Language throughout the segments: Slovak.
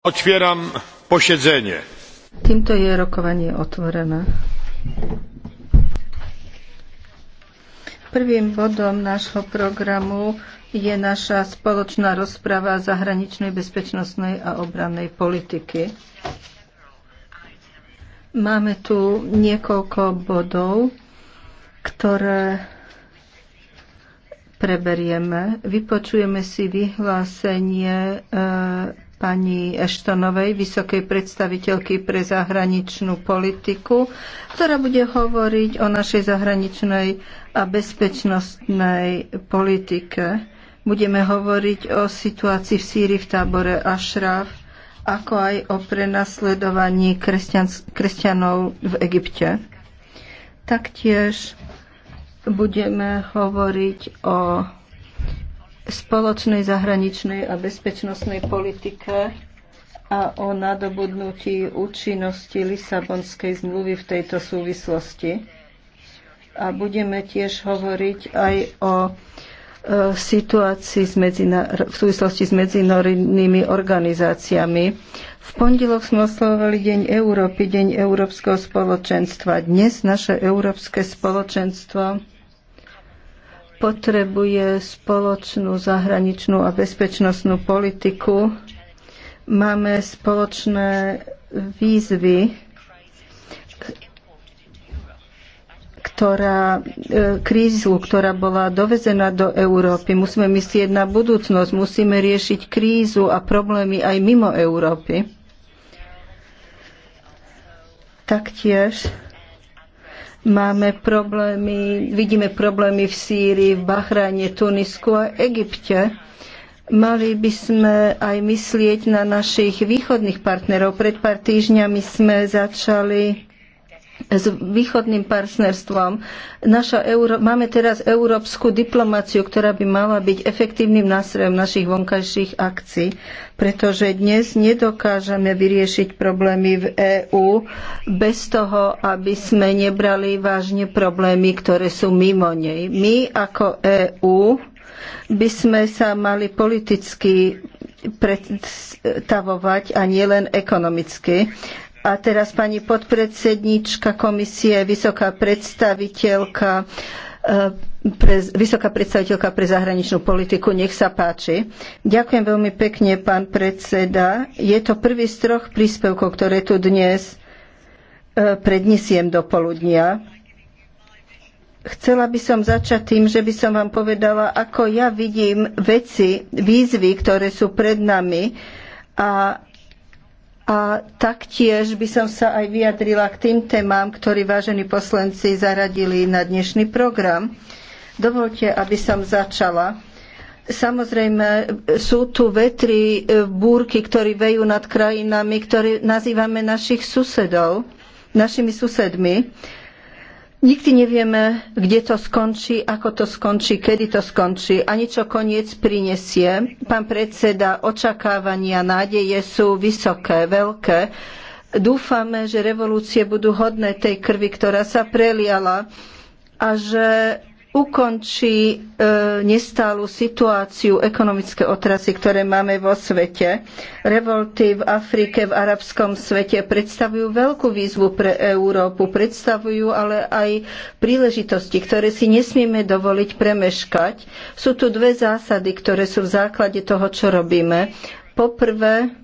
Otvieram posiedzenie. Týmto je rokovanie otvorené. Prvým bodom nášho programu je naša spoločná rozprava zahraničnej bezpečnostnej a obrannej politiky. Máme tu niekoľko bodov, ktoré preberieme. Vypočujeme si vyhlásenie e, pani Eštonovej, vysokej predstaviteľky pre zahraničnú politiku, ktorá bude hovoriť o našej zahraničnej a bezpečnostnej politike. Budeme hovoriť o situácii v Sýrii v tábore Ašraf, ako aj o prenasledovaní kresťan, kresťanov v Egypte. Taktiež budeme hovoriť o spoločnej zahraničnej a bezpečnostnej politike a o nadobudnutí účinnosti Lisabonskej zmluvy v tejto súvislosti. A budeme tiež hovoriť aj o e, situácii v súvislosti s medzinárodnými organizáciami. V pondelok sme oslovovali Deň Európy, Deň Európskeho spoločenstva. Dnes naše Európske spoločenstvo potrebuje spoločnú zahraničnú a bezpečnostnú politiku. Máme spoločné výzvy, ktorá, e, krízu, ktorá bola dovezená do Európy. Musíme myslieť na budúcnosť, musíme riešiť krízu a problémy aj mimo Európy. Taktiež Máme problémy, vidíme problémy v Sýrii, v Bahrajne, Tunisku a Egypte. Mali by sme aj myslieť na našich východných partnerov. Pred pár týždňami sme začali s východným partnerstvom. Naša Euró- máme teraz európsku diplomáciu, ktorá by mala byť efektívnym nástrojom našich vonkajších akcií, pretože dnes nedokážeme vyriešiť problémy v EÚ bez toho, aby sme nebrali vážne problémy, ktoré sú mimo nej. My ako EÚ by sme sa mali politicky predstavovať a nielen ekonomicky. A teraz pani podpredsednička komisie, vysoká predstaviteľka eh, pre, vysoká predstaviteľka pre zahraničnú politiku, nech sa páči. Ďakujem veľmi pekne, pán predseda. Je to prvý z troch príspevkov, ktoré tu dnes eh, prednesiem do poludnia. Chcela by som začať tým, že by som vám povedala, ako ja vidím veci, výzvy, ktoré sú pred nami a a taktiež by som sa aj vyjadrila k tým témam, ktorí vážení poslanci zaradili na dnešný program. Dovolte, aby som začala. Samozrejme, sú tu vetri, e, búrky, ktoré vejú nad krajinami, ktoré nazývame našich susedov, našimi susedmi. Nikdy nevieme, kde to skončí, ako to skončí, kedy to skončí, ani čo koniec prinesie. Pán predseda, očakávania, nádeje sú vysoké, veľké. Dúfame, že revolúcie budú hodné tej krvi, ktorá sa preliala a že ukončí e, nestálu situáciu ekonomické otrasy, ktoré máme vo svete. Revolty v Afrike, v arabskom svete predstavujú veľkú výzvu pre Európu, predstavujú ale aj príležitosti, ktoré si nesmieme dovoliť premeškať. Sú tu dve zásady, ktoré sú v základe toho, čo robíme. Poprvé,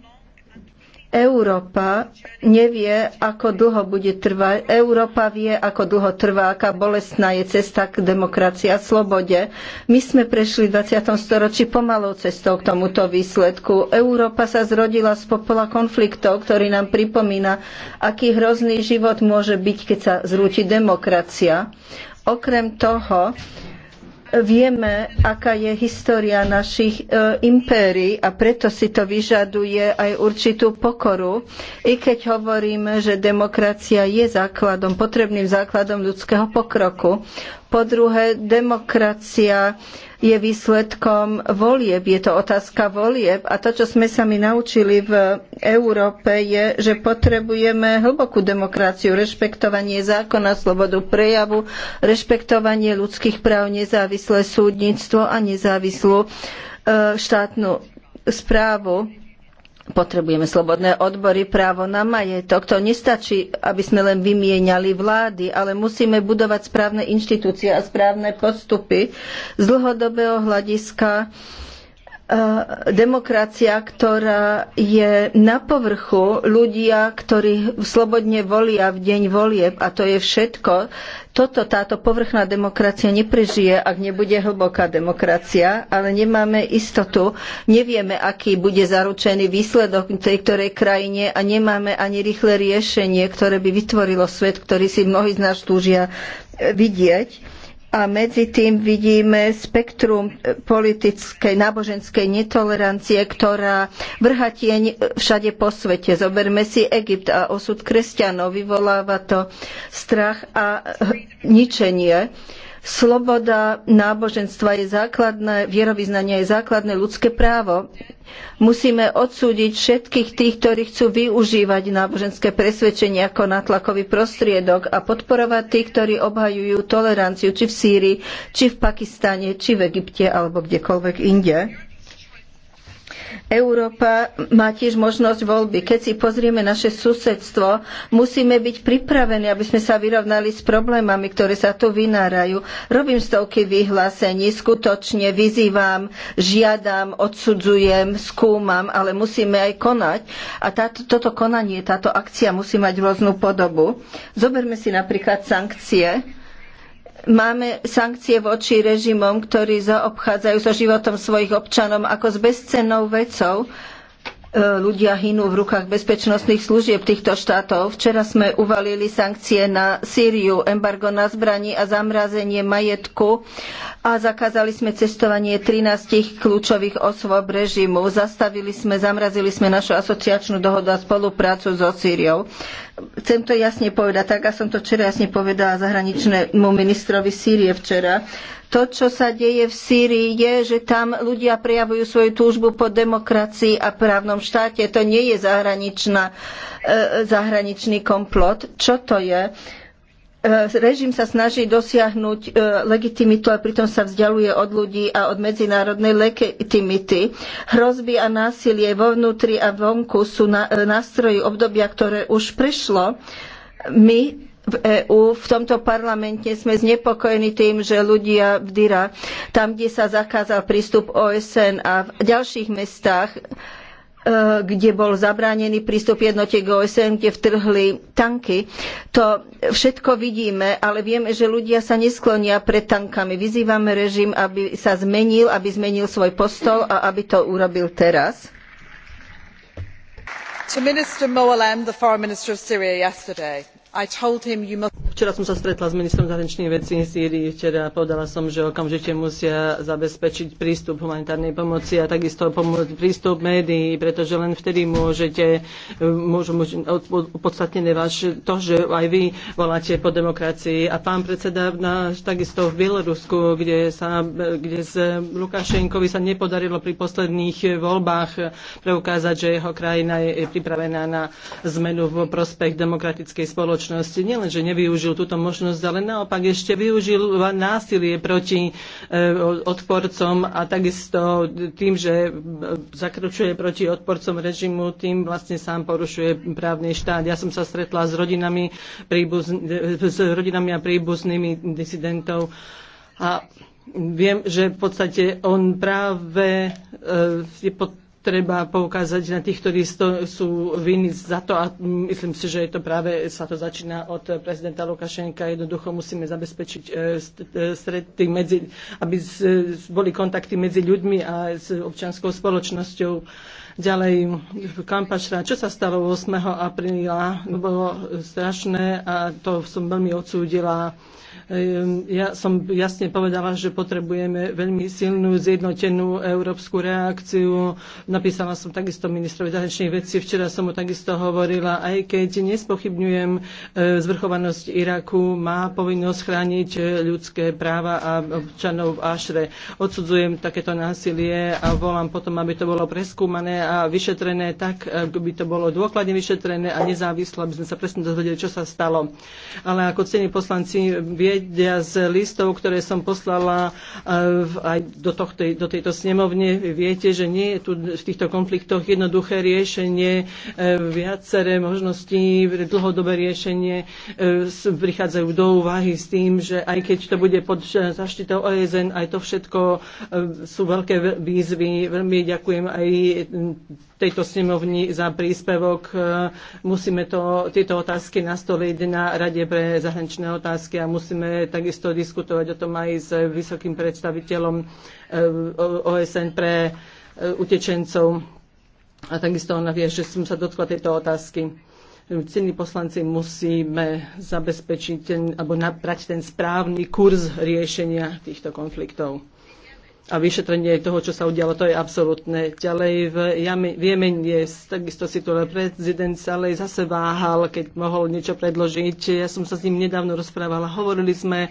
Európa nevie, ako dlho bude trvať. Európa vie, ako dlho trvá, aká bolestná je cesta k demokracii a slobode. My sme prešli v 20. storočí pomalou cestou k tomuto výsledku. Európa sa zrodila z popola konfliktov, ktorý nám pripomína, aký hrozný život môže byť, keď sa zrúti demokracia. Okrem toho, Vieme, aká je história našich e, impérií a preto si to vyžaduje aj určitú pokoru. I keď hovoríme, že demokracia je základom, potrebným základom ľudského pokroku. Po druhé, demokracia je výsledkom volieb, je to otázka volieb a to, čo sme sa my naučili v Európe, je, že potrebujeme hlbokú demokraciu, rešpektovanie zákona, slobodu prejavu, rešpektovanie ľudských práv, nezávislé súdnictvo a nezávislú e, štátnu správu Potrebujeme slobodné odbory, právo na majetok. To nestačí, aby sme len vymieniali vlády, ale musíme budovať správne inštitúcie a správne postupy. Z dlhodobého hľadiska E, demokracia, ktorá je na povrchu, ľudia, ktorí slobodne volia v deň volieb a to je všetko. Toto, táto povrchná demokracia neprežije, ak nebude hlboká demokracia, ale nemáme istotu, nevieme, aký bude zaručený výsledok tej ktorej krajine a nemáme ani rýchle riešenie, ktoré by vytvorilo svet, ktorý si mnohí z nás túžia e, vidieť a medzi tým vidíme spektrum e, politickej, náboženskej netolerancie, ktorá vrha tieň všade po svete. Zoberme si Egypt a osud kresťanov, vyvoláva to strach a ničenie. Sloboda náboženstva je základné, vierovýznanie je základné ľudské právo. Musíme odsúdiť všetkých tých, ktorí chcú využívať náboženské presvedčenie ako natlakový prostriedok a podporovať tých, ktorí obhajujú toleranciu či v Sýrii, či v Pakistane, či v Egypte alebo kdekoľvek inde. Európa má tiež možnosť voľby. Keď si pozrieme naše susedstvo, musíme byť pripravení, aby sme sa vyrovnali s problémami, ktoré sa tu vynárajú. Robím stovky vyhlásení, skutočne vyzývam, žiadam, odsudzujem, skúmam, ale musíme aj konať. A táto, toto konanie, táto akcia musí mať rôznu podobu. Zoberme si napríklad sankcie Máme sankcie voči režimom, ktorí zaobchádzajú so životom svojich občanov ako s bezcennou vecou. E, ľudia hynú v rukách bezpečnostných služieb týchto štátov. Včera sme uvalili sankcie na Sýriu, embargo na zbraní a zamrazenie majetku a zakázali sme cestovanie 13 kľúčových osôb režimu. Zastavili sme, zamrazili sme našu asociačnú dohodu a spoluprácu so Sýriou. Chcem to jasne povedať, tak a som to včera jasne povedala zahraničnému ministrovi Sýrie včera. To, čo sa deje v Sýrii, je, že tam ľudia prejavujú svoju túžbu po demokracii a právnom štáte. To nie je zahraničná, e, e, zahraničný komplot. Čo to je? E, režim sa snaží dosiahnuť e, legitimitu a pritom sa vzdialuje od ľudí a od medzinárodnej legitimity. Hrozby a násilie vo vnútri a vonku sú e, nástroji obdobia, ktoré už prešlo. My v EÚ v tomto parlamente sme znepokojení tým, že ľudia v Dira, tam, kde sa zakázal prístup OSN a v ďalších mestách, E, kde bol zabránený prístup jednotiek OSN, kde vtrhli tanky. To všetko vidíme, ale vieme, že ľudia sa nesklonia pred tankami. Vyzývame režim, aby sa zmenil, aby zmenil svoj postoj a aby to urobil teraz. To Minister Moalem, the foreign minister of Syria, yesterday Včera som sa stretla s ministrom zahraničných vecí Sýrii. Včera povedala som, že okamžite musia zabezpečiť prístup humanitárnej pomoci a takisto pomôcť prístup médií, pretože len vtedy môžete, môžu, môžu opodstatnené váš to, že aj vy voláte po demokracii. A pán predseda náš takisto v Bielorusku, kde, sa, kde z Lukašenkovi sa nepodarilo pri posledných voľbách preukázať, že jeho krajina je pripravená na zmenu v prospech demokratickej spoločnosti spoločnosti nielenže nevyužil túto možnosť, ale naopak ešte využil násilie proti e, odporcom a takisto tým, že e, zakročuje proti odporcom režimu, tým vlastne sám porušuje právny štát. Ja som sa stretla s rodinami, príbuz, e, s rodinami a príbuznými disidentov a viem, že v podstate on práve je pod treba poukázať na tých, ktorí sú viny za to a myslím si, že je to práve, sa to začína od prezidenta Lukašenka. Jednoducho musíme zabezpečiť e, e, strety medzi, aby boli kontakty medzi ľuďmi a s občianskou spoločnosťou. Ďalej Kampačra, čo sa stalo 8. apríla, bolo strašné a to som veľmi odsúdila Ehm, ja som jasne povedala, že potrebujeme veľmi silnú, zjednotenú európsku reakciu. Napísala som takisto ministrovi zahraničných vecí, včera som mu takisto hovorila, aj keď nespochybňujem e, zvrchovanosť Iraku, má povinnosť chrániť e, ľudské práva a občanov v Ašre. Odsudzujem takéto násilie a volám potom, aby to bolo preskúmané a vyšetrené tak, e, aby to bolo dôkladne vyšetrené a nezávislo, aby sme sa presne dozvedeli, čo sa stalo. Ale ako cení poslanci vie, vedia z listov, ktoré som poslala e, aj do, tohto, do tejto snemovne, viete, že nie je tu v týchto konfliktoch jednoduché riešenie, e, viaceré možnosti, dlhodobé riešenie e, prichádzajú do úvahy s tým, že aj keď to bude pod zaštitou OSN, aj to všetko sú veľké výzvy. Veľmi ďakujem aj tejto snemovni za príspevok. Musíme to, tieto otázky nastoliť na Rade pre zahraničné otázky a musíme budeme takisto diskutovať o tom aj s vysokým predstaviteľom eh, OSN pre eh, utečencov. A takisto ona vie, že som sa dotkla tejto otázky cení poslanci musíme zabezpečiť ten, alebo naprať ten správny kurz riešenia týchto konfliktov a vyšetrenie toho, čo sa udialo, to je absolútne. Ďalej v, Jame, v Jemen je takisto situácia prezident ale zase váhal, keď mohol niečo predložiť. Ja som sa s ním nedávno rozprávala. Hovorili sme e,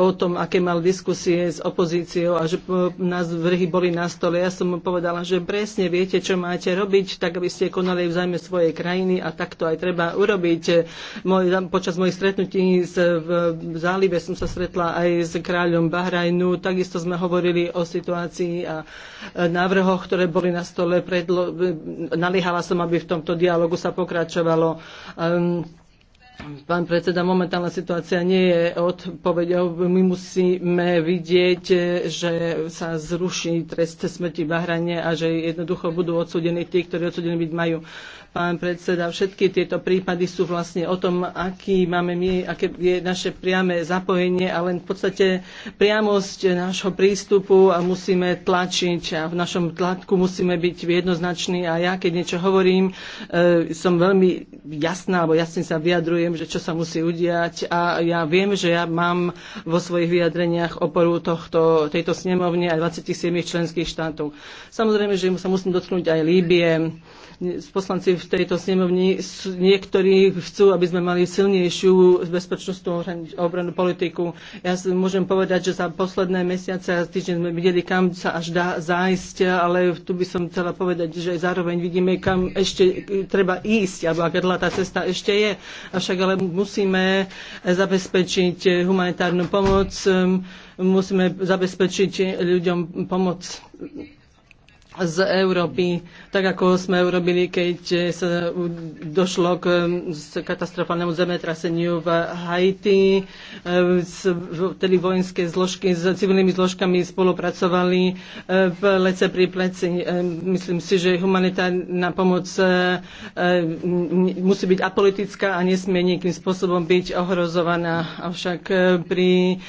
o tom, aké mal diskusie s opozíciou a že nás vrhy boli na stole. Ja som mu povedala, že presne viete, čo máte robiť, tak aby ste konali v zájme svojej krajiny a takto aj treba urobiť. Moj, počas mojich stretnutí z, v, v zálive som sa stretla aj s kráľom Bahrajnu. Takisto sme hovorili hovorili o situácii a e, návrhoch, ktoré boli na stole. Predlo- naliehala som, aby v tomto dialogu sa pokračovalo. Um, Pán predseda, momentálna situácia nie je odpovedou. My musíme vidieť, e, že sa zruší trest smrti v Bahrane a že jednoducho budú odsudení tí, ktorí odsudení byť majú. Uh, pán predseda, všetky tieto prípady sú vlastne o tom, aký máme my, aké je naše priame zapojenie a len v podstate priamosť nášho prístupu a musíme tlačiť a v našom tlaku musíme byť jednoznační a ja keď niečo hovorím, e, som veľmi jasná, alebo jasne sa vyjadrujem, že čo sa musí udiať a ja viem, že ja mám vo svojich vyjadreniach oporu tohto, tejto snemovne aj 27 členských štátov. Samozrejme, že sa musím dotknúť aj Líbie, poslanci v tejto snemovni, niektorí chcú, aby sme mali silnejšiu bezpečnostnú obranu politiku. Ja si môžem povedať, že za posledné mesiace a týždeň sme videli, kam sa až dá zájsť, ale tu by som chcela povedať, že zároveň vidíme, kam ešte treba ísť, alebo aká dlhá tá cesta ešte je. Avšak ale musíme zabezpečiť humanitárnu pomoc, musíme zabezpečiť ľuďom pomoc z Európy, tak ako sme urobili, keď sa došlo k um, katastrofálnemu zemetraseniu v Haiti. Um, Vtedy vojenské zložky s civilnými zložkami spolupracovali um, v lece pri pleci. Myslím si, že humanitárna pomoc musí byť apolitická a nesmie nejakým spôsobom byť ohrozovaná. Avšak pri,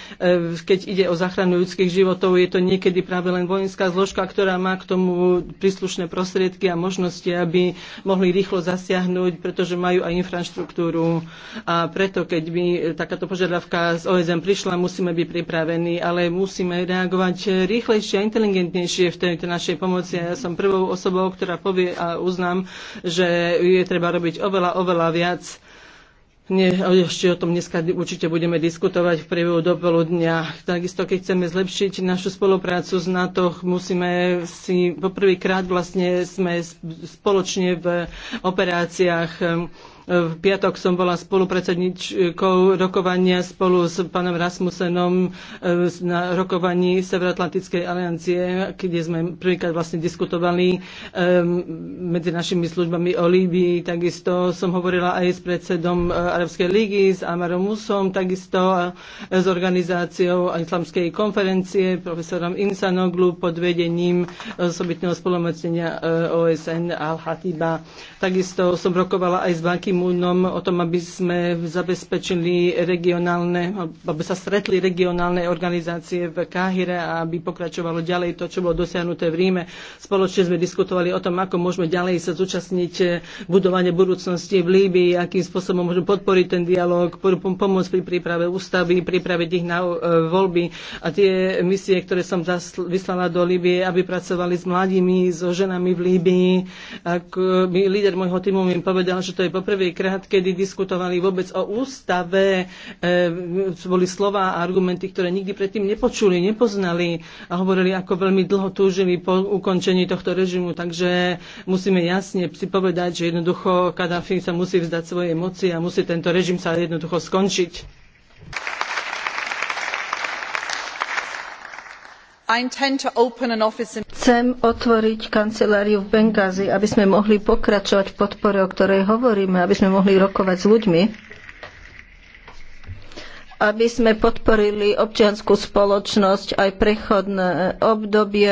keď ide o záchranu ľudských životov, je to niekedy práve len vojenská zložka, ktorá má k tomu príslušné prostriedky a možnosti, aby mohli rýchlo zasiahnuť, pretože majú aj infraštruktúru. A preto, keď by takáto požiadavka z OSM prišla, musíme byť pripravení, ale musíme reagovať rýchlejšie a inteligentnejšie v tejto našej pomoci. ja som prvou osobou, ktorá povie a uznám, že je treba robiť oveľa, oveľa viac nie, ešte o tom dneska určite budeme diskutovať v priebehu dopoludnia. Takisto, keď chceme zlepšiť našu spoluprácu s NATO, musíme si poprvýkrát vlastne sme spoločne v operáciách v piatok som bola spolupredsedničkou rokovania spolu s pánom Rasmusenom e, na rokovaní Severoatlantickej aliancie, kde sme prvýkrát vlastne diskutovali e, medzi našimi službami o Líbii. Takisto som hovorila aj s predsedom e, Arabskej ligy, s Amarom Musom, takisto a s organizáciou islamskej konferencie, profesorom Insanoglu pod vedením osobitného spolomocnenia OSN Al-Hatiba. Takisto som rokovala aj s Bakim Imúnom o tom, aby sme zabezpečili regionálne, aby sa stretli regionálne organizácie v Káhire a aby pokračovalo ďalej to, čo bolo dosiahnuté v Ríme. Spoločne sme diskutovali o tom, ako môžeme ďalej sa zúčastniť budovanie budúcnosti v Líbii, akým spôsobom môžeme podporiť ten dialog, pomôcť pri príprave ústavy, pripraviť ich na e, voľby a tie misie, ktoré som vyslala do Líbie, aby pracovali s mladými, so ženami v Líbii. Ak, e, líder môjho týmu mi povedal, že to je poprvé, poprvýkrát, kedy diskutovali vôbec o ústave, e, boli slova a argumenty, ktoré nikdy predtým nepočuli, nepoznali a hovorili, ako veľmi dlho túžili po ukončení tohto režimu. Takže musíme jasne si povedať, že jednoducho Kadáfi sa musí vzdať svojej moci a musí tento režim sa jednoducho skončiť. Chcem otvoriť kanceláriu v Bengázi, aby sme mohli pokračovať v podpore, o ktorej hovoríme, aby sme mohli rokovať s ľuďmi, aby sme podporili občiansku spoločnosť aj prechodné obdobie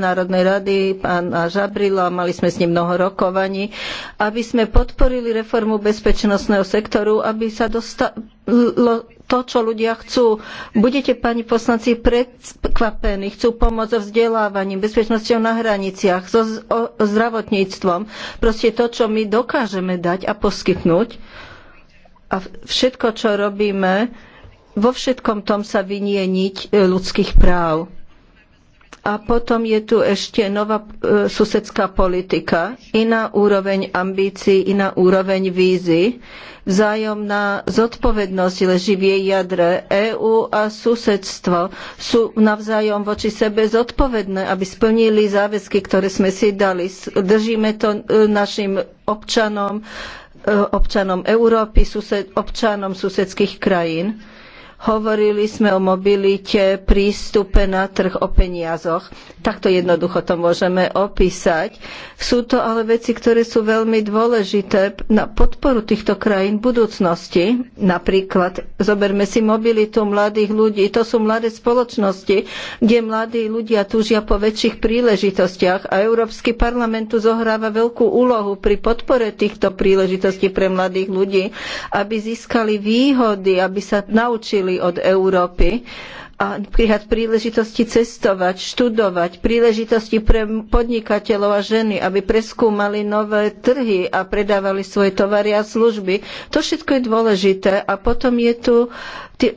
Národnej rady pána Žabrila, mali sme s ním mnoho rokovaní, aby sme podporili reformu bezpečnostného sektoru, aby sa dostalo to, čo ľudia chcú. Budete, pani poslanci, prekvapení. Chcú pomôcť so vzdelávaním, bezpečnosťou na hraniciach, so zdravotníctvom. Proste to, čo my dokážeme dať a poskytnúť. A všetko, čo robíme, vo všetkom tom sa vynieniť e, ľudských práv. A potom je tu ešte nová e, susedská politika, iná úroveň ambícií, iná úroveň vízy. Vzájomná zodpovednosť leží v jej jadre. EÚ a susedstvo sú navzájom voči sebe zodpovedné, aby splnili záväzky, ktoré sme si dali. Držíme to e, našim občanom, e, občanom Európy, sused, občanom susedských krajín Hovorili sme o mobilite, prístupe na trh, o peniazoch. Takto jednoducho to môžeme opísať. Sú to ale veci, ktoré sú veľmi dôležité na podporu týchto krajín v budúcnosti. Napríklad, zoberme si mobilitu mladých ľudí. To sú mladé spoločnosti, kde mladí ľudia túžia po väčších príležitostiach a Európsky parlament tu zohráva veľkú úlohu pri podpore týchto príležitostí pre mladých ľudí, aby získali výhody, aby sa naučili odišli od Európy a príhať príležitosti cestovať, študovať, príležitosti pre podnikateľov a ženy, aby preskúmali nové trhy a predávali svoje tovary a služby. To všetko je dôležité. A potom je tu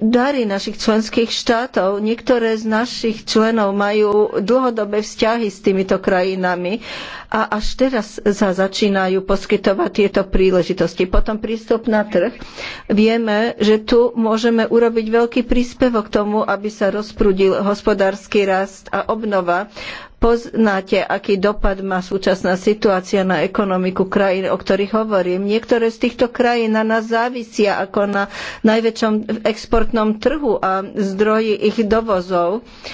dary našich členských štátov. Niektoré z našich členov majú dlhodobé vzťahy s týmito krajinami a až teraz sa začínajú poskytovať tieto príležitosti. Potom prístup na trh. Vieme, že tu môžeme urobiť veľký príspevok tomu, aby sa rozprudil hospodársky rast a obnova poznáte, aký dopad má súčasná situácia na ekonomiku krajín, o ktorých hovorím. Niektoré z týchto krajín na nás závisia ako na najväčšom exportnom trhu a zdroji ich dovozov. Uh,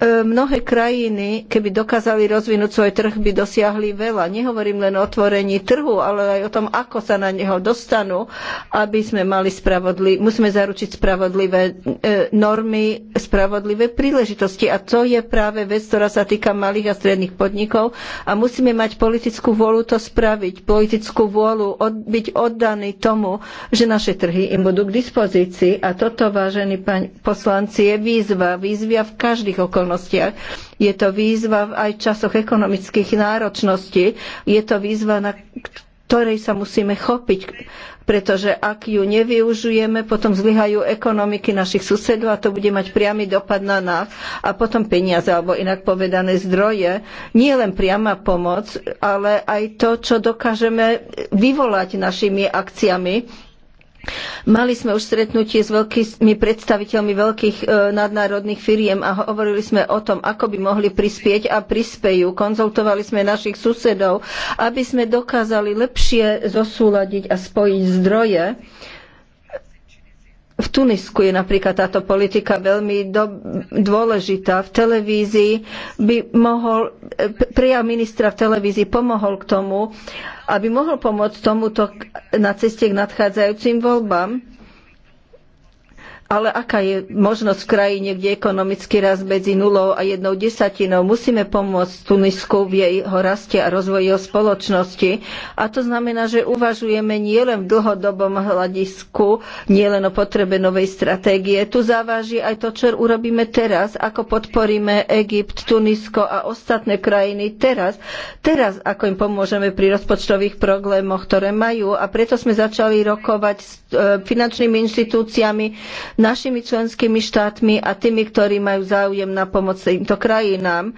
E, mnohé krajiny, keby dokázali rozvinúť svoj trh, by dosiahli veľa. Nehovorím len o otvorení trhu, ale aj o tom, ako sa na neho dostanú, aby sme mali spravodlivé, musíme zaručiť spravodlivé e, normy, spravodlivé príležitosti. A to je práve vec, ktorá sa týka malých a stredných podnikov. A musíme mať politickú vôľu to spraviť, politickú vôľu od, byť oddaný tomu, že naše trhy im budú k dispozícii. A toto, vážení pán poslanci, je výzva. Výzva v každých okolnostiach okolnostiach. Je to výzva aj v časoch ekonomických náročností. Je to výzva, na ktorej sa musíme chopiť, pretože ak ju nevyužujeme, potom zlyhajú ekonomiky našich susedov a to bude mať priamy dopad na nás a potom peniaze, alebo inak povedané zdroje, nie len priama pomoc, ale aj to, čo dokážeme vyvolať našimi akciami Mali sme už stretnutie s veľkými predstaviteľmi veľkých e, nadnárodných firiem a hovorili sme o tom, ako by mohli prispieť a prispejú. Konzultovali sme našich susedov, aby sme dokázali lepšie zosúladiť a spojiť zdroje v Tunisku je napríklad táto politika veľmi do, dôležitá. V televízii by mohol, prijav ministra v televízii pomohol k tomu, aby mohol pomôcť tomuto na ceste k nadchádzajúcim voľbám. Ale aká je možnosť v krajine, kde ekonomický rast medzi nulou a jednou desatinou? Musíme pomôcť Tunisku v jeho raste a rozvoji jeho spoločnosti. A to znamená, že uvažujeme nielen v dlhodobom hľadisku, nielen o potrebe novej stratégie. Tu závaží aj to, čo urobíme teraz, ako podporíme Egypt, Tunisko a ostatné krajiny teraz. Teraz, ako im pomôžeme pri rozpočtových problémoch, ktoré majú. A preto sme začali rokovať s e, finančnými inštitúciami, našimi členskými štátmi a tými, ktorí majú záujem na pomoc týmto krajinám.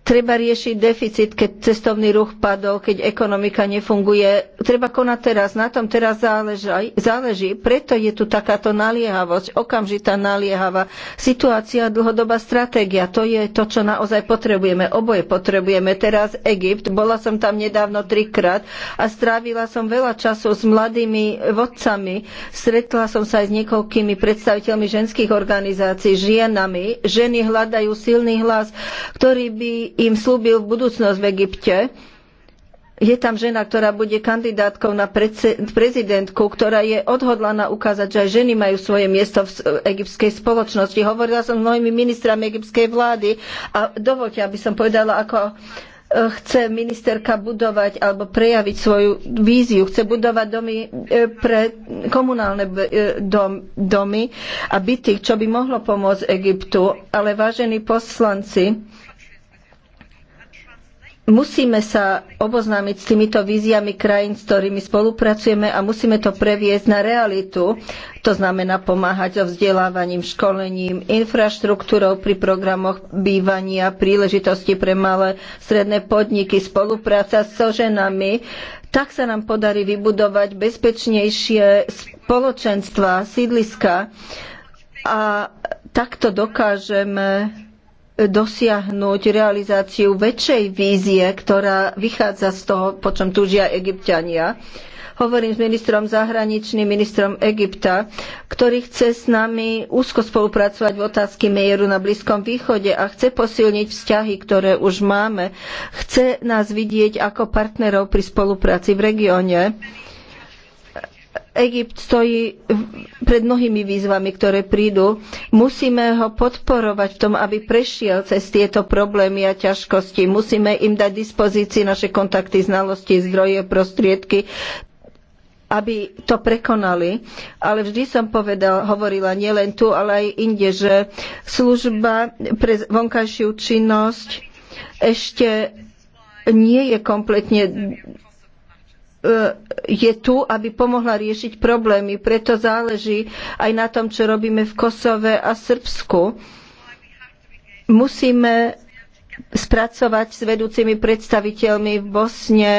Treba riešiť deficit, keď cestovný ruch padol, keď ekonomika nefunguje. Treba konať teraz, na tom teraz záleží. záleží. Preto je tu takáto naliehavosť, okamžitá naliehavá situácia, dlhodobá stratégia. To je to, čo naozaj potrebujeme. Oboje potrebujeme. Teraz Egypt. Bola som tam nedávno trikrát a strávila som veľa času s mladými vodcami. Stretla som sa aj s niekoľkými predstaviteľmi ženských organizácií, žienami. Ženy hľadajú silný hlas, ktorý by im slúbil budúcnosť v Egypte. Je tam žena, ktorá bude kandidátkou na prezidentku, ktorá je odhodlaná ukázať, že aj ženy majú svoje miesto v egyptskej spoločnosti. Hovorila som s mnohými ministrami egyptskej vlády a dovolte, aby som povedala, ako e, chce ministerka budovať alebo prejaviť svoju víziu. Chce budovať domy e, pre komunálne e, domy a byty, čo by mohlo pomôcť Egyptu. Ale vážení poslanci, musíme sa oboznámiť s týmito víziami krajín, s ktorými spolupracujeme a musíme to previesť na realitu. To znamená pomáhať so vzdelávaním, školením, infraštruktúrou pri programoch bývania, príležitosti pre malé stredné podniky, spolupráca so ženami. Tak sa nám podarí vybudovať bezpečnejšie spoločenstva, sídliska a takto dokážeme dosiahnuť realizáciu väčšej vízie, ktorá vychádza z toho, po čom túžia egyptiania. Hovorím s ministrom zahraničným, ministrom Egypta, ktorý chce s nami úzko spolupracovať v otázky mieru na Blízkom východe a chce posilniť vzťahy, ktoré už máme. Chce nás vidieť ako partnerov pri spolupráci v regióne. Egypt stojí pred mnohými výzvami, ktoré prídu. Musíme ho podporovať v tom, aby prešiel cez tieto problémy a ťažkosti. Musíme im dať dispozícii naše kontakty, znalosti, zdroje, prostriedky, aby to prekonali. Ale vždy som povedal, hovorila nielen tu, ale aj inde, že služba pre vonkajšiu činnosť ešte nie je kompletne E, je tu, aby pomohla riešiť problémy. Preto záleží aj na tom, čo robíme v Kosove a Srbsku. Musíme spracovať s vedúcimi predstaviteľmi v Bosne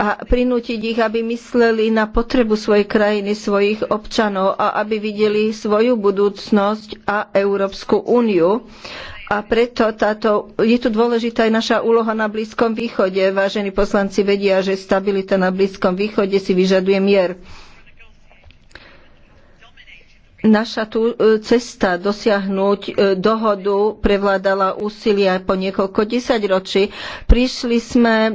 a prinútiť ich, aby mysleli na potrebu svojej krajiny, svojich občanov a aby videli svoju budúcnosť a Európsku úniu a preto táto, je tu dôležitá aj naša úloha na Blízkom východe. Vážení poslanci vedia, že stabilita na Blízkom východe si vyžaduje mier. Naša tu e, cesta dosiahnuť e, dohodu prevládala úsilia po niekoľko desaťročí. Prišli sme e,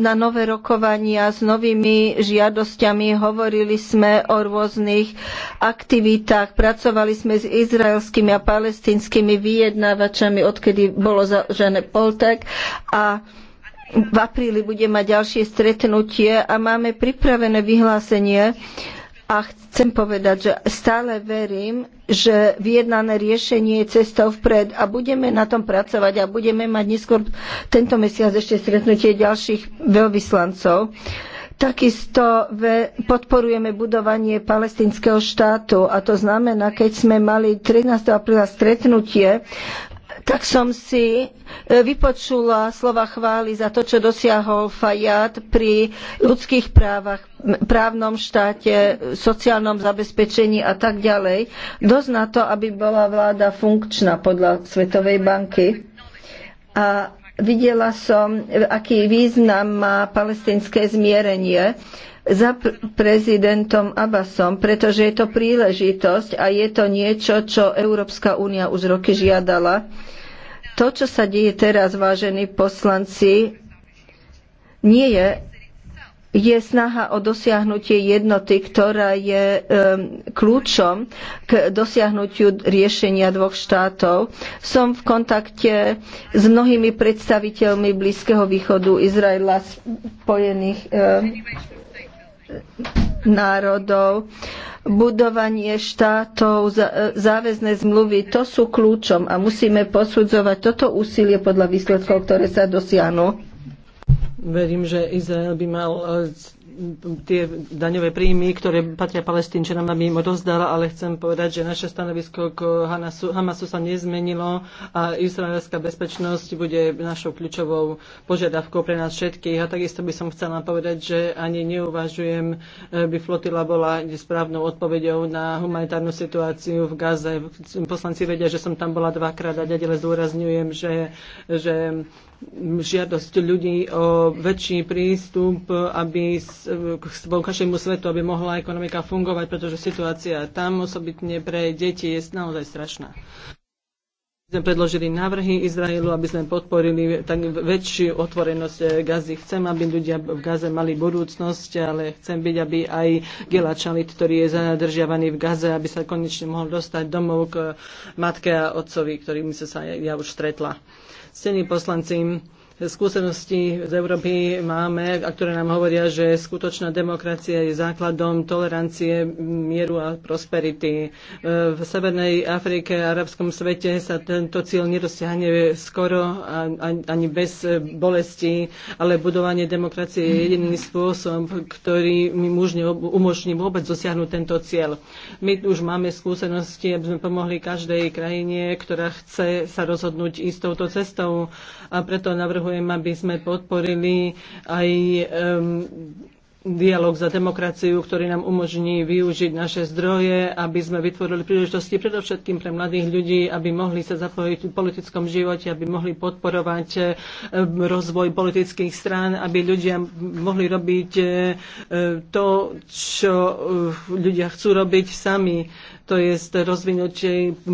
na nové rokovania s novými žiadosťami, hovorili sme o rôznych aktivitách, pracovali sme s izraelskými a palestinskými vyjednávačami, odkedy bolo zažené Poltek a v apríli bude mať ďalšie stretnutie a máme pripravené vyhlásenie a chcem povedať, že stále verím, že vyjednané riešenie je cestou vpred a budeme na tom pracovať a budeme mať neskôr tento mesiac ešte stretnutie ďalších veľvyslancov. Takisto podporujeme budovanie palestinského štátu a to znamená, keď sme mali 13. apríla stretnutie tak som si e, vypočula slova chvály za to, čo dosiahol Fajad pri ľudských právach, právnom štáte, sociálnom zabezpečení a tak ďalej. Dosť na to, aby bola vláda funkčná podľa Svetovej banky. A videla som, e, aký význam má palestinské zmierenie za prezidentom Abbasom, pretože je to príležitosť a je to niečo, čo Európska únia už roky žiadala. To, čo sa deje teraz, vážení poslanci, nie je je snaha o dosiahnutie jednoty, ktorá je um, kľúčom k dosiahnutiu riešenia dvoch štátov. Som v kontakte s mnohými predstaviteľmi Blízkeho východu Izraela, Spojených um, národov, budovanie štátov, záväzné zmluvy, to sú kľúčom a musíme posudzovať toto úsilie podľa výsledkov, ktoré sa dosiahnu. Verím, že Izrael by mal eh, tie daňové príjmy, ktoré patria palestínčanom, aby im rozdala, ale chcem povedať, že naše stanovisko k Hamasu, Hamasu sa nezmenilo a izraelská bezpečnosť bude našou kľúčovou požiadavkou pre nás všetkých. A takisto by som chcela povedať, že ani neuvažujem, eh, by flotila bola správnou odpovedou na humanitárnu situáciu v Gaze. Poslanci vedia, že som tam bola dvakrát a ďadele zdôrazňujem, že, že žiadosť ľudí o väčší prístup, aby k vonkajšiemu svetu, aby mohla ekonomika fungovať, pretože situácia tam osobitne pre deti je naozaj strašná. Sme predložili návrhy Izraelu, aby sme podporili tak väčšiu otvorenosť Gazy. Chcem, aby ľudia v Gaze mali budúcnosť, ale chcem byť, aby aj Gila Chalit, ktorý je zadržiavaný v Gaze, aby sa konečne mohol dostať domov k matke a otcovi, ktorými sa ja už stretla. Ctení poslanci, skúsenosti z Európy máme, a ktoré nám hovoria, že skutočná demokracia je základom tolerancie, mieru a prosperity. V Severnej Afrike a arabskom svete sa tento cieľ nedosiahne skoro ani bez bolesti, ale budovanie demokracie je jediný spôsob, ktorý mi umožní vôbec dosiahnuť tento cieľ. My už máme skúsenosti, aby sme pomohli každej krajine, ktorá chce sa rozhodnúť ísť touto cestou a preto navrhujem navrhujem, aby sme podporili aj um, dialog za demokraciu, ktorý nám umožní využiť naše zdroje, aby sme vytvorili príležitosti predovšetkým pre mladých ľudí, aby mohli sa zapojiť v politickom živote, aby mohli podporovať rozvoj politických strán, aby ľudia mohli robiť eh, to, čo eh, ľudia chcú robiť sami to je rozvinúť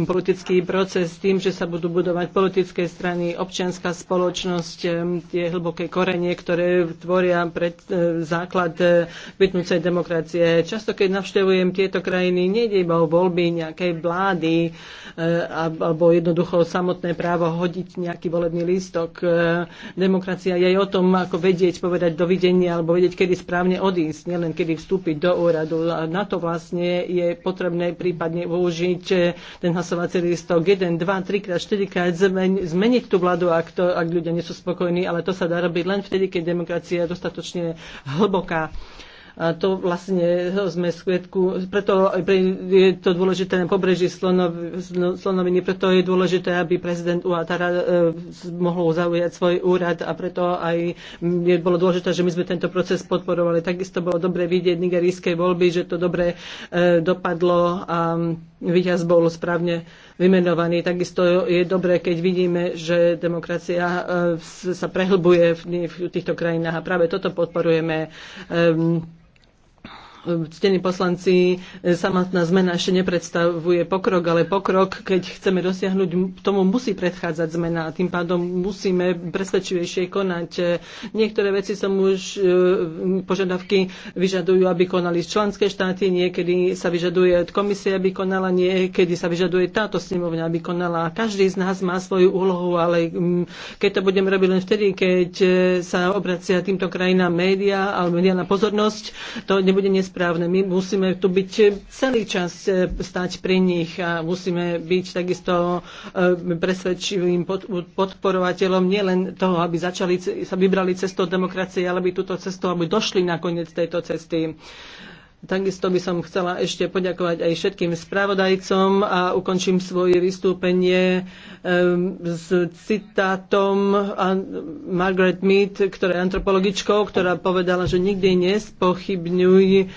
politický proces tým, že sa budú budovať politické strany, občianská spoločnosť, tie hlboké korenie, ktoré tvoria pred, e, základ bytnúcej e, demokracie. Často, keď navštevujem tieto krajiny, nejde iba o voľby nejakej vlády e, alebo jednoducho samotné právo hodiť nejaký volebný lístok. Demokracia je aj o tom, ako vedieť povedať dovidenia alebo vedieť, kedy správne odísť, nielen kedy vstúpiť do úradu. A na to vlastne je potrebné pri prípadne použiť e, ten hlasovací lístok 1, 2, 3 krát, 4 krát zmen, zmeniť tú vládu, ak, to, ak ľudia nie sú spokojní, ale to sa dá robiť len vtedy, keď demokracia je dostatočne hlboká. A to vlastne sme skvetku, preto je to dôležité na pobreží slonoviny, preto je dôležité, aby prezident Uatara e, mohol zaujať svoj úrad a preto aj je bolo dôležité, že my sme tento proces podporovali. Takisto bolo dobre vidieť nigerijské voľby, že to dobre e, dopadlo a víťaz bol správne vymenovaný. Takisto je dobré, keď vidíme, že demokracia e, sa prehlbuje v týchto krajinách a práve toto podporujeme ehm, Ehm, ctení poslanci, e, samotná zmena ešte nepredstavuje pokrok, ale pokrok, keď chceme dosiahnuť, tomu musí predchádzať zmena a tým pádom musíme presvedčivejšie konať. E, niektoré veci som už e, požiadavky vyžadujú, aby konali členské štáty, niekedy sa vyžaduje od komisie, aby konala, niekedy sa vyžaduje táto snemovňa, aby konala. Každý z nás má svoju úlohu, ale keď to budeme robiť len vtedy, keď sa obracia týmto krajinám média alebo média na pozornosť, to nebude nesprávne nesprávne. My musíme tu byť eh, celý čas eh, stať pri nich a musíme byť takisto eh, presvedčivým podporovateľom nielen toho, aby začali, sa vybrali cestou demokracie, ale aby túto cestou, aby došli na koniec tejto cesty. Takisto by som chcela ešte poďakovať aj všetkým spravodajcom a ukončím svoje vystúpenie ehm, s citátom Margaret Mead, ktorá je antropologičkou, ktorá povedala, že nikdy nespochybňuj, ehm,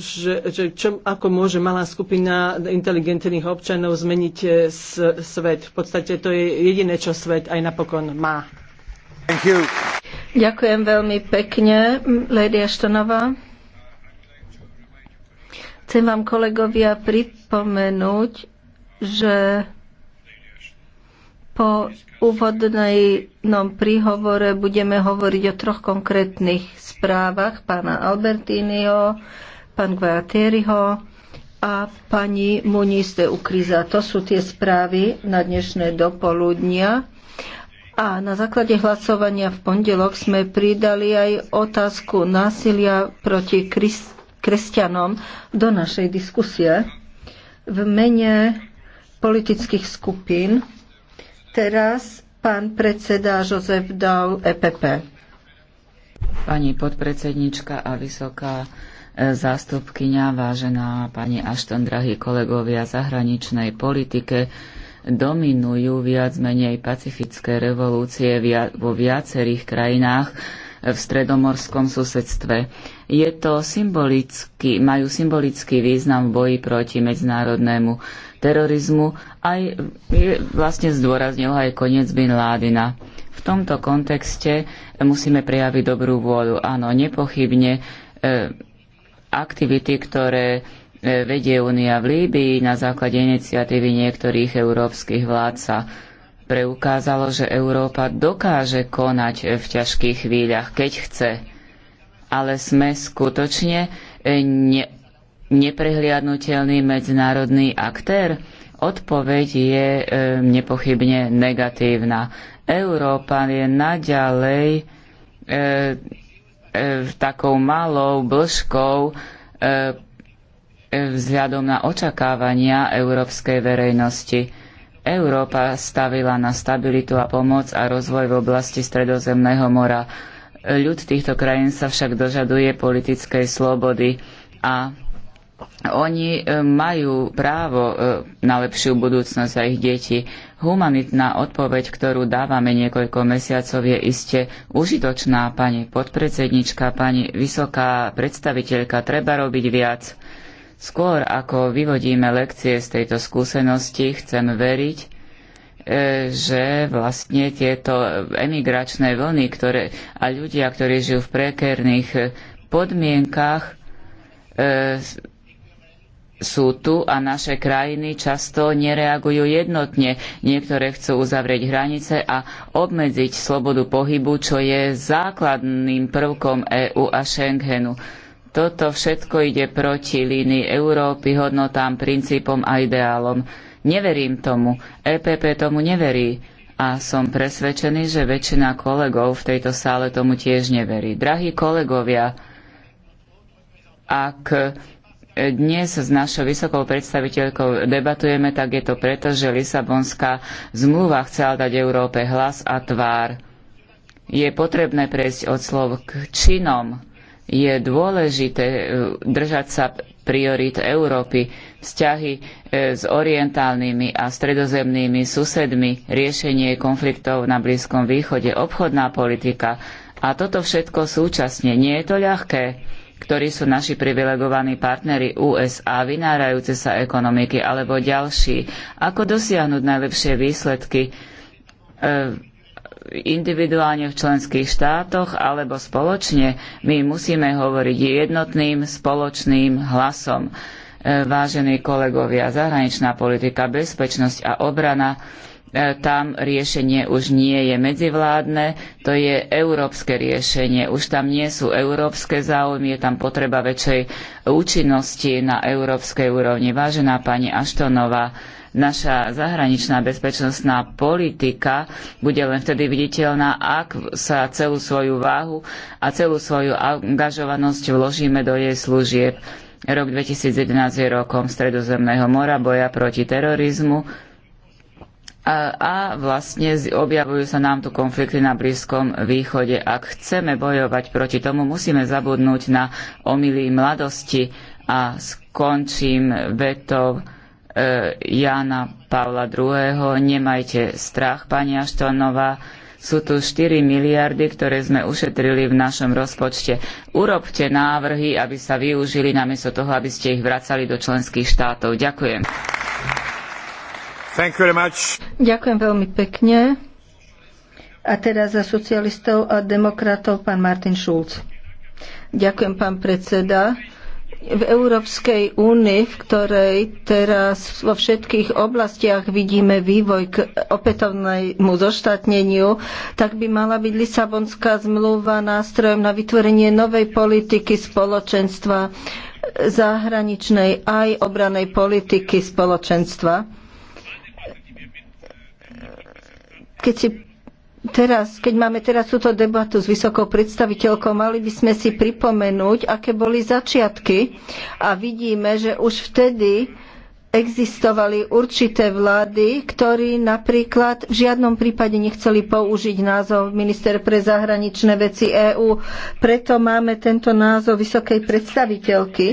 že, že čo, ako môže malá skupina inteligentných občanov zmeniť eh, svet. V podstate to je jediné, čo svet aj napokon má. Ďakujem veľmi pekne, Lady Ashtonová. Chcem vám, kolegovia, pripomenúť, že po úvodnom príhovore budeme hovoriť o troch konkrétnych správach pána Albertínio, pán Guatieriho a pani Muniste de Ukriza. To sú tie správy na dnešné dopoludnia. A na základe hlasovania v pondelok sme pridali aj otázku násilia proti Kristi kresťanom do našej diskusie v mene politických skupín. Teraz pán predseda Jozef Dal, EPP. Pani podpredsednička a vysoká e, zástupkyňa, vážená pani Ašton, drahí kolegovia zahraničnej politike, dominujú viac menej pacifické revolúcie vo viacerých krajinách, v stredomorskom susedstve. Je to symbolicky, majú symbolický význam v boji proti medzinárodnému terorizmu. Aj vlastne zdôraznil aj koniec Bin Ládina. V tomto kontexte musíme prejaviť dobrú vôľu. Áno, nepochybne e, aktivity, ktoré e, vedie Únia v Líbii na základe iniciatívy niektorých európskych vládca sa preukázalo, že Európa dokáže konať v ťažkých chvíľach, keď chce. Ale sme skutočne e, ne- neprehliadnutelný medzinárodný aktér? Odpoveď je e, nepochybne negatívna. Európa je naďalej e, e, takou malou blžkou e, e, vzhľadom na očakávania európskej verejnosti Európa stavila na stabilitu a pomoc a rozvoj v oblasti Stredozemného mora. Ľud týchto krajín sa však dožaduje politickej slobody a oni e, majú právo e, na lepšiu budúcnosť a ich deti. Humanitná odpoveď, ktorú dávame niekoľko mesiacov, je iste užitočná, pani podpredsednička, pani vysoká predstaviteľka. Treba robiť viac. Skôr ako vyvodíme lekcie z tejto skúsenosti, chcem veriť, e, že vlastne tieto emigračné vlny ktoré, a ľudia, ktorí žijú v prekerných e, podmienkach, e, sú tu a naše krajiny často nereagujú jednotne. Niektoré chcú uzavrieť hranice a obmedziť slobodu pohybu, čo je základným prvkom EÚ a Schengenu. Toto všetko ide proti línii Európy, hodnotám, princípom a ideálom. Neverím tomu. EPP tomu neverí. A som presvedčený, že väčšina kolegov v tejto sále tomu tiež neverí. Drahí kolegovia, ak dnes s našou vysokou predstaviteľkou debatujeme, tak je to preto, že Lisabonská zmluva chcela dať Európe hlas a tvár. Je potrebné prejsť od slov k činom, je dôležité e, držať sa priorít Európy, vzťahy e, s orientálnymi a stredozemnými susedmi, riešenie konfliktov na Blízkom východe, obchodná politika a toto všetko súčasne. Nie je to ľahké ktorí sú naši privilegovaní partneri USA, vynárajúce sa ekonomiky alebo ďalší. Ako dosiahnuť najlepšie výsledky e, individuálne v členských štátoch alebo spoločne. My musíme hovoriť jednotným spoločným hlasom. E, vážení kolegovia, zahraničná politika, bezpečnosť a obrana, e, tam riešenie už nie je medzivládne, to je európske riešenie. Už tam nie sú európske záujmy, je tam potreba väčšej účinnosti na európskej úrovni. Vážená pani Aštonová, naša zahraničná bezpečnostná politika bude len vtedy viditeľná, ak sa celú svoju váhu a celú svoju angažovanosť vložíme do jej služieb. Rok 2011 je rokom Stredozemného mora, boja proti terorizmu a, a vlastne objavujú sa nám tu konflikty na Blízkom východe. Ak chceme bojovať proti tomu, musíme zabudnúť na omily mladosti a skončím vetov Jana Pavla II. Nemajte strach, pani Aštonová. Sú tu 4 miliardy, ktoré sme ušetrili v našom rozpočte. Urobte návrhy, aby sa využili namiesto toho, aby ste ich vracali do členských štátov. Ďakujem. Ďakujem veľmi pekne. A teraz za socialistov a demokratov pán Martin Schulz. Ďakujem, pán predseda v Európskej únii, v ktorej teraz vo všetkých oblastiach vidíme vývoj k opätovnému zoštatneniu, tak by mala byť Lisabonská zmluva nástrojom na vytvorenie novej politiky spoločenstva zahraničnej aj obranej politiky spoločenstva. Keď si Teraz, keď máme teraz túto debatu s vysokou predstaviteľkou, mali by sme si pripomenúť, aké boli začiatky a vidíme, že už vtedy existovali určité vlády, ktorí napríklad v žiadnom prípade nechceli použiť názov minister pre zahraničné veci EÚ. Preto máme tento názov vysokej predstaviteľky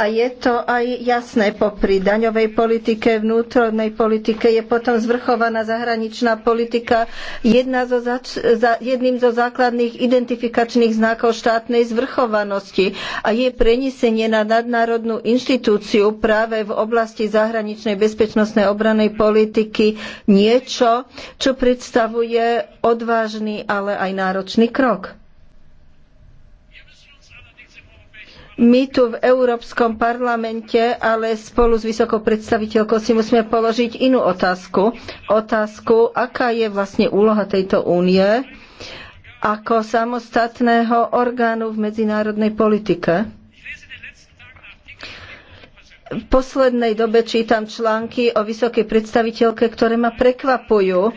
a je to aj jasné, popri daňovej politike, vnútornej politike je potom zvrchovaná zahraničná politika jedna zo zač- za, jedným zo základných identifikačných znakov štátnej zvrchovanosti a je prenesenie na nadnárodnú inštitúciu práve v oblasti zahraničnej bezpečnostnej obranej politiky niečo, čo predstavuje odvážny, ale aj náročný krok. my tu v Európskom parlamente, ale spolu s vysokou predstaviteľkou si musíme položiť inú otázku. Otázku, aká je vlastne úloha tejto únie ako samostatného orgánu v medzinárodnej politike. V poslednej dobe čítam články o vysokej predstaviteľke, ktoré ma prekvapujú,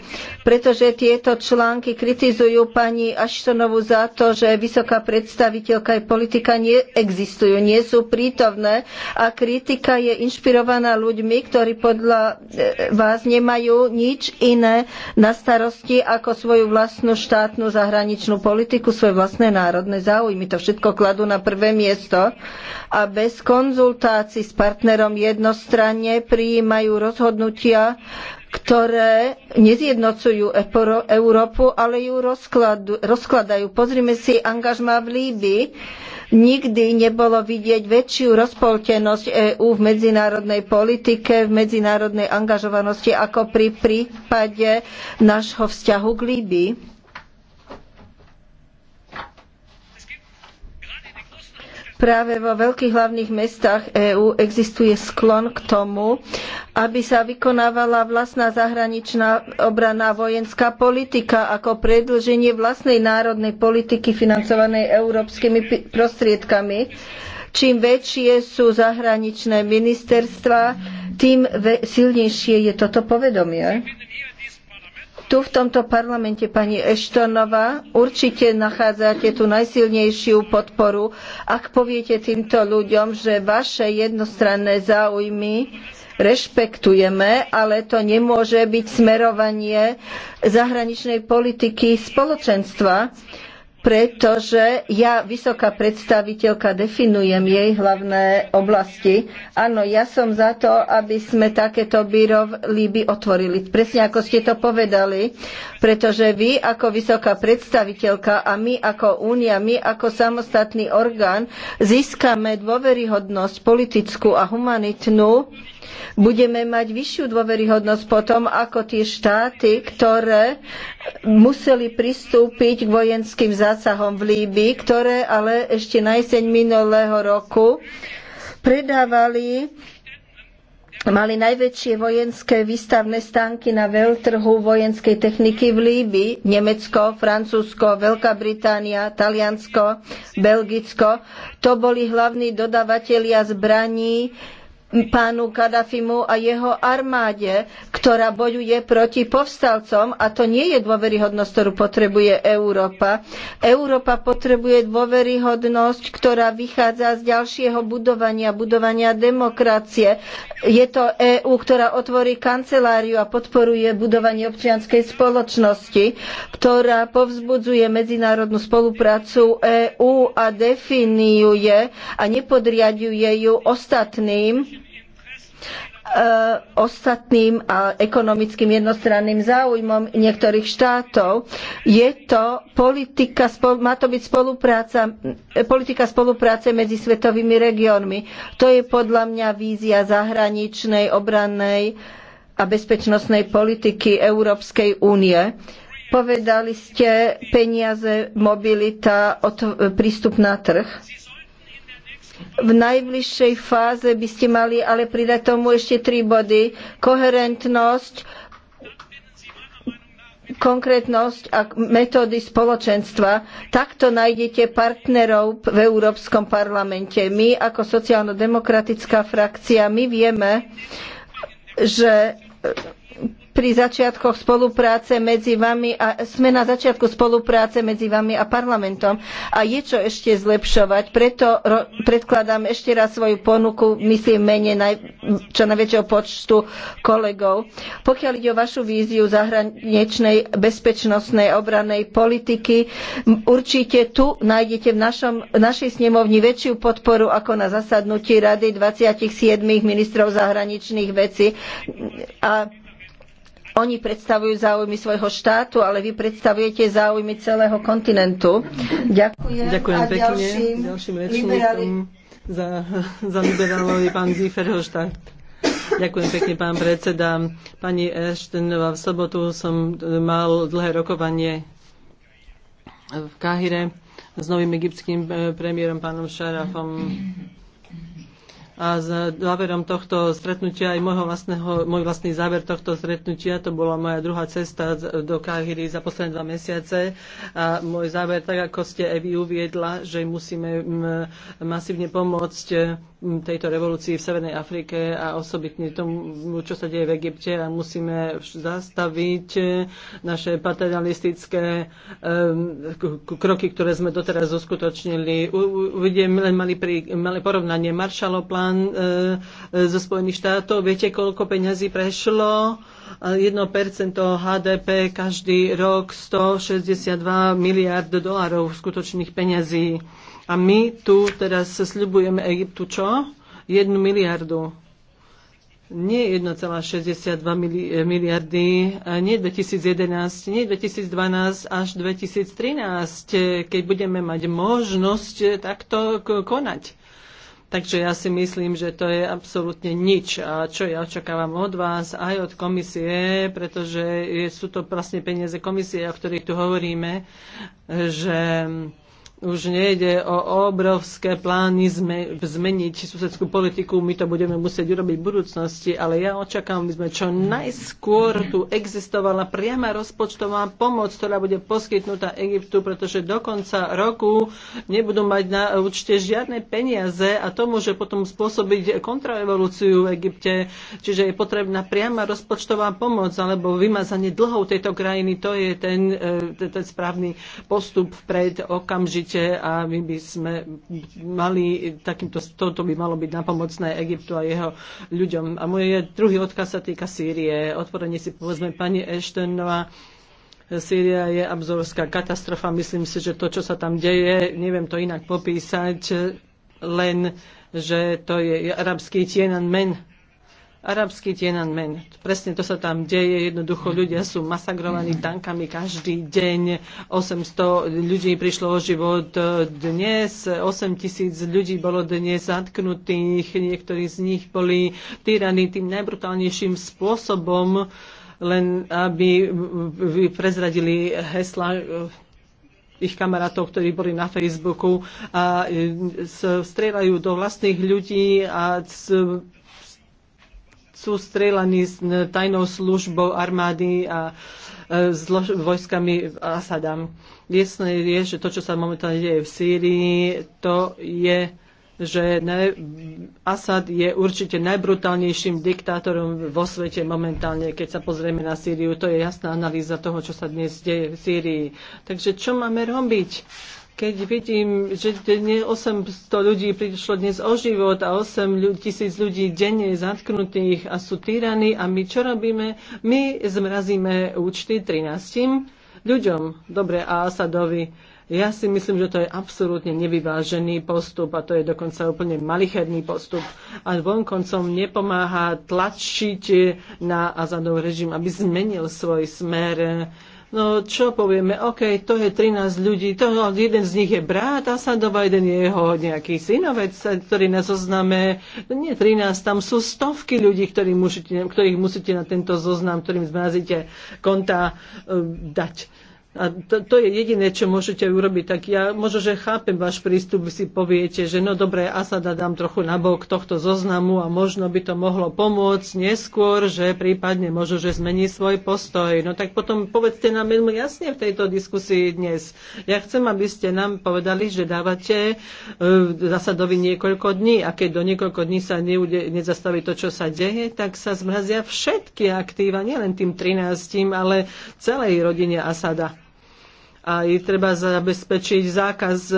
pretože tieto články kritizujú pani Ashtonovu za to, že vysoká predstaviteľka aj politika neexistujú, nie sú prítomné a kritika je inšpirovaná ľuďmi, ktorí podľa e, vás nemajú nič iné na starosti ako svoju vlastnú štátnu zahraničnú politiku, svoje vlastné národné záujmy. To všetko kladú na prvé miesto a bez konzultácií s partnermi partnerom jednostranne, prijímajú rozhodnutia, ktoré nezjednocujú Európu, ale ju rozkladajú. Pozrime si angažma v Líbii. Nikdy nebolo vidieť väčšiu rozpoltenosť EÚ v medzinárodnej politike, v medzinárodnej angažovanosti ako pri prípade nášho vzťahu k Líbii. Práve vo veľkých hlavných mestách EÚ existuje sklon k tomu, aby sa vykonávala vlastná zahraničná obranná vojenská politika ako predĺženie vlastnej národnej politiky financovanej európskymi prostriedkami. Čím väčšie sú zahraničné ministerstva, tým silnejšie je toto povedomie. Tu v tomto parlamente, pani Eštonová, určite nachádzate tú najsilnejšiu podporu, ak poviete týmto ľuďom, že vaše jednostranné záujmy rešpektujeme, ale to nemôže byť smerovanie zahraničnej politiky spoločenstva pretože ja, vysoká predstaviteľka, definujem jej hlavné oblasti. Áno, ja som za to, aby sme takéto bírov líby otvorili. Presne ako ste to povedali, pretože vy ako vysoká predstaviteľka a my ako únia, my ako samostatný orgán získame dôveryhodnosť politickú a humanitnú budeme mať vyššiu dôveryhodnosť potom ako tie štáty, ktoré museli pristúpiť k vojenským zásahom v Líbii, ktoré ale ešte na jeseň minulého roku predávali mali najväčšie vojenské výstavné stánky na veľtrhu vojenskej techniky v Líbii, Nemecko, Francúzsko, Veľká Británia, Taliansko, Belgicko. To boli hlavní dodavatelia zbraní pánu Kadafimu a jeho armáde, ktorá bojuje proti povstalcom a to nie je dôveryhodnosť, ktorú potrebuje Európa. Európa potrebuje dôveryhodnosť, ktorá vychádza z ďalšieho budovania, budovania demokracie. Je to EÚ, ktorá otvorí kanceláriu a podporuje budovanie občianskej spoločnosti, ktorá povzbudzuje medzinárodnú spoluprácu EÚ a definiuje a nepodriaduje ju ostatným E, ostatným a e, ekonomickým jednostranným záujmom niektorých štátov. Je to politika, má to byť spolupráca, e, politika spolupráce medzi svetovými regiónmi. To je podľa mňa vízia zahraničnej, obrannej a bezpečnostnej politiky Európskej únie. Povedali ste peniaze, mobilita, prístup na trh v najbližšej fáze by ste mali ale pridať tomu ešte tri body. Koherentnosť, konkrétnosť a metódy spoločenstva. Takto nájdete partnerov v Európskom parlamente. My ako sociálno-demokratická frakcia, my vieme, že pri začiatkoch spolupráce medzi vami a sme na začiatku spolupráce medzi vami a parlamentom a je čo ešte zlepšovať. Preto predkladám ešte raz svoju ponuku, myslím mene naj, čo najväčšieho počtu kolegov. Pokiaľ ide o vašu víziu zahraničnej bezpečnostnej obranej politiky, určite tu nájdete v našom, našej snemovni väčšiu podporu ako na zasadnutí Rady 27 ministrov zahraničných vecí. A oni predstavujú záujmy svojho štátu, ale vy predstavujete záujmy celého kontinentu. Ďakujem. Ďakujem a pekne ďalším, ďalším rečníkom za, za liberálov je pán Zíferhoštát. Ďakujem pekne, pán predseda. Pani Eštenová, v sobotu som e, mal dlhé rokovanie v Kahire s novým egyptským e, premiérom pánom Šarafom a s záverom tohto stretnutia aj môjho vlastného, môj vlastný záver tohto stretnutia, to bola moja druhá cesta do Káhiry za posledné dva mesiace a môj záver, tak ako ste aj vy uviedla, že musíme masívne pomôcť tejto revolúcii v Severnej Afrike a osobitne tomu, čo sa deje v Egypte a musíme zastaviť naše paternalistické kroky, ktoré sme doteraz uskutočnili. Uvidím len malý, prí, malé porovnanie. Marshallov plán eh, zo Spojených štátov. Viete, koľko peňazí prešlo? 1% HDP každý rok 162 miliard dolárov skutočných peňazí. A my tu teraz sľubujeme Egyptu čo? 1 miliardu. Nie 1,62 eh, miliardy, nie 2011, nie 2012 až 2013, eh, keď budeme mať možnosť eh, takto konať. Takže ja si myslím, že to je absolútne nič, a čo ja očakávam od vás, aj od komisie, pretože sú to vlastne peniaze komisie, o ktorých tu hovoríme, že už nejde o obrovské plány zmeniť susedskú politiku, my to budeme musieť urobiť v budúcnosti, ale ja očakám, aby sme čo najskôr tu existovala priama rozpočtová pomoc, ktorá bude poskytnutá Egyptu, pretože do konca roku nebudú mať na účte žiadne peniaze a to môže potom spôsobiť kontraevolúciu v Egypte, čiže je potrebná priama rozpočtová pomoc alebo vymazanie dlhov tejto krajiny, to je ten, e, ten, ten správny postup pred okamžite Egypte a my by sme mali takýmto, toto by malo byť napomocné Egyptu a jeho ľuďom. A môj druhý odkaz sa týka Sýrie. Otvorenie si povedzme pani Eštenová, Sýria je abzorská katastrofa. Myslím si, že to, čo sa tam deje, neviem to inak popísať, len, že to je arabský tienan men arabský Tiananmen. Presne to sa tam deje. Jednoducho ľudia sú masakrovaní tankami každý deň. 800 ľudí prišlo o život dnes. 8 tisíc ľudí bolo dnes zatknutých. Niektorí z nich boli týraní tým najbrutálnejším spôsobom len aby prezradili hesla ich kamarátov, ktorí boli na Facebooku a e, strieľajú do vlastných ľudí a sú strelaní s tajnou službou armády a e, s vojskami Asadam. Jasné je, že to, čo sa momentálne deje v Sýrii, to je že ne, Asad je určite najbrutálnejším diktátorom vo svete momentálne, keď sa pozrieme na Sýriu. To je jasná analýza toho, čo sa dnes deje v Sýrii. Takže čo máme robiť? keď vidím, že denne 800 ľudí prišlo dnes o život a 8 tisíc ľudí denne zatknutých a sú týraní a my čo robíme? My zmrazíme účty 13 ľuďom, dobre, a Asadovi. Ja si myslím, že to je absolútne nevyvážený postup a to je dokonca úplne malicherný postup. A vonkoncom nepomáha tlačiť na Asadov režim, aby zmenil svoj smer No čo povieme, OK, to je 13 ľudí, to, jeden z nich je brat Asadova, jeden je jeho nejaký synovec, ktorý na zozname. Nie 13, tam sú stovky ľudí, ktorých musíte, ktorých musíte na tento zoznam, ktorým zmrazíte konta eh, dať a to, to je jediné, čo môžete urobiť. Tak ja možno, že chápem váš prístup, si poviete, že no dobré, Asada dám trochu nabok tohto zoznamu a možno by to mohlo pomôcť neskôr, že prípadne možno, že zmení svoj postoj. No tak potom povedzte nám veľmi jasne v tejto diskusii dnes. Ja chcem, aby ste nám povedali, že dávate uh, Asadovi niekoľko dní a keď do niekoľko dní sa neude, nezastaví to, čo sa deje, tak sa zmrazia všetky aktíva, nielen tým 13, ale celej rodine Asada a je treba zabezpečiť zákaz e,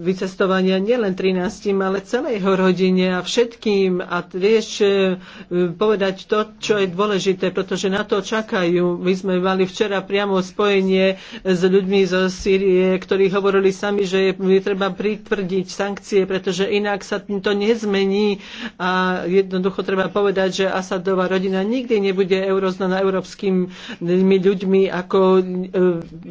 vycestovania nielen 13, ale celej jeho rodine a všetkým a tiež e, povedať to, čo je dôležité, pretože na to čakajú. My sme mali včera priamo spojenie s ľuďmi zo Sýrie, ktorí hovorili sami, že je, je treba pritvrdiť sankcie, pretože inak sa to nezmení a jednoducho treba povedať, že Asadová rodina nikdy nebude euroznaná na európskymi ľuďmi ako e,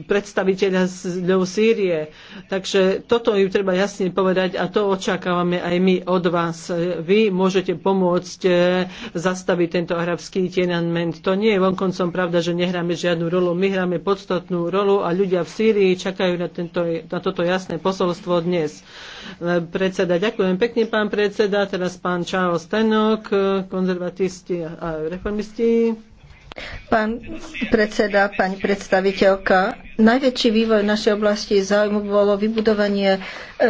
pred predstaviteľa ľou Sýrie. Takže toto im treba jasne povedať a to očakávame aj my od vás. Vy môžete pomôcť eh, zastaviť tento arabský tienanment. To nie je vonkoncom pravda, že nehráme žiadnu rolu. My hráme podstatnú rolu a ľudia v Sýrii čakajú na, tento, na toto jasné posolstvo dnes. Eh, predseda, ďakujem pekne, pán predseda. Teraz pán Charles Tenok, eh, konzervatisti a reformisti. Pán predseda, pani predstaviteľka, Najväčší vývoj v našej oblasti záujmu bolo vybudovanie e, e,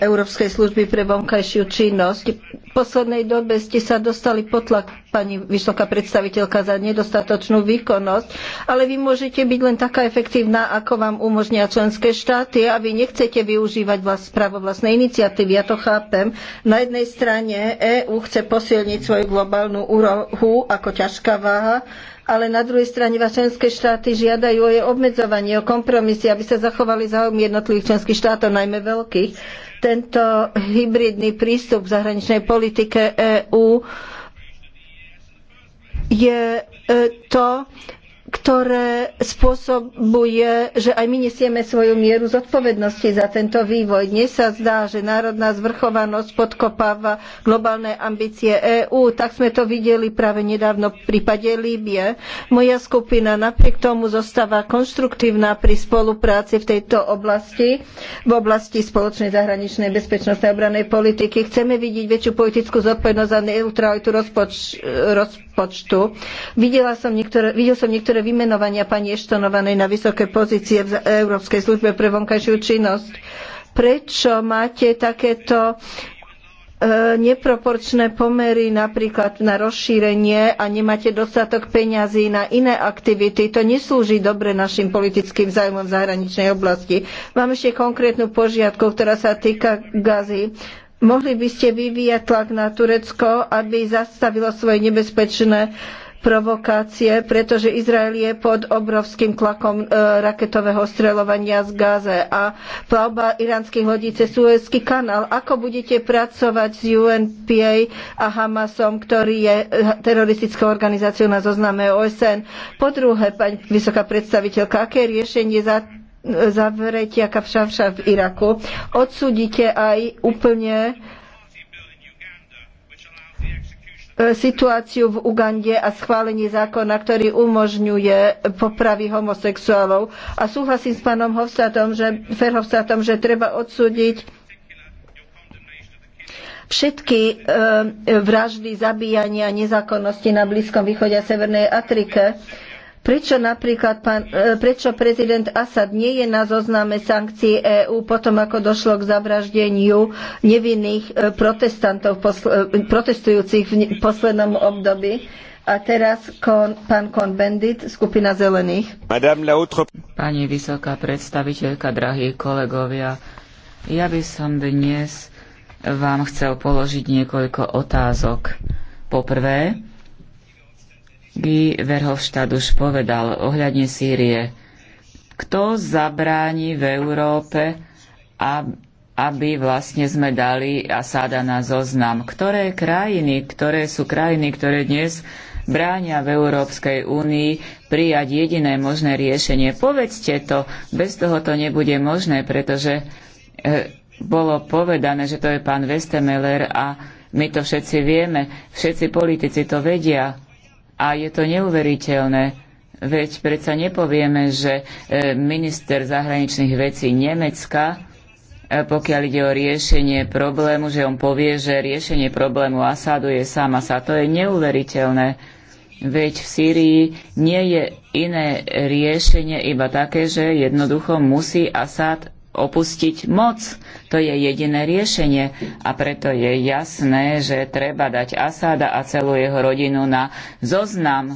Európskej služby pre vonkajšiu činnosť. V poslednej dobe ste sa dostali potlak, pani vysoká predstaviteľka, za nedostatočnú výkonnosť, ale vy môžete byť len taká efektívna, ako vám umožnia členské štáty a vy nechcete využívať vlast, právo vlastnej iniciatívy. Ja to chápem. Na jednej strane EÚ chce posilniť svoju globálnu úrohu ako ťažká váha, ale na druhej strane vás členské štáty žiadajú o jej obmedzovanie, o kompromisy, aby sa zachovali záujmy jednotlivých členských štátov, najmä veľkých. Tento hybridný prístup k zahraničnej politike EÚ je e, to, ktoré spôsobuje, že aj my nesieme svoju mieru zodpovednosti za tento vývoj. Dnes sa zdá, že národná zvrchovanosť podkopáva globálne ambície EÚ. Tak sme to videli práve nedávno v prípade Líbie. Moja skupina napriek tomu zostáva konštruktívna pri spolupráci v tejto oblasti, v oblasti spoločnej zahraničnej bezpečnostnej obranej politiky. Chceme vidieť väčšiu politickú zodpovednosť za neutralitu rozpoč, rozpočtu. Videla som niektoré, videl som niektoré vymenovania pani Eštonovanej na vysoké pozície v Európskej službe pre vonkajšiu činnosť. Prečo máte takéto e, neproporčné pomery napríklad na rozšírenie a nemáte dostatok peňazí na iné aktivity, to neslúži dobre našim politickým zájmom v zahraničnej oblasti. Mám ešte konkrétnu požiadku, ktorá sa týka gazy. Mohli by ste vyvíjať tlak na Turecko, aby zastavilo svoje nebezpečné uh, provokácie, pretože Izrael je pod obrovským tlakom e, raketového streľovania z Gáze a plavba iránskych lodí cez Suezský kanál. Ako budete pracovať s UNPA a Hamasom, ktorý je e, teroristickou organizáciou na zozname OSN? Po druhé, pani vysoká predstaviteľka, aké riešenie za e, zavretia Kapšavša v Iraku. Odsudíte aj úplne E, situáciu v Ugande a schválenie zákona, ktorý umožňuje popravy homosexuálov. A súhlasím s pánom Hofstatom, že, že treba odsúdiť všetky e, e, vraždy, zabíjania, nezákonnosti na Blízkom východe a Severnej Afrike. Prečo napríklad pán, e, prečo prezident Assad nie je na zozname sankcií EÚ potom, ako došlo k zavraždeniu nevinných e, protestantov, e, protestujúcich v poslednom období? A teraz kon, pán Bendit, skupina zelených. Pani vysoká predstaviteľka, drahí kolegovia, ja by som dnes vám chcel položiť niekoľko otázok. Poprvé, Guy Verhofstadt už povedal ohľadne Sýrie. Kto zabráni v Európe, aby vlastne sme dali Asáda na zoznam? Ktoré krajiny, ktoré sú krajiny, ktoré dnes bránia v Európskej únii prijať jediné možné riešenie. Povedzte to, bez toho to nebude možné, pretože e, bolo povedané, že to je pán Westemeller a my to všetci vieme, všetci politici to vedia. A je to neuveriteľné, veď predsa nepovieme, že e, minister zahraničných vecí Nemecka, e, pokiaľ ide o riešenie problému, že on povie, že riešenie problému Asadu je sám Asad. To je neuveriteľné. Veď v Sýrii nie je iné riešenie, iba také, že jednoducho musí Asad opustiť moc. To je jediné riešenie a preto je jasné, že treba dať Asáda a celú jeho rodinu na zoznam.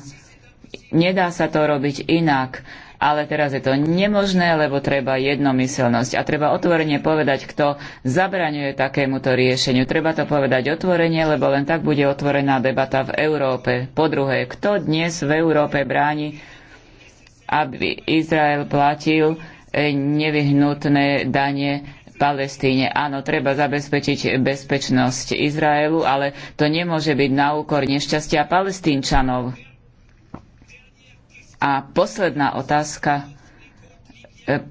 Nedá sa to robiť inak. Ale teraz je to nemožné, lebo treba jednomyselnosť. A treba otvorene povedať, kto zabraňuje takémuto riešeniu. Treba to povedať otvorene, lebo len tak bude otvorená debata v Európe. Po druhé, kto dnes v Európe bráni, aby Izrael platil nevyhnutné dane Palestíne. Áno, treba zabezpečiť bezpečnosť Izraelu, ale to nemôže byť na úkor nešťastia palestínčanov. A posledná otázka. E,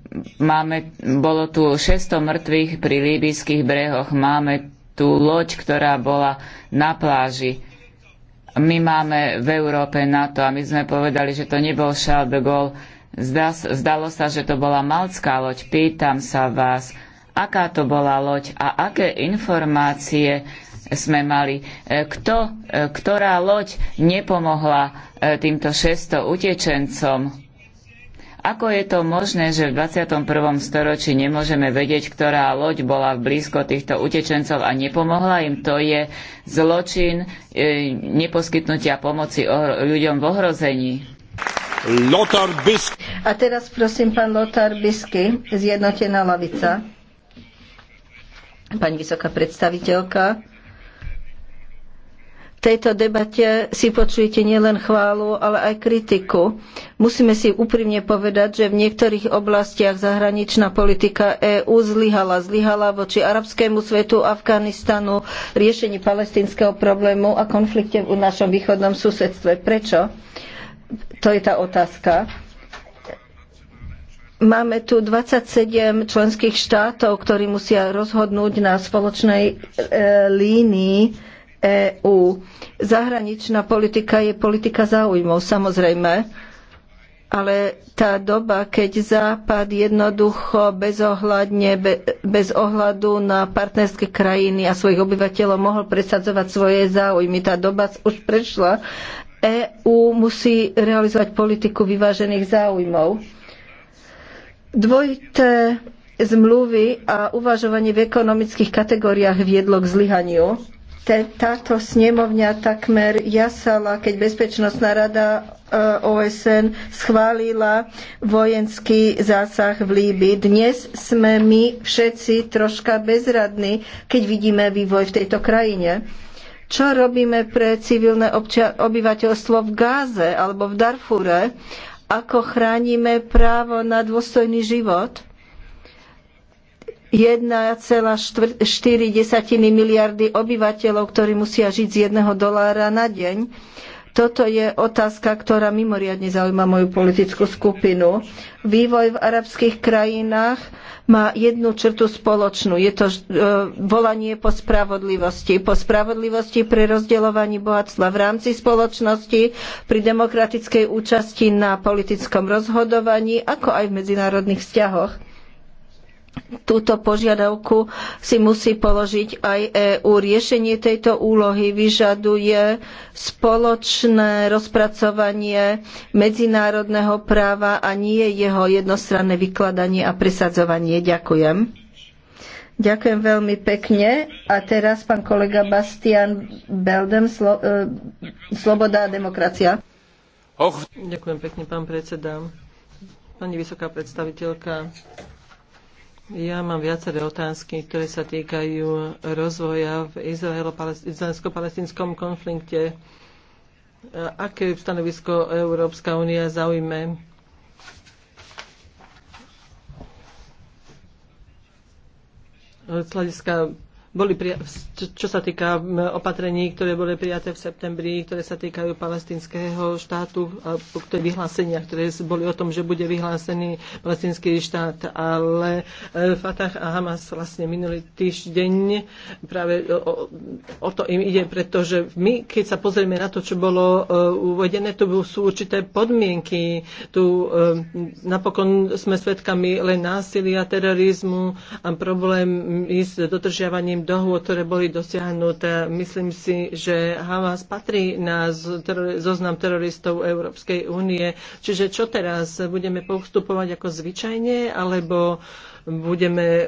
máme, bolo tu 600 mŕtvych pri líbyjských brehoch. Máme tú loď, ktorá bola na pláži. My máme v Európe NATO a my sme povedali, že to nebol Charles de Gaulle Zdá, zdalo sa, že to bola malcká loď. Pýtam sa vás, aká to bola loď a aké informácie sme mali. E, kto, e, ktorá loď nepomohla e, týmto 600 utečencom? Ako je to možné, že v 21. storočí nemôžeme vedieť, ktorá loď bola blízko týchto utečencov a nepomohla im? To je zločin neposkytnutia pomoci ľuďom v ohrození. Lothar Bisk. A teraz prosím pán Lothar Bisky, zjednotená lavica. Pani vysoká predstaviteľka, v tejto debate si počujete nielen chválu, ale aj kritiku. Musíme si úprimne povedať, že v niektorých oblastiach zahraničná politika EÚ zlyhala. Zlyhala voči arabskému svetu, Afganistanu, riešení palestínskeho problému a konflikte v našom východnom susedstve. Prečo? To je tá otázka. Máme tu 27 členských štátov, ktorí musia rozhodnúť na spoločnej e, línii EÚ. Zahraničná politika je politika záujmov, samozrejme, ale tá doba, keď Západ jednoducho bezohľadne, be, bez ohľadu na partnerské krajiny a svojich obyvateľov mohol presadzovať svoje záujmy, tá doba už prešla. EÚ musí realizovať politiku vyvážených záujmov Dvojité zmluvy a uvažovanie v ekonomických kategóriách viedlo k zlyhaniu. Táto snemovňa takmer jasala, keď Bezpečnostná rada e, OSN schválila vojenský zásah v Líby. Dnes sme my všetci troška bezradní, keď vidíme vývoj v tejto krajine. Čo robíme pre civilné obyvateľstvo v Gáze alebo v Darfure? ako chránime právo na dôstojný život. 1,4 miliardy obyvateľov, ktorí musia žiť z jedného dolára na deň. Toto je otázka, ktorá mimoriadne zaujíma moju politickú skupinu. Vývoj v arabských krajinách má jednu črtu spoločnú. Je to e, volanie po spravodlivosti. Po spravodlivosti pri rozdeľovaní bohatstva v rámci spoločnosti, pri demokratickej účasti na politickom rozhodovaní, ako aj v medzinárodných vzťahoch. Túto požiadavku si musí položiť aj EÚ. Riešenie tejto úlohy vyžaduje spoločné rozpracovanie medzinárodného práva a nie jeho jednostranné vykladanie a presadzovanie. Ďakujem. Ďakujem veľmi pekne. A teraz pán kolega Bastian Beldem, Slo- e, Sloboda a demokracia. Ďakujem pekne, pán predseda. Pani vysoká predstaviteľka, ja mám viaceré otázky, ktoré sa týkajú rozvoja v izraelsko-palestinskom konflikte. E, aké stanovisko Európska únia zaujme? Z hľadiska boli prija- čo sa týka opatrení, ktoré boli prijaté v septembri, ktoré sa týkajú palestinského štátu, a ktoré vyhlásenia, ktoré boli o tom, že bude vyhlásený palestinský štát, ale e, Fatah a Hamas vlastne minulý týždeň práve o, o to im ide, pretože my, keď sa pozrieme na to, čo bolo e, uvedené, tu sú určité podmienky. Tu e, napokon sme svedkami len násilia, terorizmu a problém s dodržiavaním dohôd, ktoré boli dosiahnuté. Myslím si, že Hamas patrí na zoznam teroristov Európskej únie. Čiže čo teraz? Budeme postupovať ako zvyčajne, alebo budeme e,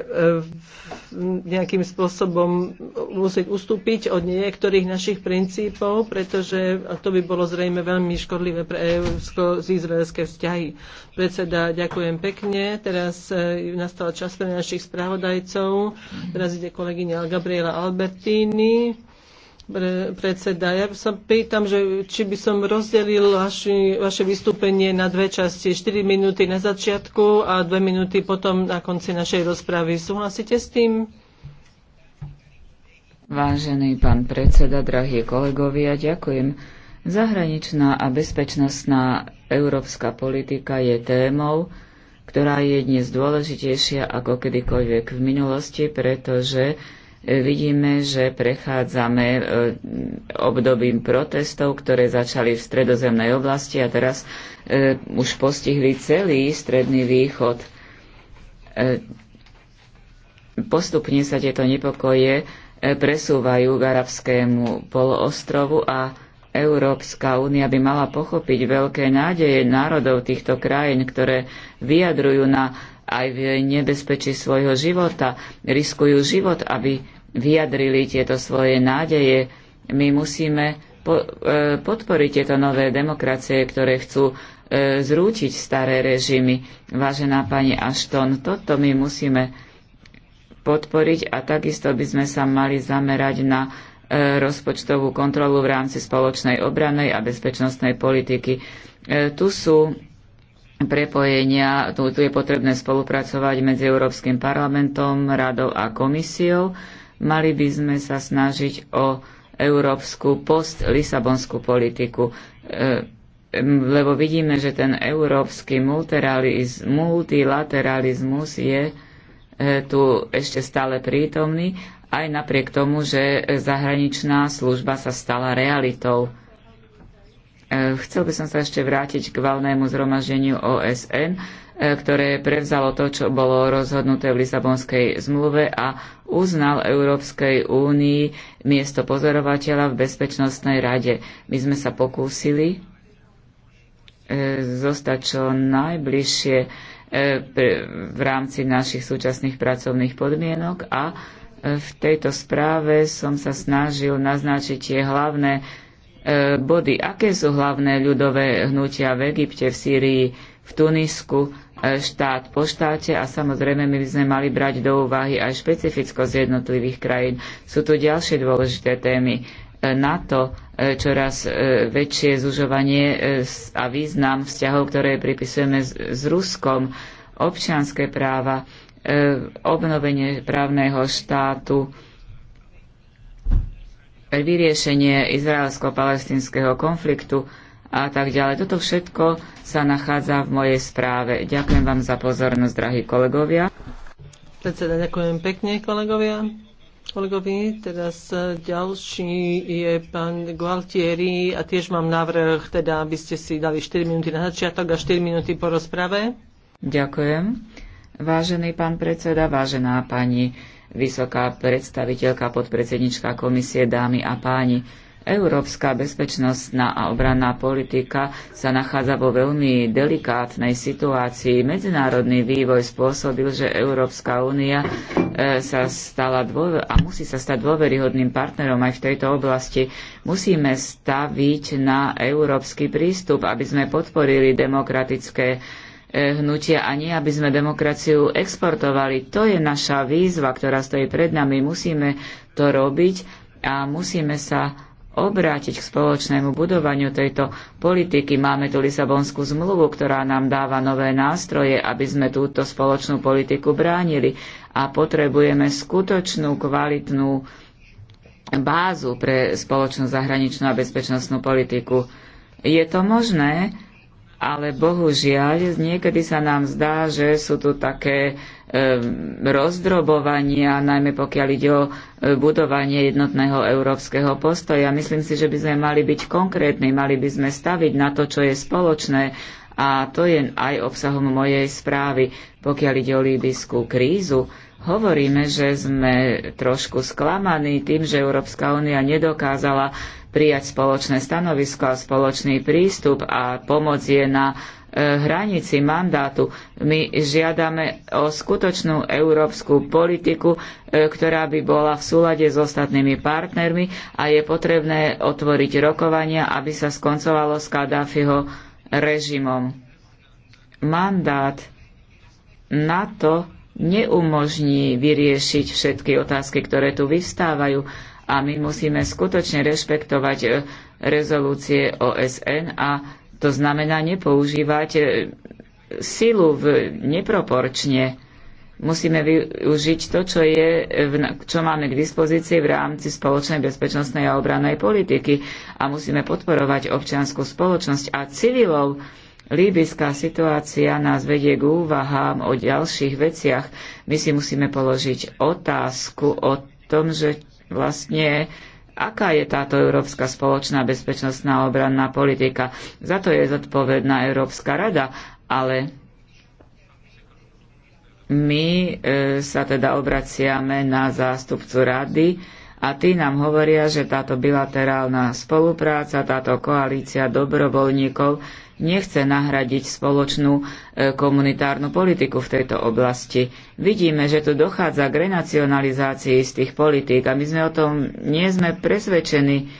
nejakým spôsobom musieť ustúpiť od niektorých našich princípov, pretože to by bolo zrejme veľmi škodlivé pre európsko-izraelské vzťahy. Predseda, ďakujem pekne. Teraz e, nastal čas pre našich správodajcov. Teraz ide kolegyňa Gabriela Albertini predseda. Ja sa pýtam, že či by som rozdelil vaši, vaše vystúpenie na dve časti. 4 minúty na začiatku a 2 minúty potom na konci našej rozpravy. Súhlasíte s tým? Vážený pán predseda, drahí kolegovia, ďakujem. Zahraničná a bezpečnostná európska politika je témou, ktorá je dnes dôležitejšia ako kedykoľvek v minulosti, pretože vidíme, že prechádzame e, obdobím protestov, ktoré začali v stredozemnej oblasti a teraz e, už postihli celý stredný východ. E, postupne sa tieto nepokoje presúvajú k arabskému poloostrovu a Európska únia by mala pochopiť veľké nádeje národov týchto krajín, ktoré vyjadrujú na aj v nebezpečí svojho života, riskujú život, aby vyjadrili tieto svoje nádeje. My musíme po, e, podporiť tieto nové demokracie, ktoré chcú e, zrútiť staré režimy. Vážená pani Ashton, toto my musíme podporiť a takisto by sme sa mali zamerať na e, rozpočtovú kontrolu v rámci spoločnej obranej a bezpečnostnej politiky. E, tu sú prepojenia, tu, tu je potrebné spolupracovať medzi Európskym parlamentom, radou a komisiou. Mali by sme sa snažiť o európsku post-lisabonskú politiku, e, lebo vidíme, že ten európsky multilateralizmus je e, tu ešte stále prítomný, aj napriek tomu, že zahraničná služba sa stala realitou. E, chcel by som sa ešte vrátiť k valnému zhromaždeniu OSN, e, ktoré prevzalo to, čo bolo rozhodnuté v Lisabonskej zmluve a uznal Európskej únii miesto pozorovateľa v Bezpečnostnej rade. My sme sa pokúsili e, zostať čo najbližšie v rámci našich súčasných pracovných podmienok a v tejto správe som sa snažil naznačiť tie hlavné E, body. Aké sú hlavné ľudové hnutia v Egypte, v Sýrii, v Tunisku, e, štát po štáte a samozrejme my by sme mali brať do úvahy aj špecifickosť jednotlivých krajín. Sú tu ďalšie dôležité témy. E, NATO, čoraz väčšie zužovanie a význam vzťahov, ktoré pripisujeme s Ruskom, občianské práva, obnovenie právneho štátu, vyriešenie izraelsko-palestinského konfliktu a tak ďalej. Toto všetko sa nachádza v mojej správe. Ďakujem vám za pozornosť, drahí kolegovia. Predseda, ďakujem pekne, kolegovia. Kolegovi, teraz ďalší je pán Gualtieri a tiež mám návrh, teda aby ste si dali 4 minúty na začiatok a 4 minúty po rozprave. Ďakujem. Vážený pán predseda, vážená pani vysoká predstaviteľka, podpredsednička komisie, dámy a páni. Európska bezpečnostná a obranná politika sa nachádza vo veľmi delikátnej situácii. Medzinárodný vývoj spôsobil, že Európska únia e, sa stala dôver- a musí sa stať dôveryhodným partnerom aj v tejto oblasti. Musíme staviť na európsky prístup, aby sme podporili demokratické E, hnutia a nie, aby sme demokraciu exportovali. To je naša výzva, ktorá stojí pred nami. Musíme to robiť a musíme sa obrátiť k spoločnému budovaniu tejto politiky. Máme tu Lisabonskú zmluvu, ktorá nám dáva nové nástroje, aby sme túto spoločnú politiku bránili a potrebujeme skutočnú, kvalitnú bázu pre spoločnú zahraničnú a bezpečnostnú politiku. Je to možné? ale bohužiaľ niekedy sa nám zdá, že sú tu také rozdrobovania, najmä pokiaľ ide o e, budovanie jednotného európskeho postoja. Myslím si, že by sme mali byť konkrétni, mali by sme staviť na to, čo je spoločné a to je aj obsahom mojej správy. Pokiaľ ide o líbyskú krízu, hovoríme, že sme trošku sklamaní tým, že Európska únia nedokázala prijať spoločné stanovisko a spoločný prístup a pomoc je na e, hranici mandátu. My žiadame o skutočnú európsku politiku, e, ktorá by bola v súlade s ostatnými partnermi a je potrebné otvoriť rokovania, aby sa skoncovalo s Kadáfiho režimom. Mandát na to neumožní vyriešiť všetky otázky, ktoré tu vyvstávajú a my musíme skutočne rešpektovať e, rezolúcie OSN a to znamená nepoužívať e, silu v, neproporčne. Musíme využiť to, čo, je, čo máme k dispozícii v rámci spoločnej bezpečnostnej a obrannej politiky a musíme podporovať občianskú spoločnosť a civilov. Líbyská situácia nás vedie k úvahám o ďalších veciach. My si musíme položiť otázku o tom, že vlastne aká je táto európska spoločná bezpečnostná obranná politika. Za to je zodpovedná Európska rada, ale my e, sa teda obraciame na zástupcu rady a tí nám hovoria, že táto bilaterálna spolupráca, táto koalícia dobrovoľníkov nechce nahradiť spoločnú e, komunitárnu politiku v tejto oblasti. Vidíme, že tu dochádza k renacionalizácii z tých politík a my sme o tom nie sme presvedčení.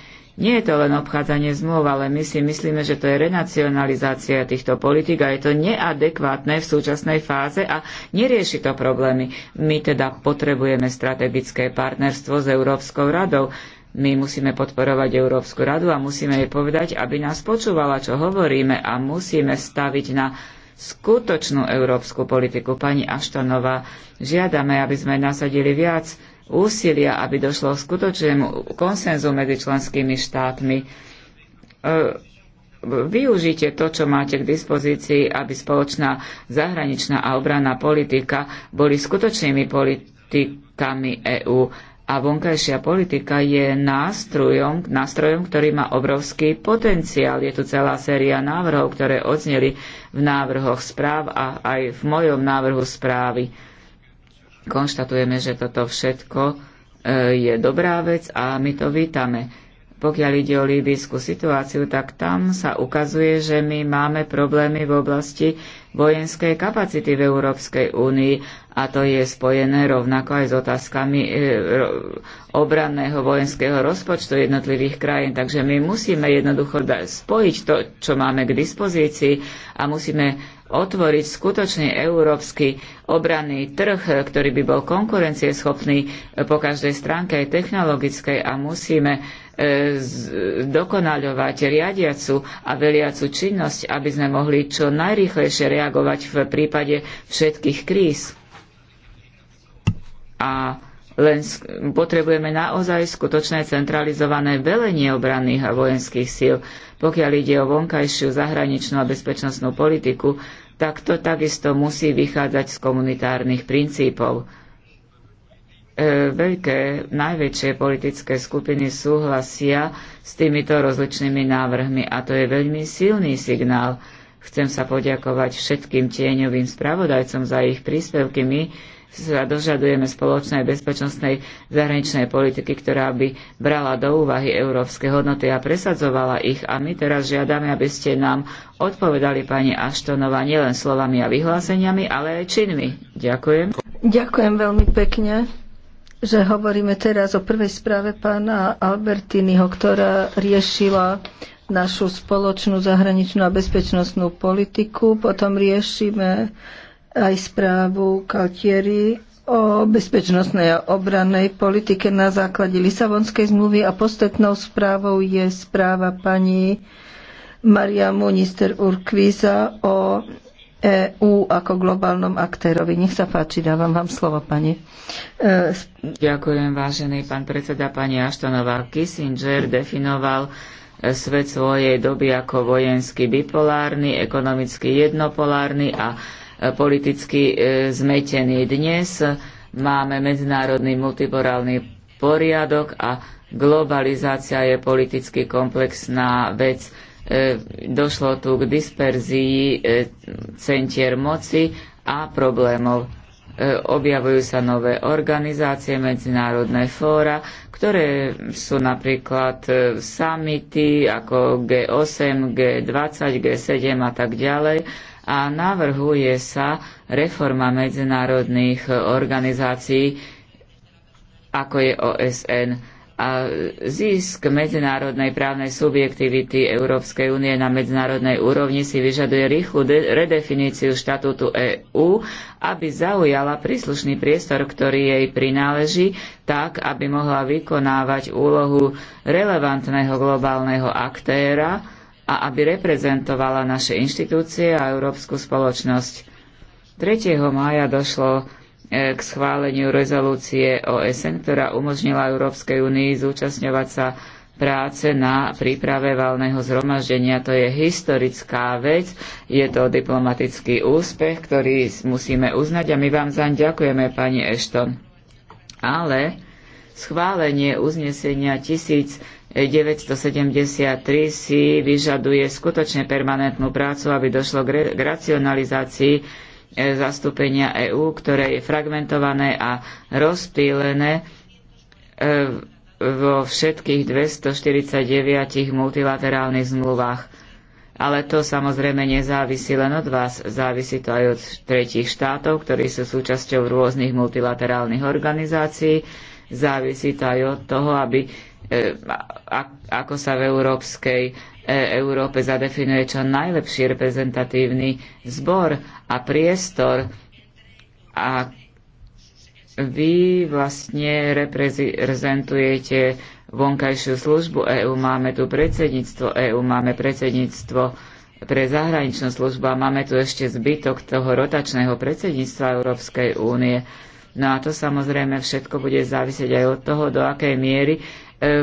Nie je to len obchádzanie zmluv, ale my si myslíme, že to je renacionalizácia týchto politík a je to neadekvátne v súčasnej fáze a nerieši to problémy. My teda potrebujeme strategické partnerstvo s Európskou radou my musíme podporovať Európsku radu a musíme jej povedať, aby nás počúvala, čo hovoríme a musíme staviť na skutočnú európsku politiku. Pani Aštonová, žiadame, aby sme nasadili viac úsilia, aby došlo k skutočnému konsenzu medzi členskými štátmi. E, využite to, čo máte k dispozícii, aby spoločná zahraničná a obranná politika boli skutočnými politikami EÚ a vonkajšia politika je nástrojom, nástrojom, ktorý má obrovský potenciál. Je tu celá séria návrhov, ktoré odzneli v návrhoch správ a aj v mojom návrhu správy. Konštatujeme, že toto všetko e, je dobrá vec a my to vítame. Pokiaľ ide o líbyskú situáciu, tak tam sa ukazuje, že my máme problémy v oblasti vojenskej kapacity v Európskej únii a to je spojené rovnako aj s otázkami e, obranného vojenského rozpočtu jednotlivých krajín. Takže my musíme jednoducho spojiť to, čo máme k dispozícii a musíme otvoriť skutočný európsky obranný trh, ktorý by bol konkurencieschopný po každej stránke aj technologickej a musíme e, dokonaľovať riadiacu a veliacu činnosť, aby sme mohli čo najrýchlejšie reagovať v prípade všetkých kríz a len potrebujeme naozaj skutočné centralizované velenie obranných a vojenských síl. Pokiaľ ide o vonkajšiu zahraničnú a bezpečnostnú politiku, tak to takisto musí vychádzať z komunitárnych princípov. E, veľké, najväčšie politické skupiny súhlasia s týmito rozličnými návrhmi a to je veľmi silný signál Chcem sa poďakovať všetkým tieňovým spravodajcom za ich príspevky. My sa dožadujeme spoločnej bezpečnostnej zahraničnej politiky, ktorá by brala do úvahy európske hodnoty a presadzovala ich. A my teraz žiadame, aby ste nám odpovedali pani Aštonova nielen slovami a vyhláseniami, ale aj činmi. Ďakujem. Ďakujem veľmi pekne že hovoríme teraz o prvej správe pána Albertiniho, ktorá riešila našu spoločnú zahraničnú a bezpečnostnú politiku. Potom riešime aj správu Kaltieri o bezpečnostnej a obrannej politike na základe Lisabonskej zmluvy a postetnou správou je správa pani Maria Munister Urquiza o EU ako globálnom aktérovi. Nech sa páči, dávam vám slovo, pani. E, Ďakujem, vážený pán predseda, pani Aštanová. Kissinger definoval svet svojej doby ako vojenský bipolárny, ekonomicky jednopolárny a e, politicky e, zmetený. Dnes máme medzinárodný multiporálny poriadok a globalizácia je politicky komplexná vec. E, došlo tu k disperzii centier moci a problémov objavujú sa nové organizácie, medzinárodné fóra, ktoré sú napríklad e, summity ako G8, G20, G7 a tak ďalej a navrhuje sa reforma medzinárodných e, organizácií, ako je OSN a zisk medzinárodnej právnej subjektivity Európskej únie na medzinárodnej úrovni si vyžaduje rýchlu redefiníciu štatútu EÚ, aby zaujala príslušný priestor, ktorý jej prináleží, tak, aby mohla vykonávať úlohu relevantného globálneho aktéra a aby reprezentovala naše inštitúcie a európsku spoločnosť. 3. mája došlo Eh, k schváleniu rezolúcie OSN, ktorá umožnila Európskej únii zúčastňovať sa práce na príprave valného zhromaždenia. To je historická vec, je to diplomatický úspech, ktorý musíme uznať a my vám zaň ďakujeme, pani Ešton. Ale schválenie uznesenia 1973 si vyžaduje skutočne permanentnú prácu, aby došlo k racionalizácii E, zastúpenia EÚ, ktoré je fragmentované a rozpílené e, vo všetkých 249 multilaterálnych zmluvách. Ale to samozrejme nezávisí len od vás, závisí to aj od tretich štátov, ktorí sú súčasťou rôznych multilaterálnych organizácií, závisí to aj od toho, aby E, ako sa v Európskej e, Európe zadefinuje čo najlepší reprezentatívny zbor a priestor a vy vlastne reprezentujete vonkajšiu službu EÚ, máme tu predsedníctvo EÚ, máme predsedníctvo pre zahraničnú službu a máme tu ešte zbytok toho rotačného predsedníctva Európskej únie. No a to samozrejme všetko bude závisieť aj od toho, do akej miery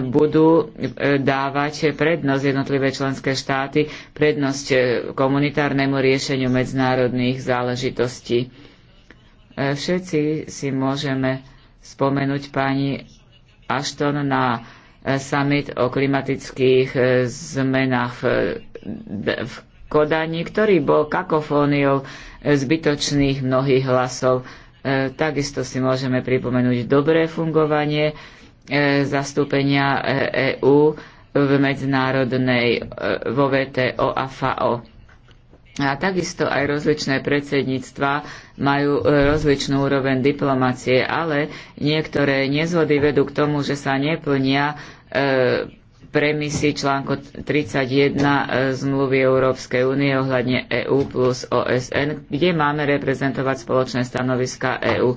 budú e, dávať prednosť jednotlivé členské štáty, prednosť e, komunitárnemu riešeniu medzinárodných záležitostí. E, všetci si môžeme spomenúť pani Ashton na summit o klimatických zmenách v Kodani, ktorý bol kakofóniou zbytočných mnohých hlasov. Takisto si môžeme pripomenúť dobré fungovanie E, zastúpenia EÚ e v medzinárodnej e, vo VTO a FAO. A takisto aj rozličné predsedníctva majú rozličnú úroveň diplomácie, ale niektoré nezhody vedú k tomu, že sa neplnia e, premisy článku 31 zmluvy Európskej únie ohľadne EU plus OSN, kde máme reprezentovať spoločné stanoviska EÚ.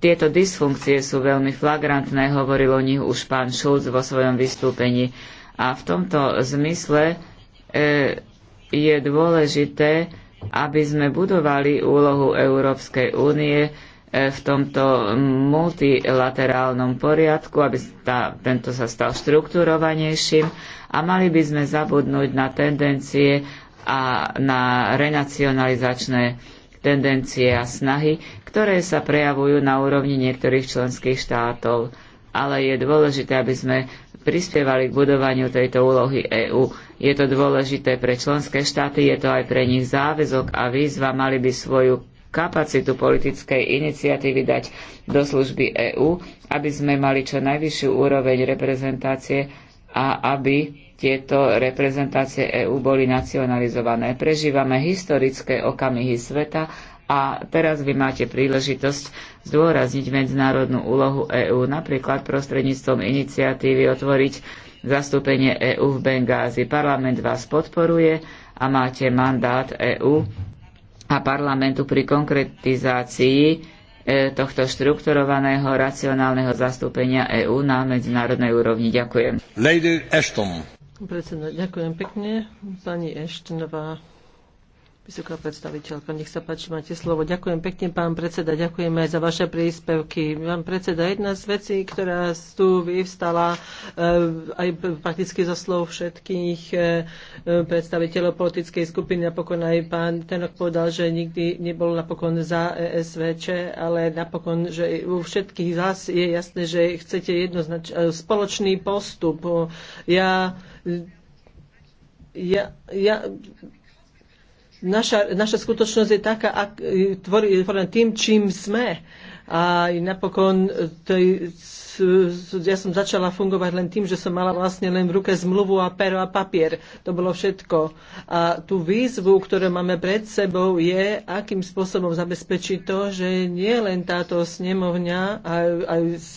Tieto dysfunkcie sú veľmi flagrantné, hovoril o nich už pán Šulc vo svojom vystúpení. A v tomto zmysle e, je dôležité, aby sme budovali úlohu Európskej únie e, v tomto multilaterálnom poriadku, aby tá, tento sa stal štrukturovanejším a mali by sme zabudnúť na tendencie a na renacionalizačné tendencie a snahy, ktoré sa prejavujú na úrovni niektorých členských štátov. Ale je dôležité, aby sme prispievali k budovaniu tejto úlohy EÚ. Je to dôležité pre členské štáty, je to aj pre nich záväzok a výzva mali by svoju kapacitu politickej iniciatívy dať do služby EÚ, aby sme mali čo najvyššiu úroveň reprezentácie a aby tieto reprezentácie EÚ boli nacionalizované. Prežívame historické okamihy sveta a teraz vy máte príležitosť zdôrazniť medzinárodnú úlohu EÚ, napríklad prostredníctvom iniciatívy otvoriť zastúpenie EÚ v Bengázi. Parlament vás podporuje a máte mandát EÚ a parlamentu pri konkretizácii e, tohto štrukturovaného racionálneho zastúpenia EÚ na medzinárodnej úrovni. Ďakujem. Lady Ashton. Predseda, ďakujem pekne. Pani Ashtonová Vysoká predstaviteľka, nech sa páči, máte slovo. Ďakujem pekne, pán predseda, ďakujem aj za vaše príspevky. Pán predseda, jedna z vecí, ktorá tu vyvstala eh, aj prakticky za slov všetkých eh, predstaviteľov politickej skupiny, napokon aj pán Tenok povedal, že nikdy nebol napokon za ESVČ, ale napokon, že u všetkých zás je jasné, že chcete jednoznačný eh, spoločný postup. Ja, ja, ja naša, naša skutočnosť je taká, ak, e, tvorí, tvorí, tým, čím sme. A napokon to, ja som začala fungovať len tým, že som mala vlastne len v ruke zmluvu a pero a papier. To bolo všetko. A tú výzvu, ktorú máme pred sebou, je, akým spôsobom zabezpečiť to, že nie len táto snemovňa aj, aj s,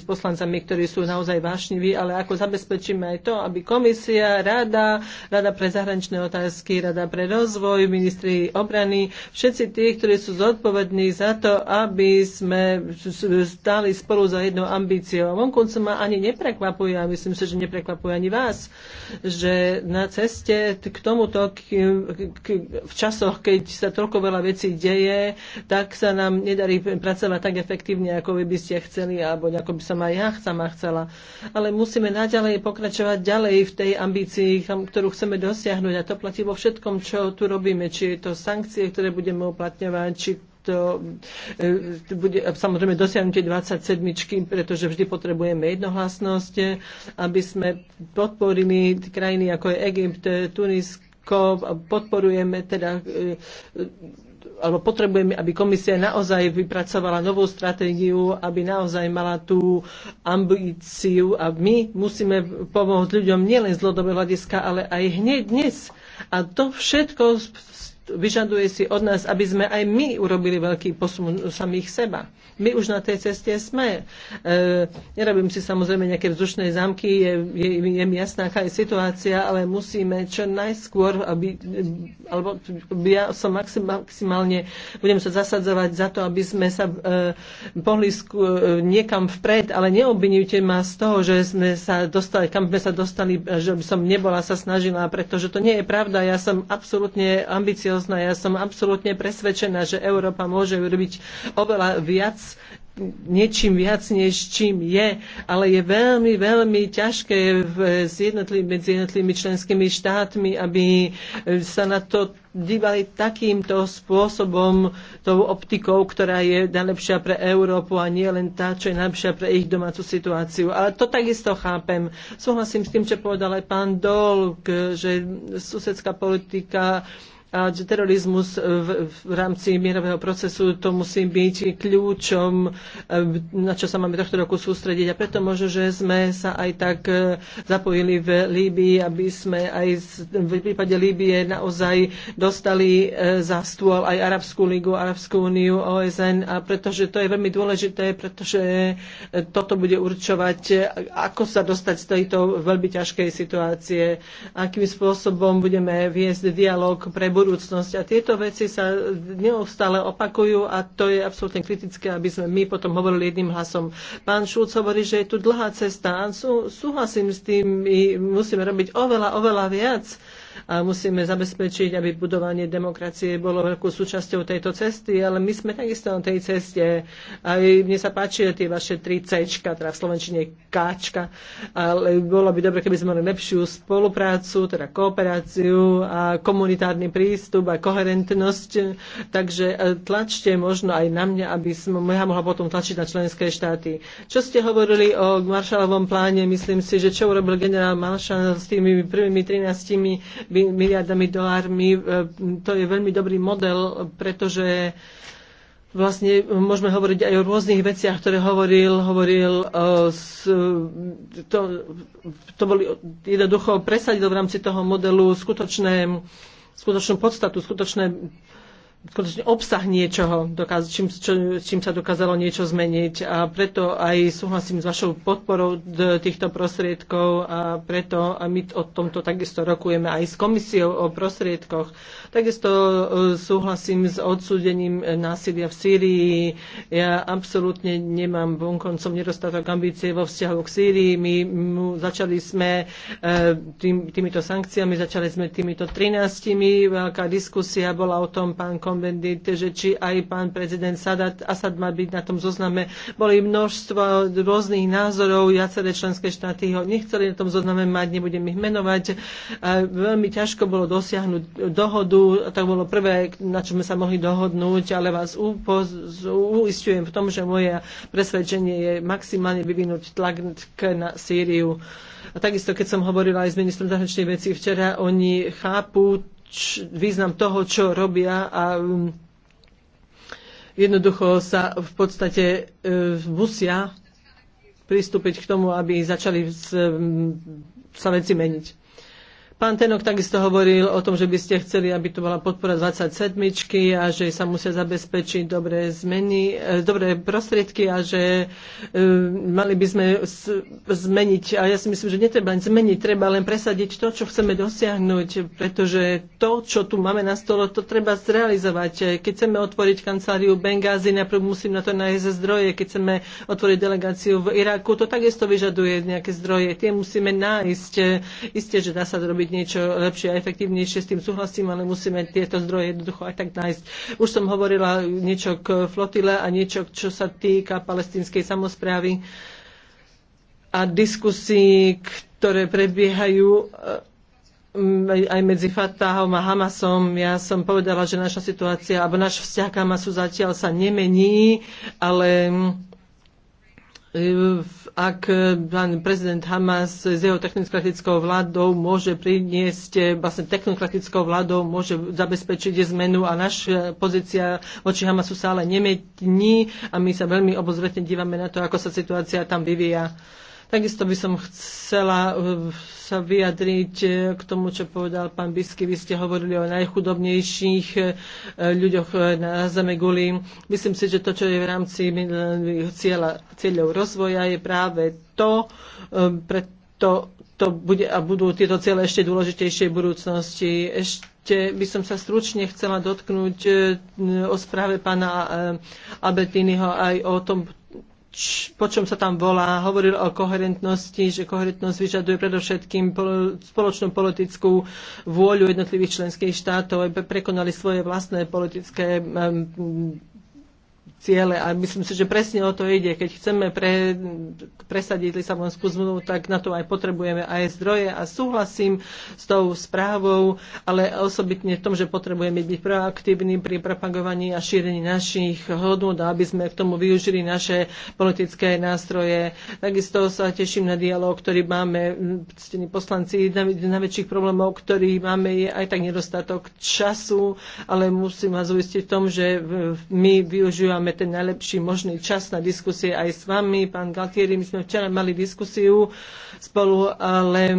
s poslancami, ktorí sú naozaj vášniví, ale ako zabezpečíme aj to, aby komisia, rada, rada pre zahraničné otázky, rada pre rozvoj, ministri obrany, všetci tí, ktorí sú zodpovední za to, aby sme sme stáli spolu za jednou ambíciou. A vonkoncom ma ani neprekvapuje, a myslím si, že neprekvapuje ani vás, že na ceste k tomuto k, k, v časoch, keď sa toľko veľa vecí deje, tak sa nám nedarí pracovať tak efektívne, ako vy by ste chceli, alebo ako by som aj ja sama chcela. Ale musíme naďalej pokračovať ďalej v tej ambícii, ktorú chceme dosiahnuť. A to platí vo všetkom, čo tu robíme. Či je to sankcie, ktoré budeme uplatňovať, či to e, bude e, samozrejme dosiahnutie 27, pretože vždy potrebujeme jednohlasnosť, aby sme podporili krajiny ako je Egypt, Tunisko, podporujeme teda e, alebo potrebujeme, aby komisia naozaj vypracovala novú stratégiu, aby naozaj mala tú ambíciu a my musíme pomôcť ľuďom nielen z dlhodobého hľadiska, ale aj hneď dnes. A to všetko vyžaduje si od nás, aby sme aj my urobili veľký posun samých seba. My už na tej ceste sme. E, nerobím si samozrejme nejaké vzdušné zámky, je, je, je mi jasná, aká je situácia, ale musíme čo najskôr, aby, alebo ja som maximálne, budem sa zasadzovať za to, aby sme sa e, pohli sku, e, niekam vpred, ale neobvinujte ma z toho, že sme sa dostali, kam sme sa dostali, že som nebola sa snažila, pretože to nie je pravda. Ja som absolútne ambiciozná seriózna. Ja som absolútne presvedčená, že Európa môže urobiť oveľa viac niečím viac, než čím je, ale je veľmi, veľmi ťažké v, s jednotlivými, medzi jednotlivými členskými štátmi, aby e, sa na to dívali takýmto spôsobom, tou optikou, ktorá je najlepšia pre Európu a nie len tá, čo je najlepšia pre ich domácu situáciu. Ale to takisto chápem. Súhlasím s tým, čo povedal aj pán Dolk, že susedská politika a terorizmus v, v rámci mierového procesu to musí byť kľúčom, e, na čo sa máme tohto roku sústrediť. A preto možno, že sme sa aj tak e, zapojili v Líbii, aby sme aj v prípade Líbie naozaj dostali e, za stôl aj Arabskú ligu, Arabskú úniu, OSN, a pretože to je veľmi dôležité, pretože toto bude určovať, ako sa dostať z tejto veľmi ťažkej situácie, akým spôsobom budeme viesť dialog pre budúcnosť. A tieto veci sa neustále opakujú a to je absolútne kritické, aby sme my potom hovorili jedným hlasom. Pán Šúc hovorí, že je tu dlhá cesta a sú, súhlasím s tým, my musíme robiť oveľa, oveľa viac a musíme zabezpečiť, aby budovanie demokracie bolo veľkou súčasťou tejto cesty, ale my sme takisto na tej ceste. Aj mne sa páčia tie vaše tri C, teda v Slovenčine Kčka, ale bolo by dobre, keby sme mali lepšiu spoluprácu, teda kooperáciu a komunitárny prístup a koherentnosť. Takže e, tlačte možno aj na mňa, aby som ja mohla potom tlačiť na členské štáty. Čo ste hovorili o Maršalovom pláne, myslím si, že čo urobil generál Maršal s tými prvými 13 miliardami dolármi. E, to je veľmi dobrý model, pretože vlastne môžeme hovoriť aj o rôznych veciach, ktoré hovoril, hovoril e, to, to boli jednoducho presadil v rámci toho modelu skutočné skutočnú podstatu, skutočné skutočne obsah niečoho, dokáz, čím, čo, čím sa dokázalo niečo zmeniť. A preto aj súhlasím s vašou podporou týchto prostriedkov a preto a my o tomto takisto rokujeme aj s komisiou o prostriedkoch. Takisto e, súhlasím s odsúdením násilia v Sýrii. Ja absolútne nemám vonkoncom nedostatok ambície vo vzťahu k Sýrii. My mu, začali sme e, tým, týmito sankciami, začali sme týmito 13. Veľká diskusia bola o tom, pán kom Bendit, že či aj pán prezident Sadat, Asad má byť na tom zozname. Boli množstvo rôznych názorov, viaceré členské štáty ho nechceli na tom zozname mať, nebudem ich menovať. Veľmi ťažko bolo dosiahnuť dohodu, to bolo prvé, na čo sme sa mohli dohodnúť, ale vás upoz, uistujem v tom, že moje presvedčenie je maximálne vyvinúť tlak na Sýriu. A takisto, keď som hovorila aj s ministrom zahraničných vecí včera, oni chápu č, význam toho, čo robia a um, jednoducho sa v podstate e, musia pristúpiť k tomu, aby začali s, um, sa veci meniť. Pán Tenok takisto hovoril o tom, že by ste chceli, aby to bola podpora 27 a že sa musia zabezpečiť dobré zmeny, e, dobré prostriedky a že e, mali by sme zmeniť, a ja si myslím, že netreba len zmeniť, treba len presadiť to, čo chceme dosiahnuť, pretože to, čo tu máme na stole, to treba zrealizovať. Keď chceme otvoriť kanceláriu Bengázy, najprv musím na to nájsť zdroje. Keď chceme otvoriť delegáciu v Iraku, to takisto vyžaduje nejaké zdroje. Tie musíme nájsť. Isté, že dá sa robiť urobiť niečo lepšie a efektívnejšie, s tým súhlasím, ale musíme tieto zdroje jednoducho aj tak nájsť. Už som hovorila niečo k flotile a niečo, čo sa týka palestinskej samozprávy a diskusí, ktoré prebiehajú eh, aj medzi Fatahom a Hamasom. Ja som povedala, že naša situácia alebo náš vzťah k Hamasu zatiaľ sa nemení, ale Hm, ak eh, pán prezident Hamas s jeho technokratickou vládou môže priniesť, eh, vlastne technokratickou vládou môže zabezpečiť zmenu a naša pozícia voči Hamasu sa ale nemení a my sa veľmi obozretne dívame na to, ako sa situácia tam vyvíja. Takisto by som chcela e, sa vyjadriť e, k tomu, čo povedal pán Bisky. Vy ste hovorili o najchudobnejších e, ľuďoch na zeme guli. Myslím si, že to, čo je v rámci cieľa, cieľov rozvoja, je práve to, preto to bude a budú tieto cieľe ešte dôležitejšie v budúcnosti. Ešte by som sa stručne chcela dotknúť o správe pána Abetínyho aj o tom, po čom sa tam volá, hovoril o koherentnosti, že koherentnosť vyžaduje predovšetkým spoločnú politickú vôľu jednotlivých členských štátov, aby prekonali svoje vlastné politické ciele. A myslím si, že presne o to ide. Keď chceme pre, presadiť Lisabonskú zmluvu, tak na to aj potrebujeme aj zdroje a súhlasím s tou správou, ale osobitne v tom, že potrebujeme byť proaktívni pri propagovaní a šírení našich hodnot, aby sme k tomu využili naše politické nástroje. Takisto sa teším na dialog, ktorý máme, ctení poslanci, najväčších problémov, ktorý máme, je aj tak nedostatok času, ale musím vás uistiť v tom, že my využívame máme ten najlepší možný čas na diskusie aj s vami. Pán Galtieri, my sme včera mali diskusiu spolu, ale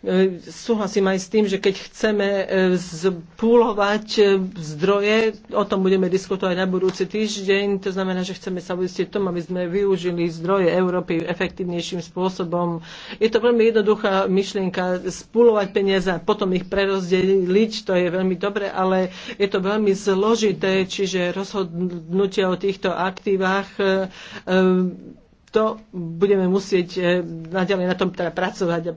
E, súhlasím aj s tým, že keď chceme e, zpúlovať e, zdroje, o tom budeme diskutovať na budúci týždeň, to znamená, že chceme sa uistiť tom, aby sme využili zdroje Európy efektívnejším spôsobom. Je to veľmi jednoduchá myšlienka spúlovať peniaze a potom ich prerozdeliť, to je veľmi dobre, ale je to veľmi zložité, čiže rozhodnutie o týchto aktívach to budeme musieť naďalej na tom teda pracovať a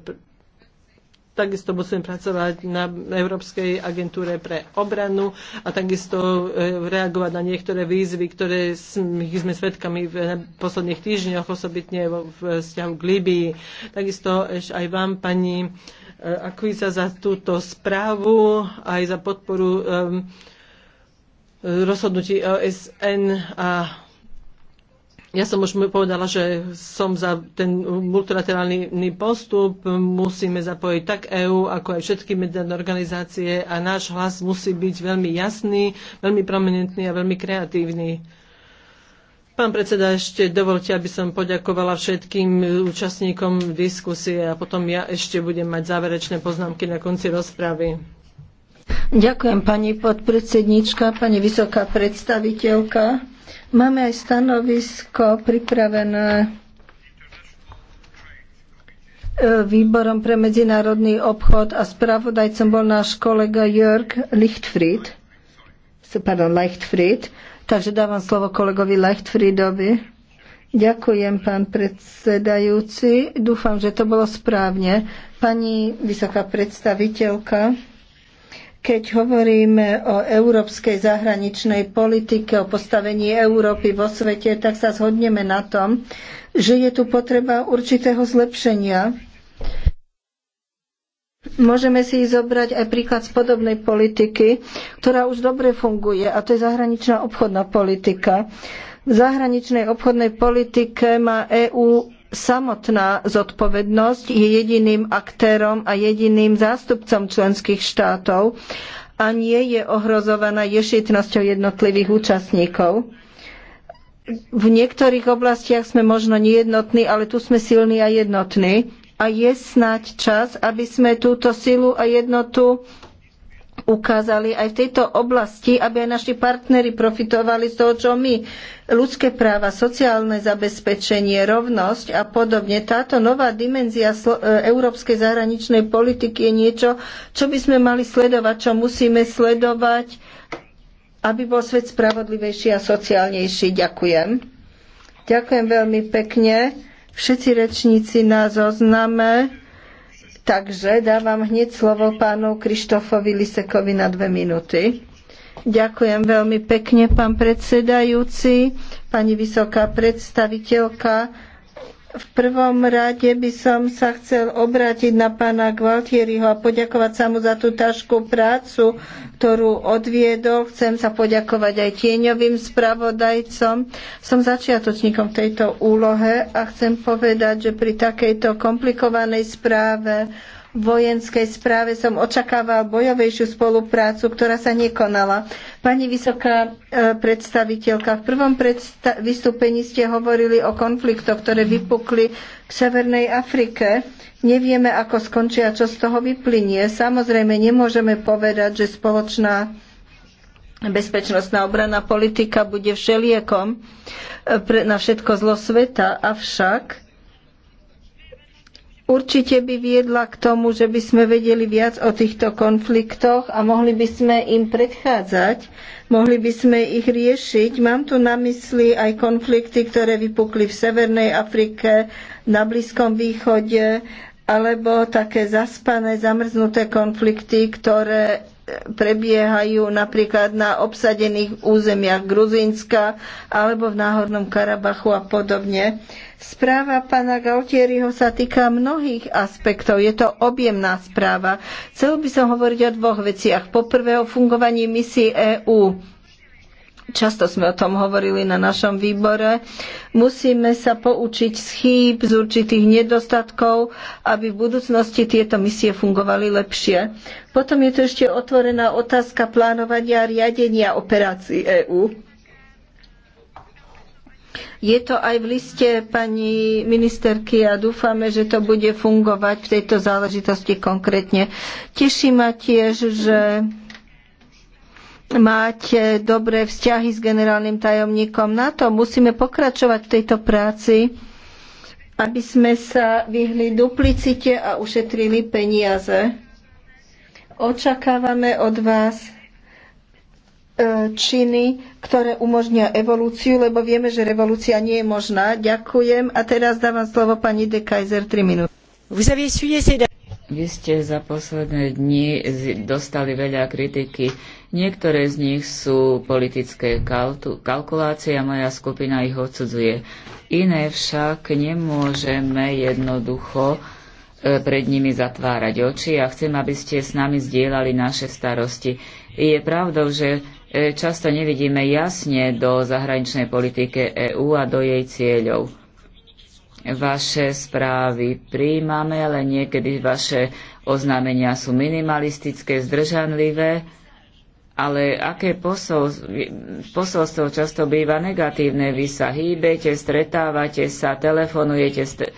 Takisto musím pracovať na Európskej agentúre pre obranu a takisto e, reagovať na niektoré výzvy, ktoré sme svedkami v posledných týždňoch, osobitne v vzťahu k Líbii. Takisto ešte aj vám, pani e, Akvica, za túto správu, aj za podporu e, rozhodnutí OSN a ja som už povedala, že som za ten multilaterálny postup. Musíme zapojiť tak EÚ, ako aj všetky medzinárodné organizácie a náš hlas musí byť veľmi jasný, veľmi prominentný a veľmi kreatívny. Pán predseda, ešte dovolte, aby som poďakovala všetkým účastníkom diskusie a potom ja ešte budem mať záverečné poznámky na konci rozpravy. Ďakujem pani podpredsednička, pani vysoká predstaviteľka. Máme aj stanovisko pripravené e, výborom pre medzinárodný obchod a spravodajcom bol náš kolega Jörg Lichtfried. Pardon, Leichtfried. Takže dávam slovo kolegovi Leichtfriedovi. Ďakujem, pán predsedajúci. Dúfam, že to bolo správne. Pani vysoká predstaviteľka, keď hovoríme o európskej zahraničnej politike, o postavení Európy vo svete, tak sa zhodneme na tom, že je tu potreba určitého zlepšenia. Môžeme si zobrať aj príklad z podobnej politiky, ktorá už dobre funguje, a to je zahraničná obchodná politika. V zahraničnej obchodnej politike má EÚ samotná zodpovednosť je jediným aktérom a jediným zástupcom členských štátov a nie je ohrozovaná ješitnosťou jednotlivých účastníkov. V niektorých oblastiach sme možno nejednotní, ale tu sme silní a jednotní. A je snáď čas, aby sme túto silu a jednotu ukázali aj v tejto oblasti, aby aj naši partnery profitovali z toho, čo my. Ľudské práva, sociálne zabezpečenie, rovnosť a podobne. Táto nová dimenzia e, európskej zahraničnej politiky je niečo, čo by sme mali sledovať, čo musíme sledovať, aby bol svet spravodlivejší a sociálnejší. Ďakujem. Ďakujem veľmi pekne. Všetci rečníci na zozname Takže dávam hneď slovo pánu Krištofovi Lisekovi na dve minúty. Ďakujem veľmi pekne, pán predsedajúci, pani vysoká predstaviteľka. V prvom rade by som sa chcel obrátiť na pána Gvaltieriho a poďakovať sa mu za tú ťažkú prácu, ktorú odviedol. Chcem sa poďakovať aj tieňovým spravodajcom. Som začiatočníkom v tejto úlohe a chcem povedať, že pri takejto komplikovanej správe vojenskej správe som očakával bojovejšiu spoluprácu, ktorá sa nekonala. Pani vysoká e, predstaviteľka, v prvom predsta- vystúpení ste hovorili o konfliktoch, ktoré vypukli v Severnej Afrike. Nevieme, ako skončia, čo z toho vyplynie. Samozrejme, nemôžeme povedať, že spoločná bezpečnostná obranná politika bude všeliekom e, na všetko zlo sveta, avšak určite by viedla k tomu, že by sme vedeli viac o týchto konfliktoch a mohli by sme im predchádzať, mohli by sme ich riešiť. Mám tu na mysli aj konflikty, ktoré vypukli v Severnej Afrike, na Blízkom východe, alebo také zaspané, zamrznuté konflikty, ktoré e, prebiehajú napríklad na obsadených územiach Gruzínska alebo v Náhornom Karabachu a podobne. Správa pána Galtieriho sa týka mnohých aspektov. Je to objemná správa. Chcel by som hovoriť o dvoch veciach. Poprvé o fungovaní misií EÚ. Často sme o tom hovorili na našom výbore. Musíme sa poučiť z chýb, z určitých nedostatkov, aby v budúcnosti tieto misie fungovali lepšie. Potom je tu ešte otvorená otázka plánovania a riadenia operácií EÚ je to aj v liste pani ministerky a dúfame, že to bude fungovať v tejto záležitosti konkrétne. Teší ma tiež, že máte dobré vzťahy s generálnym tajomníkom Na to Musíme pokračovať v tejto práci, aby sme sa vyhli duplicite a ušetrili peniaze. Očakávame od vás E, činy, ktoré umožnia evolúciu, lebo vieme, že revolúcia nie je možná. Ďakujem a teraz dávam slovo pani de Kaiser 3 minúty. Vy ste za posledné dni dostali veľa kritiky. Niektoré z nich sú politické kalkulácie a moja skupina ich odsudzuje. Iné však nemôžeme jednoducho e, pred nimi zatvárať oči a chcem, aby ste s nami zdieľali naše starosti. Je pravdou, že E, často nevidíme jasne do zahraničnej politike EÚ a do jej cieľov. Vaše správy príjmame, ale niekedy vaše oznámenia sú minimalistické, zdržanlivé, ale aké posol, posolstvo často býva negatívne. Vy sa hýbete, stretávate sa, telefonujete, st-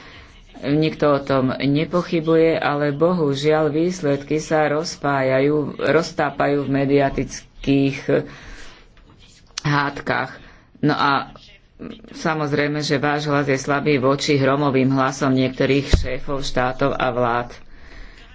nikto o tom nepochybuje, ale bohužiaľ výsledky sa rozpájajú, roztápajú v mediatických politických eh, hádkach. No a samozrejme, že váš hlas je slabý voči hromovým hlasom niektorých šéfov štátov a vlád.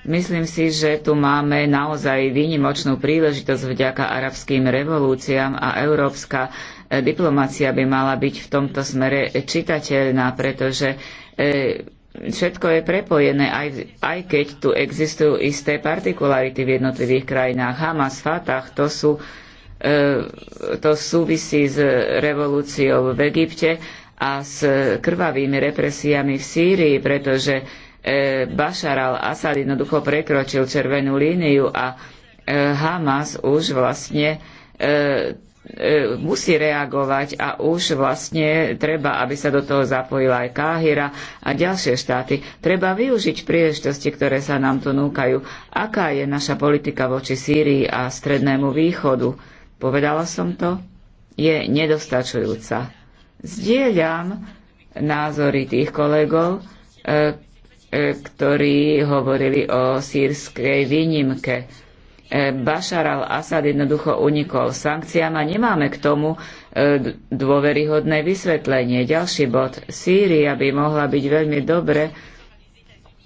Myslím si, že tu máme naozaj výnimočnú príležitosť vďaka arabským revolúciám a európska eh, diplomacia by mala byť v tomto smere čitateľná, pretože eh, všetko je prepojené, aj, aj keď tu existujú isté partikularity v jednotlivých krajinách. Hamas, Fatah, to sú e, to súvisí s revolúciou v Egypte a s krvavými represiami v Sýrii, pretože e, Bashar al-Assad jednoducho prekročil červenú líniu a e, Hamas už vlastne E, musí reagovať a už vlastne treba, aby sa do toho zapojila aj Káhira a ďalšie štáty. Treba využiť príležitosti, ktoré sa nám tu núkajú. Aká je naša politika voči Sýrii a Strednému východu? Povedala som to? Je nedostačujúca. Zdieľam názory tých kolegov, e, e, ktorí hovorili o sírskej výnimke E, Bashar al-Assad jednoducho unikol sankciám a nemáme k tomu e, dôveryhodné vysvetlenie. Ďalší bod. Sýria by mohla byť veľmi dobre,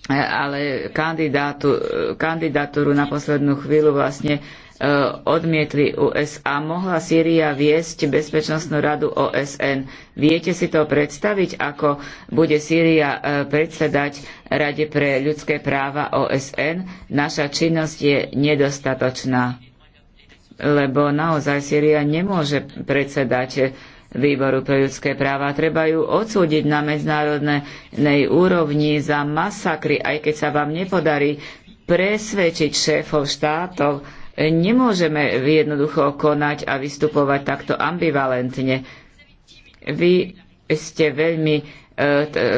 e, ale kandidátu, kandidatúru na poslednú chvíľu vlastne Eh, odmietli USA. Mohla Sýria viesť Bezpečnostnú radu OSN. Viete si to predstaviť, ako bude Sýria eh, predsedať Rade pre ľudské práva OSN? Naša činnosť je nedostatočná, lebo naozaj Sýria nemôže predsedať Výboru pre ľudské práva. Treba ju odsúdiť na medzinárodnej úrovni za masakry, aj keď sa vám nepodarí presvedčiť šéfov štátov, Nemôžeme jednoducho konať a vystupovať takto ambivalentne. Vy ste veľmi, e,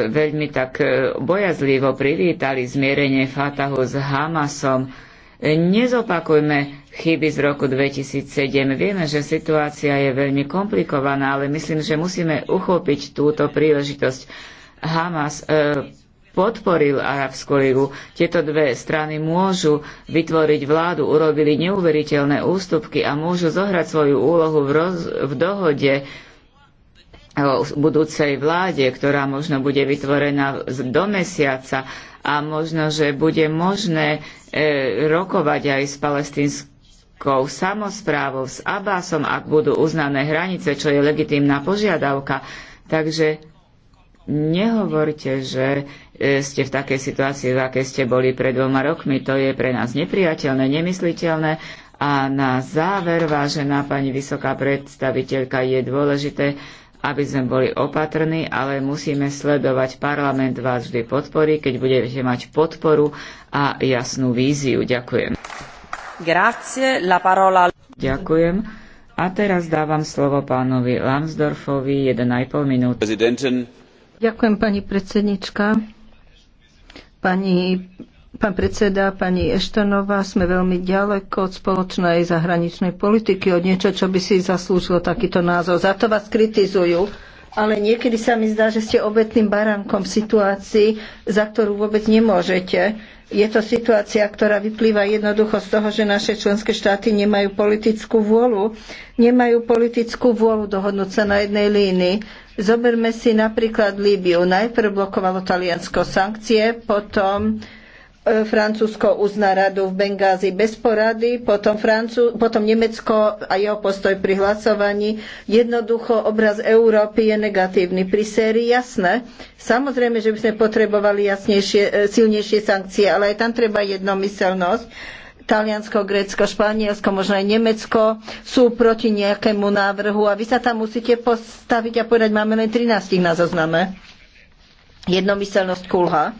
veľmi tak e, bojazlivo privítali zmierenie Fatahu s Hamasom. Nezopakujme chyby z roku 2007. Vieme, že situácia je veľmi komplikovaná, ale myslím, že musíme uchopiť túto príležitosť. Hamas e, podporil Arabskú ligu. Tieto dve strany môžu vytvoriť vládu, urobili neuveriteľné ústupky a môžu zohrať svoju úlohu v, roz, v dohode o budúcej vláde, ktorá možno bude vytvorená do mesiaca a možno, že bude možné e, rokovať aj s palestinskou samozprávou, s Abbasom, ak budú uznané hranice, čo je legitímna požiadavka. Takže nehovorte, že e, ste v takej situácii, v akej ste boli pred dvoma rokmi. To je pre nás nepriateľné, nemysliteľné. A na záver, vážená pani vysoká predstaviteľka, je dôležité, aby sme boli opatrní, ale musíme sledovať. Parlament vás vždy podporí, keď budete mať podporu a jasnú víziu. Ďakujem. Grazie, la parola... Ďakujem. A teraz dávam slovo pánovi Lambsdorfovi 1,5 minúty. Ďakujem, pani predsednička. Pani, pán predseda, pani Eštonová, sme veľmi ďaleko od spoločnej zahraničnej politiky, od niečo, čo by si zaslúžilo takýto názov. Za to vás kritizujú, ale niekedy sa mi zdá, že ste obetným baránkom situácii, za ktorú vôbec nemôžete. Je to situácia, ktorá vyplýva jednoducho z toho, že naše členské štáty nemajú politickú vôľu. Nemajú politickú vôľu dohodnúť sa na jednej línii Zoberme si napríklad Líbiu. Najprv blokovalo Taliansko sankcie, potom e, Francúzsko uzná radu v Bengázi bez porady, potom, Francú, potom Nemecko a jeho postoj pri hlasovaní. Jednoducho obraz Európy je negatívny. Pri sérii jasné. Samozrejme, že by sme potrebovali jasnejšie, e, silnejšie sankcie, ale aj tam treba jednomyseľnosť Taliansko, Grécko, Španielsko, možno aj Nemecko sú proti nejakému návrhu a vy sa tam musíte postaviť a povedať, máme len 13 na zozname. Jednomyselnosť kulha.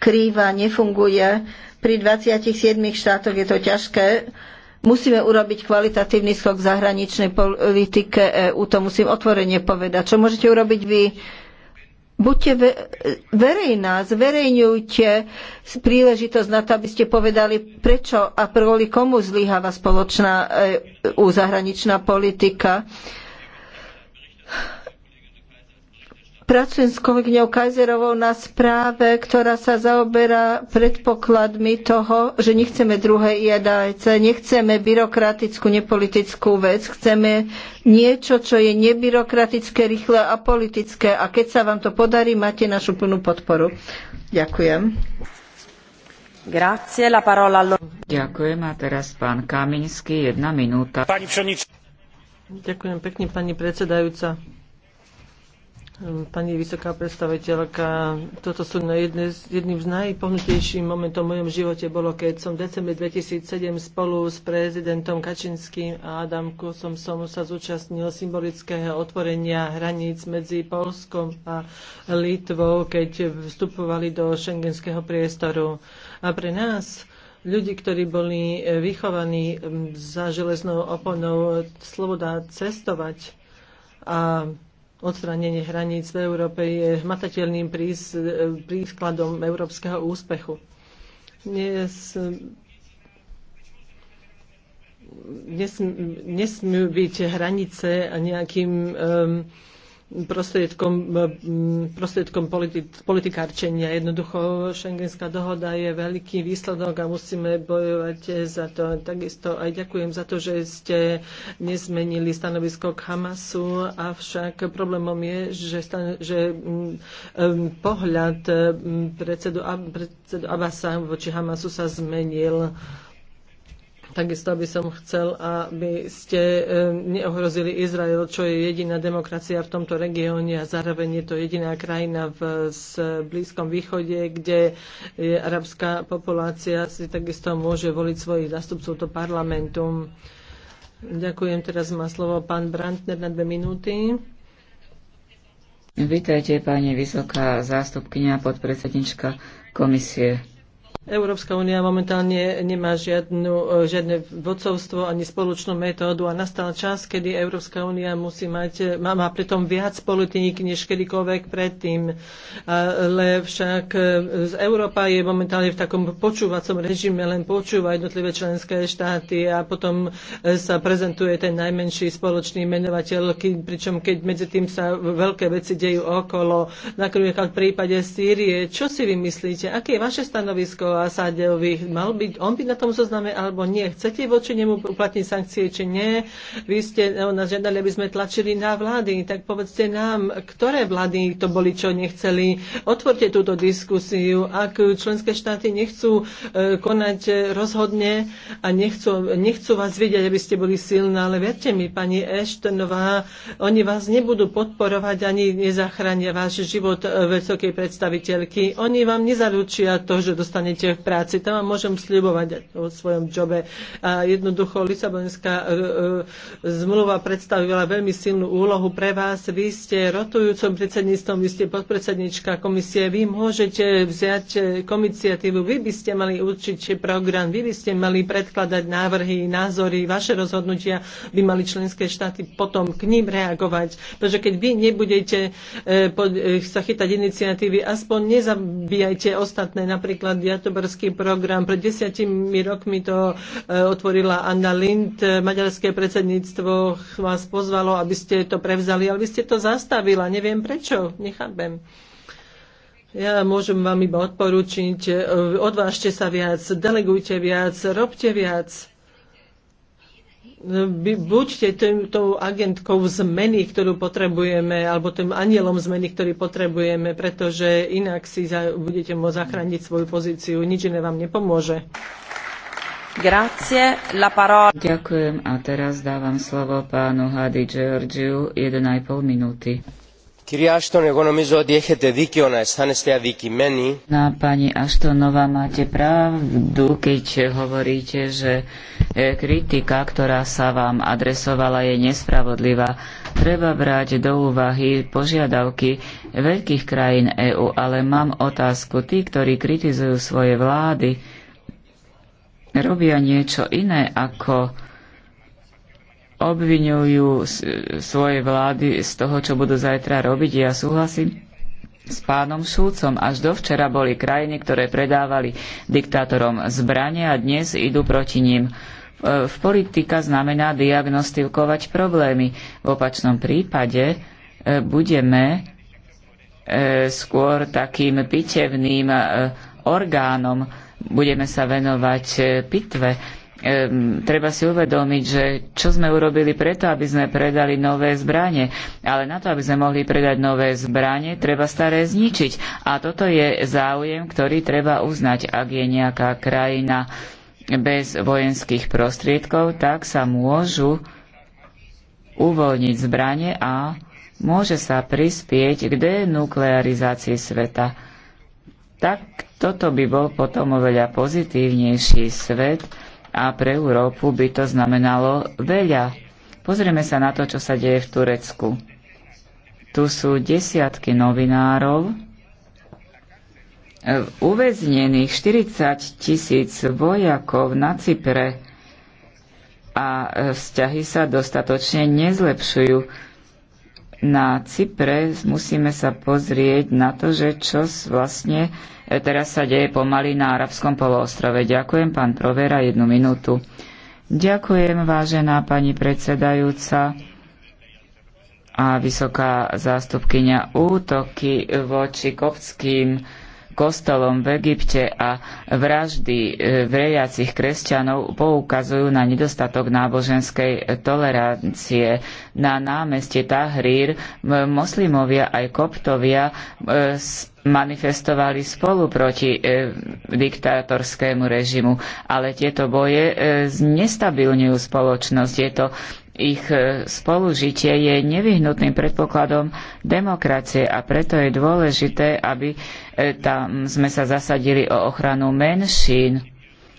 Krýva nefunguje. Pri 27 štátoch je to ťažké. Musíme urobiť kvalitatívny skok v zahraničnej politike EÚ, to musím otvorene povedať. Čo môžete urobiť vy? Buďte verejná, zverejňujte príležitosť na to, aby ste povedali, prečo a kvôli komu zlyháva spoločná EU zahraničná politika. Pracujem s kolegyňou Kajzerovou na správe, ktorá sa zaoberá predpokladmi toho, že nechceme druhé IADC, nechceme byrokratickú, nepolitickú vec, chceme niečo, čo je nebyrokratické, rýchle a politické. A keď sa vám to podarí, máte našu plnú podporu. Ďakujem. Grazie, la parola... Ďakujem a teraz pán jedna minúta. Pani Ďakujem pekne, pani predsedajúca. Pani vysoká predstaviteľka, toto sú na jedne, jedným z najpohnutejších momentov v mojom živote bolo, keď som v decembri 2007 spolu s prezidentom Kačinským a Adamku som, som sa zúčastnil symbolického otvorenia hraníc medzi Polskom a Litvou, keď vstupovali do šengenského priestoru. A pre nás ľudí, ktorí boli vychovaní za železnou oponou sloboda cestovať a odstránenie hraníc v Európe je hmatateľným príkladom európskeho úspechu. Dnes nesmú byť hranice a nejakým um, prostriedkom, eh, prostriedkom politi- politikárčenia. Jednoducho šengenská dohoda je veľký výsledok a musíme bojovať za to. Takisto aj ďakujem za to, že ste nezmenili stanovisko k Hamasu, avšak problémom je, že, stan- že um, pohľad mm, predsedu, Ab- predsedu Abasa voči Hamasu sa zmenil. Takisto by som chcel, aby ste neohrozili Izrael, čo je jediná demokracia v tomto regióne a zároveň je to jediná krajina v Blízkom východe, kde je arabská populácia si takisto môže voliť svojich zastupcov do parlamentu. Ďakujem. Teraz má slovo pán Brandner na dve minúty. Vítajte, pani vysoká zástupkynia podpredsednička komisie. Európska únia momentálne nemá žiadnu, e, žiadne vodcovstvo ani spoločnú metódu a nastal čas, kedy Európska únia musí mať, e, má, má pritom viac politík než kedykoľvek predtým. Ale však e, Európa je momentálne v takom počúvacom režime, len počúva jednotlivé členské štáty a potom sa prezentuje ten najmenší spoločný menovateľ, pričom keď medzi tým sa veľké veci dejú okolo, nakoniec v prípade Sýrie. Čo si vymyslíte? Aké je vaše stanovisko? Bashirko Asadových, mal byť, on byť na tom zozname alebo nie? Chcete voči nemu uplatniť sankcie, či nie? Vy ste no, nás žiadali, aby sme tlačili na vlády, tak povedzte nám, ktoré vlády to boli, čo nechceli. Otvorte túto diskusiu. Ak členské štáty nechcú e, konať rozhodne a nechcú, nechcú vás vidieť, aby ste boli silná, ale viete mi, pani Eštenová, oni vás nebudú podporovať ani nezachránia váš život e, vysokej predstaviteľky. Oni vám nezaručia to, že dostane zostanete v práci. Tam vám môžem slibovať o svojom jobe. A jednoducho Lisabonská e, e, zmluva predstavila veľmi silnú úlohu pre vás. Vy ste rotujúcom predsedníctvom, vy ste podpredsednička komisie, vy môžete vziať komiciatívu, e, vy by ste mali určiť program, vy by ste mali predkladať návrhy, názory, vaše rozhodnutia by mali členské štáty potom k ním reagovať. Pretože keď vy nebudete sa chytať iniciatívy, aspoň nezabíjajte ostatné. Napríklad ja jatoborský program. Pred desiatimi rokmi to e, otvorila Anna Lind. Maďarské predsedníctvo vás pozvalo, aby ste to prevzali, ale vy ste to zastavila. Neviem prečo, nechápem. Ja môžem vám iba odporúčiť, e, odvážte sa viac, delegujte viac, robte viac buďte tou agentkou zmeny, ktorú potrebujeme, alebo tým anielom zmeny, ktorý potrebujeme, pretože inak si za, budete môcť zachrániť svoju pozíciu. Nič iné vám nepomôže. Grazie, la parola. Ďakujem a teraz dávam slovo pánu Hadi Georgiu 1,5 minúty. Na pani Ashtonová máte pravdu, keď hovoríte, že e, kritika, ktorá sa vám adresovala, je nespravodlivá. Treba brať do úvahy požiadavky veľkých krajín EÚ, ale mám otázku. Tí, ktorí kritizujú svoje vlády, robia niečo iné ako obviňujú svoje vlády z toho, čo budú zajtra robiť. Ja súhlasím s pánom Šulcom. Až dovčera boli krajiny, ktoré predávali diktátorom zbranie a dnes idú proti ním. E, v politika znamená diagnostikovať problémy. V opačnom prípade e, budeme e, skôr takým pitevným orgánom. Budeme sa venovať pitve treba si uvedomiť, že čo sme urobili preto, aby sme predali nové zbranie. Ale na to, aby sme mohli predať nové zbranie, treba staré zničiť. A toto je záujem, ktorý treba uznať, ak je nejaká krajina bez vojenských prostriedkov, tak sa môžu uvoľniť zbranie a môže sa prispieť k denuklearizácii sveta. Tak toto by bol potom oveľa pozitívnejší svet, a pre Európu by to znamenalo veľa. Pozrieme sa na to, čo sa deje v Turecku. Tu sú desiatky novinárov, e, uväznených 40 tisíc vojakov na Cypre a e, vzťahy sa dostatočne nezlepšujú na Cypre musíme sa pozrieť na to, že čo vlastne e, teraz sa deje pomaly na arabskom poloostrove. Ďakujem, pán Provera, jednu minútu. Ďakujem, vážená pani predsedajúca a vysoká zástupkynia útoky voči kopským kostolom v Egypte a vraždy e, veriacich kresťanov poukazujú na nedostatok náboženskej tolerancie. Na námeste Tahrir moslimovia aj koptovia e, manifestovali spolu proti e, diktátorskému režimu, ale tieto boje znestabilňujú spoločnosť. Je to ich e, spolužitie je nevyhnutným predpokladom demokracie a preto je dôležité, aby e, tam sme sa zasadili o ochranu menšín,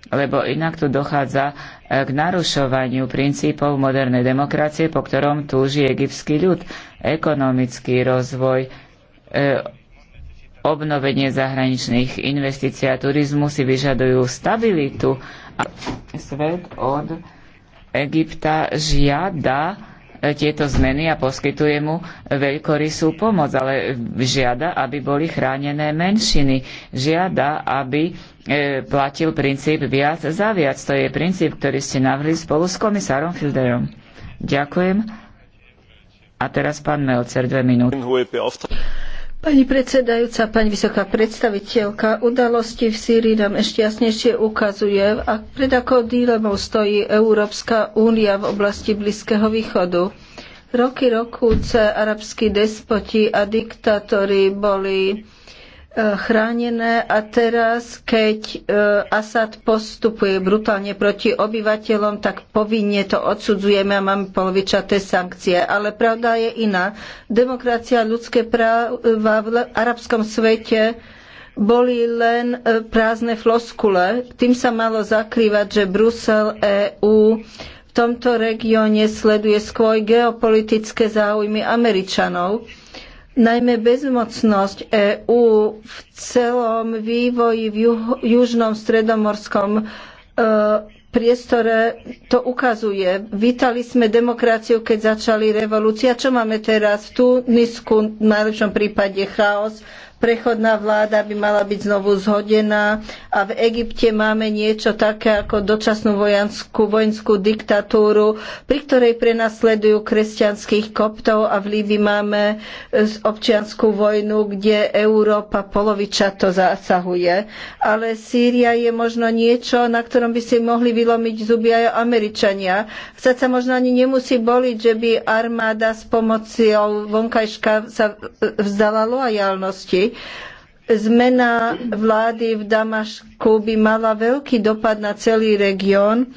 lebo inak tu dochádza e, k narušovaniu princípov modernej demokracie, po ktorom túži egyptský ľud, ekonomický rozvoj, obnovenie zahraničných investícií a turizmu si vyžadujú stabilitu a svet od Egypta žiada e, tieto zmeny a poskytuje mu veľkorysú pomoc, ale žiada, aby boli chránené menšiny. Žiada, aby e, platil princíp viac za viac. To je princíp, ktorý ste navrhli spolu s komisárom Filderom. Ďakujem. A teraz pán Melcer, dve minúty. Pani predsedajúca, pani vysoká predstaviteľka, udalosti v Sýrii nám ešte jasnejšie ukazuje, a pred akou dilemou stojí Európska únia v oblasti Blízkeho východu. Roky rokúce arabskí despoti a diktátori boli E, chránené a teraz, keď e, Asad postupuje brutálne proti obyvateľom, tak povinne to odsudzujeme a máme polovičaté sankcie. Ale pravda je iná. Demokracia a ľudské práva v arabskom svete boli len e, prázdne floskule. Tým sa malo zakrývať, že Brusel, EÚ v tomto regióne sleduje skôr geopolitické záujmy Američanov najmä bezmocnosť EÚ v celom vývoji v južnom stredomorskom e, priestore to ukazuje. Vítali sme demokraciu, keď začali revolúcia. Čo máme teraz? V Tunisku v najlepšom prípade chaos, Prechodná vláda by mala byť znovu zhodená a v Egypte máme niečo také ako dočasnú vojanskú, vojenskú diktatúru, pri ktorej prenasledujú kresťanských koptov a v Líbii máme e, občianskú vojnu, kde Európa poloviča to zasahuje. Ale Sýria je možno niečo, na ktorom by si mohli vylomiť zuby aj Američania. Sať sa možno ani nemusí boliť, že by armáda s pomocou vonkajška sa vzdala lojalnosti. Zmena vlády v Damašku by mala veľký dopad na celý región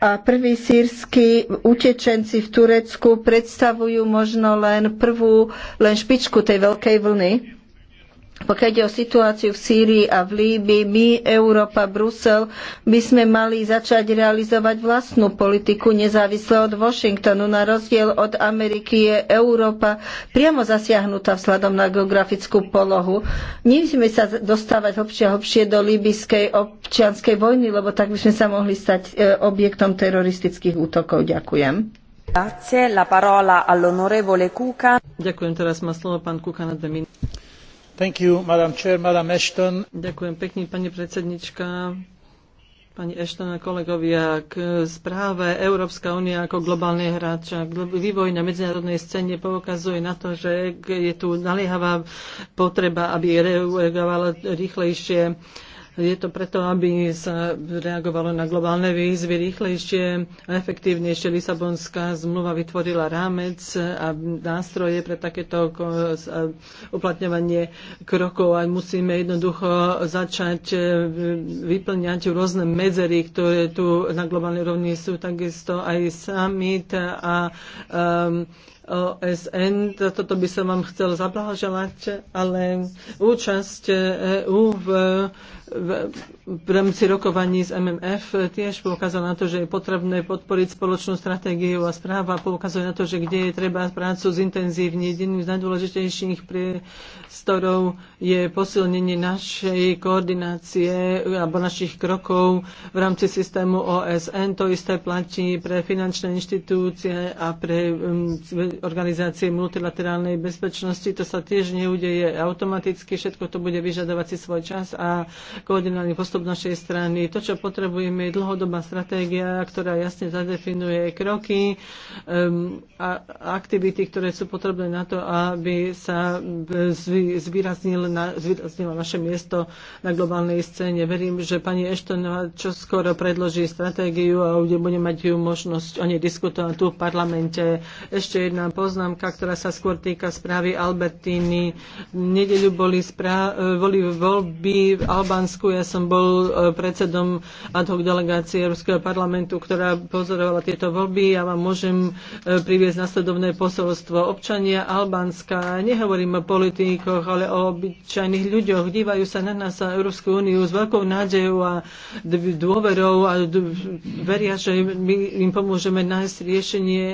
a prví sírsky utečenci v Turecku predstavujú možno len prvú, len špičku tej veľkej vlny. Pokiaľ ide o situáciu v Sýrii a v Líbii, my, Európa, Brusel, by sme mali začať realizovať vlastnú politiku nezávisle od Washingtonu. Na rozdiel od Ameriky je Európa priamo zasiahnutá vzhľadom na geografickú polohu. Nemusíme sa dostávať hlbšie a hlbšie do líbyskej občianskej vojny, lebo tak by sme sa mohli stať e, objektom teroristických útokov. Ďakujem. Ďakujem, teraz má slovo pán Kuka na dve minúty. You, Madam Chair, Madam Ďakujem pekne, pani predsednička, pani Ashton a kolegovia. K správe Európska únia ako globálny hráč a vývoj na medzinárodnej scéne poukazuje na to, že je tu naliehavá potreba, aby reagovala rýchlejšie je to preto, aby sa reagovalo na globálne výzvy rýchlejšie a efektívnejšie. Lisabonská zmluva vytvorila rámec a nástroje pre takéto uplatňovanie krokov a musíme jednoducho začať e, vyplňať rôzne medzery, ktoré tu na globálnej rovni sú. Takisto aj summit a um, OSN. Toto by som vám chcel zablahoželať, ale účasť EU v v v rámci rokovaní z MMF tiež poukázal na to, že je potrebné podporiť spoločnú stratégiu a správa poukazuje na to, že kde je treba prácu zintenzívniť. Jedným z najdôležitejších priestorov je posilnenie našej koordinácie alebo našich krokov v rámci systému OSN. To isté platí pre finančné inštitúcie a pre um, organizácie multilaterálnej bezpečnosti. To sa tiež neudeje automaticky, všetko to bude vyžadovať si svoj čas a koordinálny postup prístup našej strany. To, čo potrebujeme, je dlhodobá stratégia, ktorá jasne zadefinuje kroky um, a aktivity, ktoré sú potrebné na to, aby sa e, zvýraznil na, zvýraznilo naše miesto na globálnej scéne. Verím, že pani Eštonová čo skoro predloží stratégiu a bude mať ju možnosť o nej diskutovať tu v parlamente. Ešte jedna poznámka, ktorá sa skôr týka správy Albertíny. V nedeľu boli, správ, e, boli voľby v Albánsku. Ja som bol bol e, predsedom ad hoc delegácie Európskeho parlamentu, ktorá pozorovala tieto voľby. Ja vám môžem e, priviesť nasledovné posolstvo. Občania Albánska, nehovorím o politikoch, ale o obyčajných ľuďoch, dívajú sa na nás a Európsku úniu s veľkou nádejou a dôverou a veria, že my im pomôžeme nájsť riešenie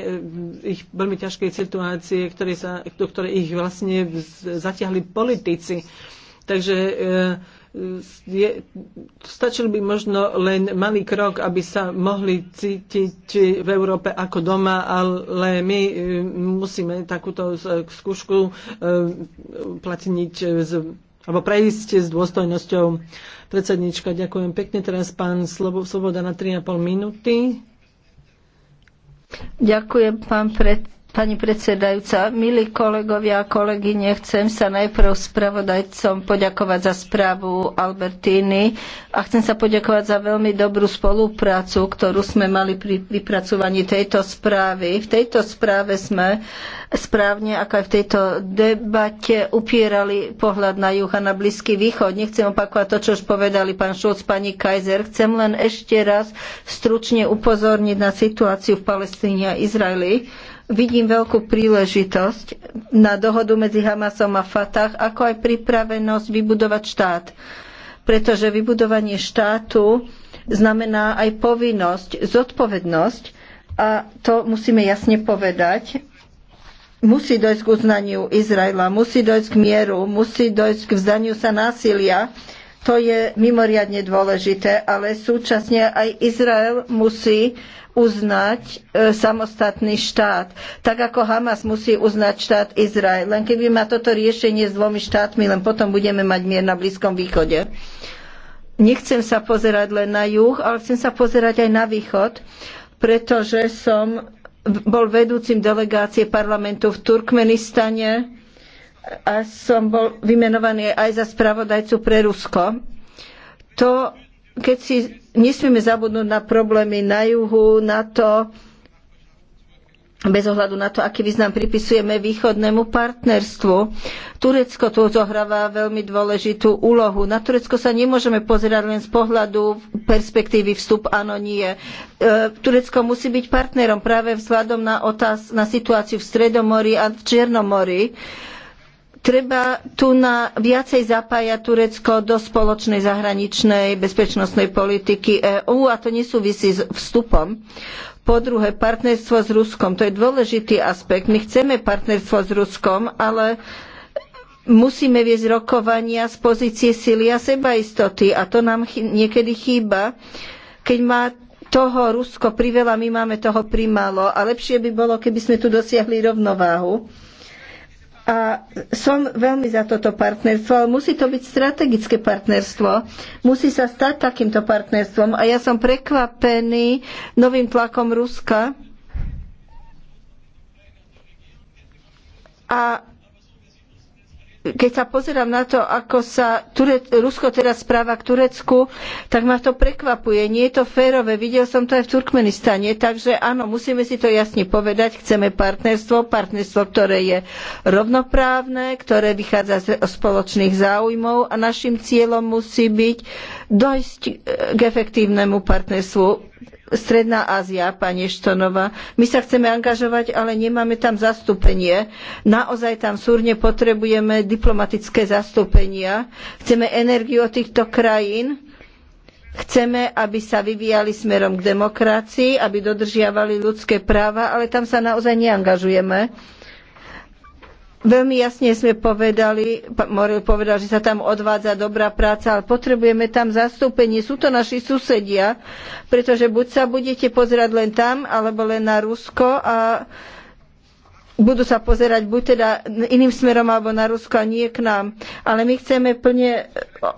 e, ich veľmi ťažkej situácie, ktoré sa, do ktorej ich vlastne zatiahli politici. Takže e, je, stačil by možno len malý krok, aby sa mohli cítiť v Európe ako doma, ale my e, musíme takúto skúšku e, platniť z alebo prejsť s dôstojnosťou. Predsednička, ďakujem pekne. Teraz pán Sloboda na 3,5 minúty. Ďakujem, pán predsednička. Pani predsedajúca, milí kolegovia a kolegyne, chcem sa najprv spravodajcom poďakovať za správu Albertíny a chcem sa poďakovať za veľmi dobrú spoluprácu, ktorú sme mali pri vypracovaní tejto správy. V tejto správe sme správne, ako aj v tejto debate, upierali pohľad na juh a na Blízky východ. Nechcem opakovať to, čo už povedali pán Šulc, pani Kaiser. Chcem len ešte raz stručne upozorniť na situáciu v Palestíne a Izraeli Vidím veľkú príležitosť na dohodu medzi Hamasom a Fatah, ako aj pripravenosť vybudovať štát. Pretože vybudovanie štátu znamená aj povinnosť, zodpovednosť a to musíme jasne povedať. Musí dojsť k uznaniu Izraela, musí dojsť k mieru, musí dojsť k vzdaniu sa násilia. To je mimoriadne dôležité, ale súčasne aj Izrael musí uznať e, samostatný štát. Tak ako Hamas musí uznať štát Izrael. Len keby má toto riešenie s dvomi štátmi, len potom budeme mať mier na Blízkom východe. Nechcem sa pozerať len na juh, ale chcem sa pozerať aj na východ, pretože som bol vedúcim delegácie parlamentu v Turkmenistane a som bol vymenovaný aj za spravodajcu pre Rusko. To keď si nesmieme zabudnúť na problémy na juhu, na to, bez ohľadu na to, aký význam pripisujeme východnému partnerstvu. Turecko tu zohráva veľmi dôležitú úlohu. Na Turecko sa nemôžeme pozerať len z pohľadu perspektívy vstup, áno, nie. E, Turecko musí byť partnerom práve vzhľadom na, otáz, na situáciu v Stredomori a v Černomori. Treba tu na viacej zapájať Turecko do spoločnej zahraničnej bezpečnostnej politiky EÚ a to nesúvisí s vstupom. Po druhé, partnerstvo s Ruskom. To je dôležitý aspekt. My chceme partnerstvo s Ruskom, ale musíme viesť rokovania z pozície sily a sebaistoty a to nám niekedy chýba. Keď má toho Rusko priveľa, my máme toho primálo a lepšie by bolo, keby sme tu dosiahli rovnováhu. A som veľmi za toto partnerstvo, ale musí to byť strategické partnerstvo. Musí sa stať takýmto partnerstvom. A ja som prekvapený novým tlakom Ruska. A keď sa pozerám na to, ako sa Ture- Rusko teraz správa k Turecku, tak ma to prekvapuje. Nie je to férové. Videl som to aj v Turkmenistane. Takže áno, musíme si to jasne povedať. Chceme partnerstvo, partnerstvo, ktoré je rovnoprávne, ktoré vychádza z spoločných záujmov a našim cieľom musí byť dojsť eh, k efektívnemu partnerstvu. Stredná Ázia, pani Štonova. My sa chceme angažovať, ale nemáme tam zastúpenie. Naozaj tam súrne potrebujeme diplomatické zastúpenia. Chceme energiu od týchto krajín. Chceme, aby sa vyvíjali smerom k demokracii, aby dodržiavali ľudské práva, ale tam sa naozaj neangažujeme Veľmi jasne sme povedali, Moril povedal, že sa tam odvádza dobrá práca, ale potrebujeme tam zastúpenie. Sú to naši susedia, pretože buď sa budete pozerať len tam, alebo len na Rusko a budú sa pozerať buď teda iným smerom alebo na Rusko a nie k nám. Ale my chceme plne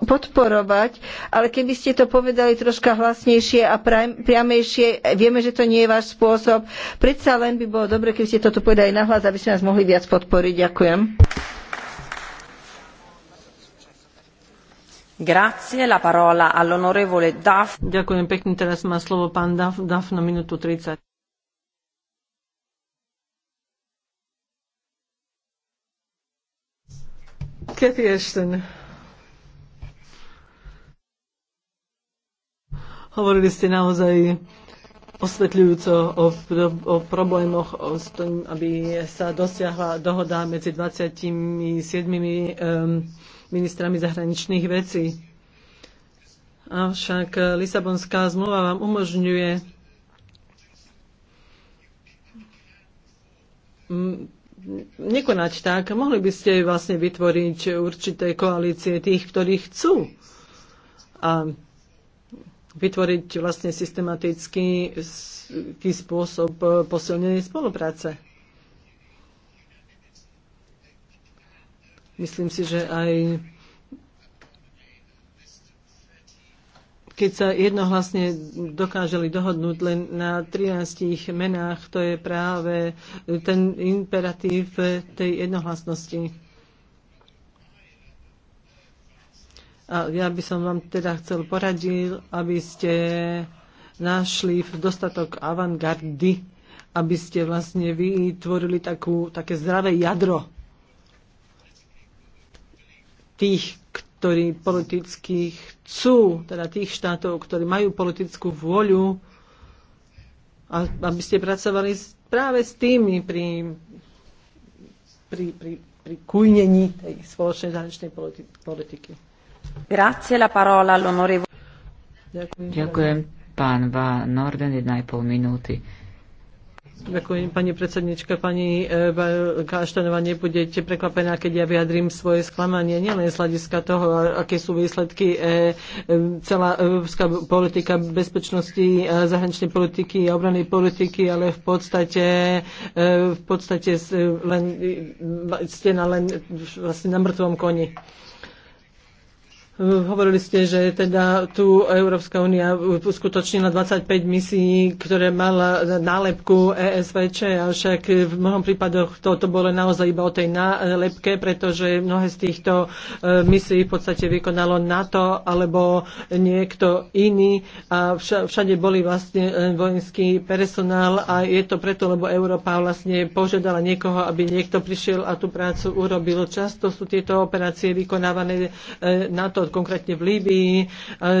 podporovať, ale keby ste to povedali troška hlasnejšie a priamejšie, vieme, že to nie je váš spôsob. Predsa len by bolo dobre, keby ste toto povedali nahlas, aby ste nás mohli viac podporiť. Ďakujem. Grazie, la parola all'onorevole Daf. Ďakujem pekne, teraz má slovo pán Daf Daf na minútu 30. Kathy Ashton. Hovorili ste naozaj osvetľujúco o, o problémoch, o tom, aby sa dosiahla dohoda medzi 27 um, ehm, ministrami zahraničných vecí. Avšak Lisabonská zmluva vám umožňuje nekonať tak. Mohli by ste vlastne vytvoriť určité koalície tých, ktorí chcú. A vytvoriť vlastne systematický spôsob posilnenej spolupráce. Myslím si, že aj keď sa jednohlasne dokáželi dohodnúť len na 13 menách, to je práve ten imperatív tej jednohlasnosti. A ja by som vám teda chcel poradil, aby ste našli v dostatok avantgardy, aby ste vlastne vytvorili takú, také zdravé jadro tých, ktorí politicky chcú, teda tých štátov, ktorí majú politickú vôľu, aby ste pracovali práve s tými pri, pri, pri, pri kujnení tej spoločnej zahraničnej politiky. Grazie la parola all'onorevole. Ďakujem. Ďakujem, pán Van Norden, pol minúty. Ďakujem, pani predsednička. Pani e, Kaštanová, nebudete prekvapená, keď ja vyjadrím svoje sklamanie, nielen z hľadiska toho, aké sú výsledky e, e, celá európska politika bezpečnosti, zahraničnej politiky a obranej politiky, ale v podstate, v podstate len, ste na, len, vlastne na mŕtvom koni. Hovorili ste, že teda tu Európska únia uskutočnila 25 misií, ktoré mala nálepku ESVČ, avšak v mnohom prípadoch toto bolo naozaj iba o tej nálepke, pretože mnohé z týchto e, misií v podstate vykonalo NATO alebo niekto iný a všade boli vlastne e, vojenský personál a je to preto, lebo Európa vlastne požiadala niekoho, aby niekto prišiel a tú prácu urobil. Často sú tieto operácie vykonávané e, NATO konkrétne v Líbii. E,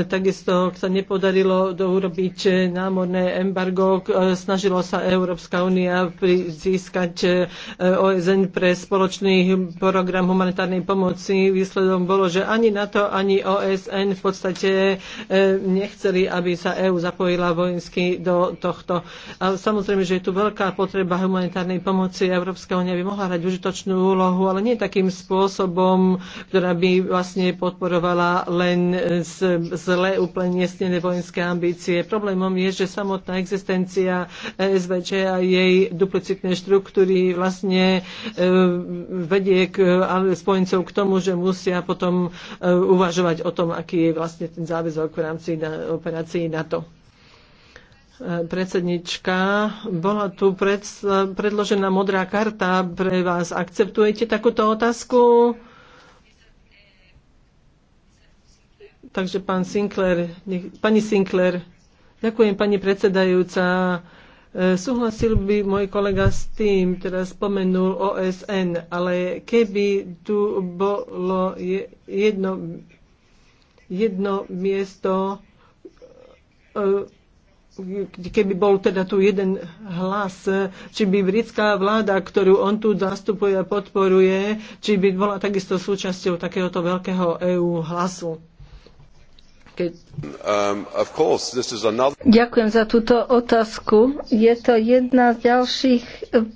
takisto sa nepodarilo dourobiť námorné embargo. E, Snažilo sa Európska únia získať e, OSN pre spoločný program humanitárnej pomoci. Výsledom bolo, že ani NATO, ani OSN v podstate nechceli, aby sa EÚ zapojila vojensky do tohto. A samozrejme, že je tu veľká potreba humanitárnej pomoci. Európska únia by mohla hrať užitočnú úlohu, ale nie takým spôsobom, ktorá by vlastne podporovala vyjadrovala len zle úplne nesnené vojenské ambície. Problémom je, že samotná existencia SVČ a jej duplicitné štruktúry vlastne e, vedie k, ale spojencov k tomu, že musia potom e, uvažovať o tom, aký je vlastne ten záväzok v rámci operácií NATO e, predsednička. Bola tu pred, predložená modrá karta pre vás. Akceptujete takúto otázku? Takže pán Sinclair, nech, pani Sinclair, ďakujem pani predsedajúca. E, súhlasil by môj kolega s tým, teraz spomenul OSN, ale keby tu bolo jedno, jedno miesto, e, keby bol teda tu jeden hlas, či by britská vláda, ktorú on tu zastupuje a podporuje, či by bola takisto súčasťou takéhoto veľkého EU hlasu. Keď... Um, course, another... Ďakujem za túto otázku. Je to jedna z ďalších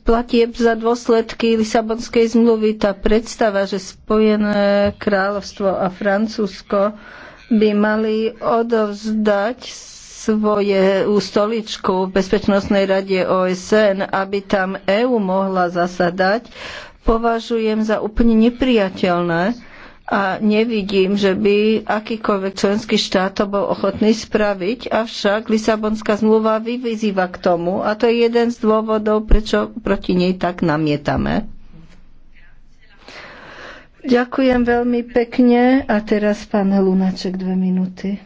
platieb za dôsledky Lisabonskej zmluvy. Tá predstava, že Spojené kráľovstvo a Francúzsko by mali odovzdať svoje stoličku v Bezpečnostnej rade OSN, aby tam EÚ mohla zasadať, považujem za úplne neprijateľné a nevidím, že by akýkoľvek členský štát to bol ochotný spraviť, avšak Lisabonská zmluva vyzýva k tomu a to je jeden z dôvodov, prečo proti nej tak namietame. Ďakujem veľmi pekne a teraz pán Lunaček dve minúty.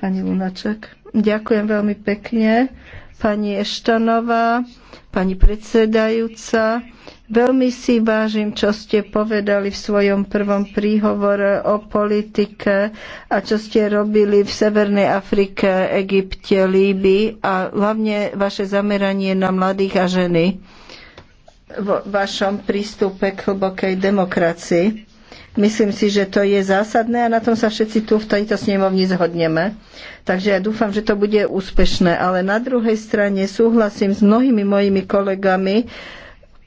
Pani Lunaček, ďakujem veľmi pekne. Pani Eštanová, pani predsedajúca, Veľmi si vážim, čo ste povedali v svojom prvom príhovore o politike a čo ste robili v Severnej Afrike, Egypte, Líbii a hlavne vaše zameranie na mladých a ženy v vašom prístupe k hlbokej demokracii. Myslím si, že to je zásadné a na tom sa všetci tu v tejto snemovni zhodneme. Takže ja dúfam, že to bude úspešné. Ale na druhej strane súhlasím s mnohými mojimi kolegami,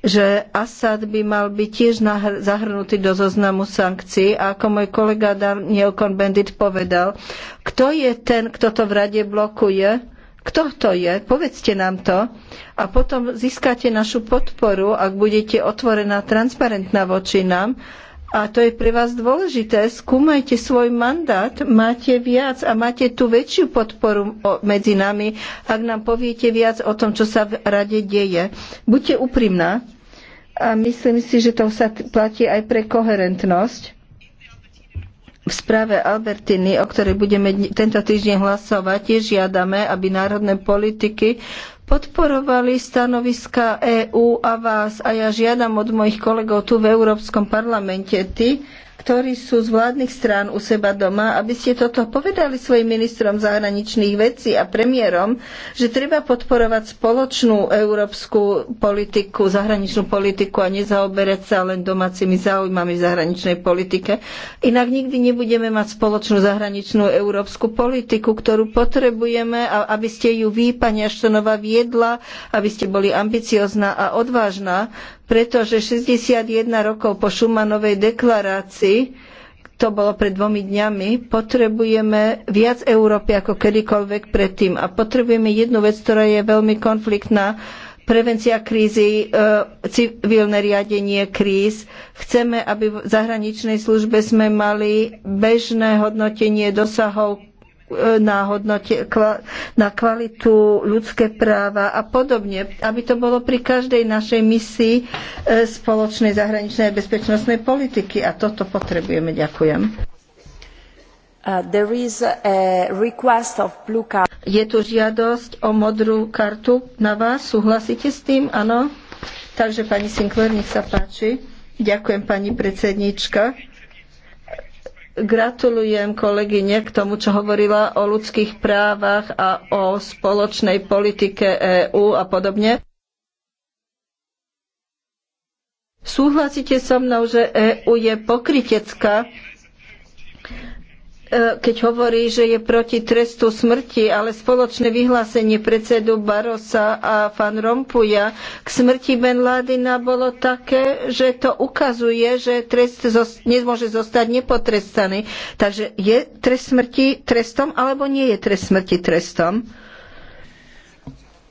že Assad by mal byť tiež zahrnutý do zoznamu sankcií. A ako môj kolega Daniel Cohn-Bendit povedal, kto je ten, kto to v rade blokuje? Kto to je? Povedzte nám to. A potom získate našu podporu, ak budete otvorená, transparentná voči nám a to je pre vás dôležité. Skúmajte svoj mandát, máte viac a máte tu väčšiu podporu medzi nami, ak nám poviete viac o tom, čo sa v rade deje. Buďte úprimná a myslím si, že to sa platí aj pre koherentnosť. V správe Albertiny, o ktorej budeme tento týždeň hlasovať, tiež žiadame, aby národné politiky podporovali stanoviska EÚ a vás a ja žiadam od mojich kolegov tu v Európskom parlamente, ty, ktorí sú z vládnych strán u seba doma, aby ste toto povedali svojim ministrom zahraničných vecí a premiérom, že treba podporovať spoločnú európsku politiku, zahraničnú politiku a nezaoberať sa len domácimi záujmami v zahraničnej politike. Inak nikdy nebudeme mať spoločnú zahraničnú európsku politiku, ktorú potrebujeme, aby ste ju vy, pani Aštonová, viedla, aby ste boli ambiciozná a odvážna, pretože 61 rokov po Šumanovej deklarácii, to bolo pred dvomi dňami, potrebujeme viac Európy ako kedykoľvek predtým. A potrebujeme jednu vec, ktorá je veľmi konfliktná, prevencia krízy, e, civilné riadenie kríz. Chceme, aby v zahraničnej službe sme mali bežné hodnotenie dosahov E, na, hodnote, na kvalitu, ľudské práva a podobne, aby to bolo pri každej našej misii e, spoločnej zahraničnej a bezpečnostnej politiky. A toto potrebujeme. Ďakujem. Uh, Je tu žiadosť o modrú kartu na vás. Súhlasíte s tým? Áno? Takže pani Sinclair, nech sa páči. Ďakujem, pani predsednička. Gratulujem kolegyne k tomu, čo hovorila o ľudských právach a o spoločnej politike EÚ a podobne. Súhlasíte so mnou, že EÚ je pokritecká E, keď hovorí, že je proti trestu smrti, ale spoločné vyhlásenie predsedu Barosa a Van Rompuya k smrti Ben Ládina bolo také, že to ukazuje, že trest nemôže zostať nepotrestaný. Takže je trest smrti trestom, alebo nie je trest smrti trestom?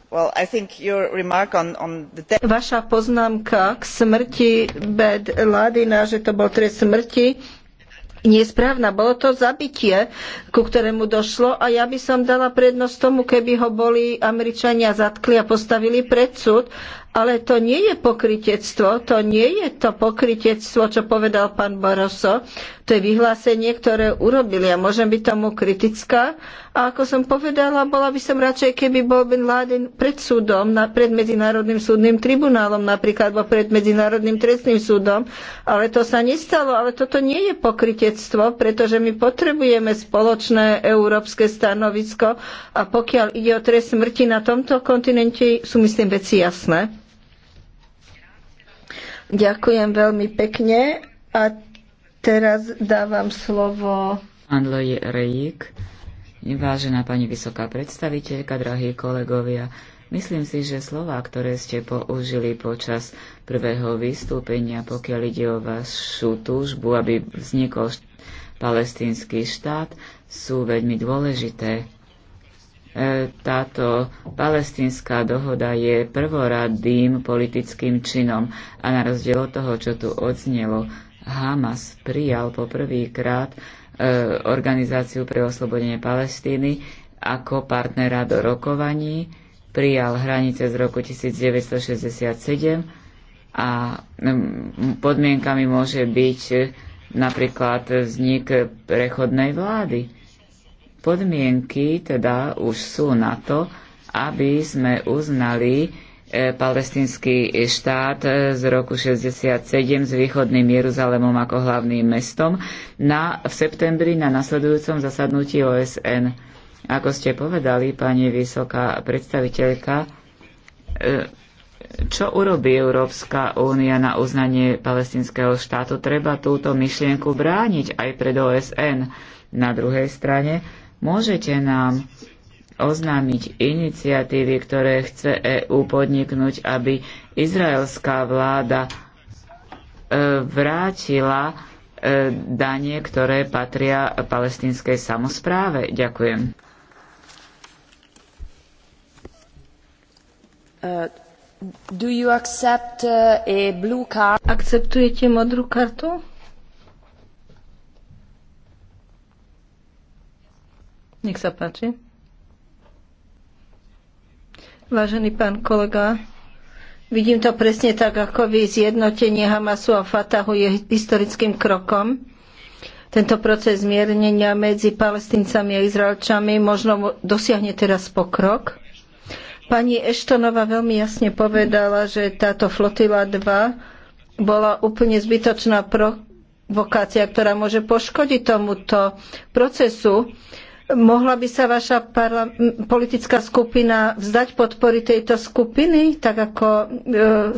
Well, on, on the... Vaša poznámka k smrti bed Ládina, že to bol trest smrti, nesprávna. Bolo to zabitie, ku ktorému došlo a ja by som dala prednosť tomu, keby ho boli Američania zatkli a postavili pred súd, ale to nie je pokritectvo, to nie je to pokritectvo, čo povedal pán Barroso. To je vyhlásenie, ktoré urobili. Ja môžem byť tomu kritická. A ako som povedala, bola by som radšej, keby bol Bin Laden pred súdom, na, pred Medzinárodným súdnym tribunálom napríklad, alebo pred Medzinárodným trestným súdom. Ale to sa nestalo. Ale toto nie je pokritectvo, pretože my potrebujeme spoločné európske stanovisko a pokiaľ ide o trest smrti na tomto kontinente, sú myslím veci jasné. Ďakujem veľmi pekne a teraz dávam slovo Andloji Rejik. Vážená pani vysoká predstaviteľka, drahí kolegovia, myslím si, že slova, ktoré ste použili počas prvého vystúpenia, pokiaľ ide o vašu túžbu, aby vznikol palestínsky štát, sú veľmi dôležité. E, táto palestínska dohoda je prvoradým politickým činom a na rozdiel od toho, čo tu odznelo, Hamas prijal poprvýkrát e, Organizáciu pre oslobodenie Palestíny ako partnera do rokovaní, prijal hranice z roku 1967 a podmienkami môže byť napríklad vznik prechodnej vlády podmienky teda už sú na to, aby sme uznali e, palestinský štát e, z roku 67 s východným Jeruzalemom ako hlavným mestom na, v septembri na nasledujúcom zasadnutí OSN. Ako ste povedali, pani vysoká predstaviteľka, e, čo urobí Európska únia na uznanie palestinského štátu? Treba túto myšlienku brániť aj pred OSN. Na druhej strane, Môžete nám oznámiť iniciatívy, ktoré chce EÚ podniknúť, aby izraelská vláda e, vrátila e, danie, ktoré patria palestinskej samozpráve. Ďakujem. Uh, do you accept, uh, a blue card? Akceptujete modrú kartu? Nech sa páči. Vážený pán kolega, vidím to presne tak, ako vy zjednotenie Hamasu a Fatahu je historickým krokom. Tento proces zmiernenia medzi palestíncami a izraelčami možno dosiahne teraz pokrok. Pani Eštonová veľmi jasne povedala, že táto flotila 2 bola úplne zbytočná provokácia, ktorá môže poškodiť tomuto procesu. Mohla by sa vaša politická skupina vzdať podpory tejto skupiny, tak ako e,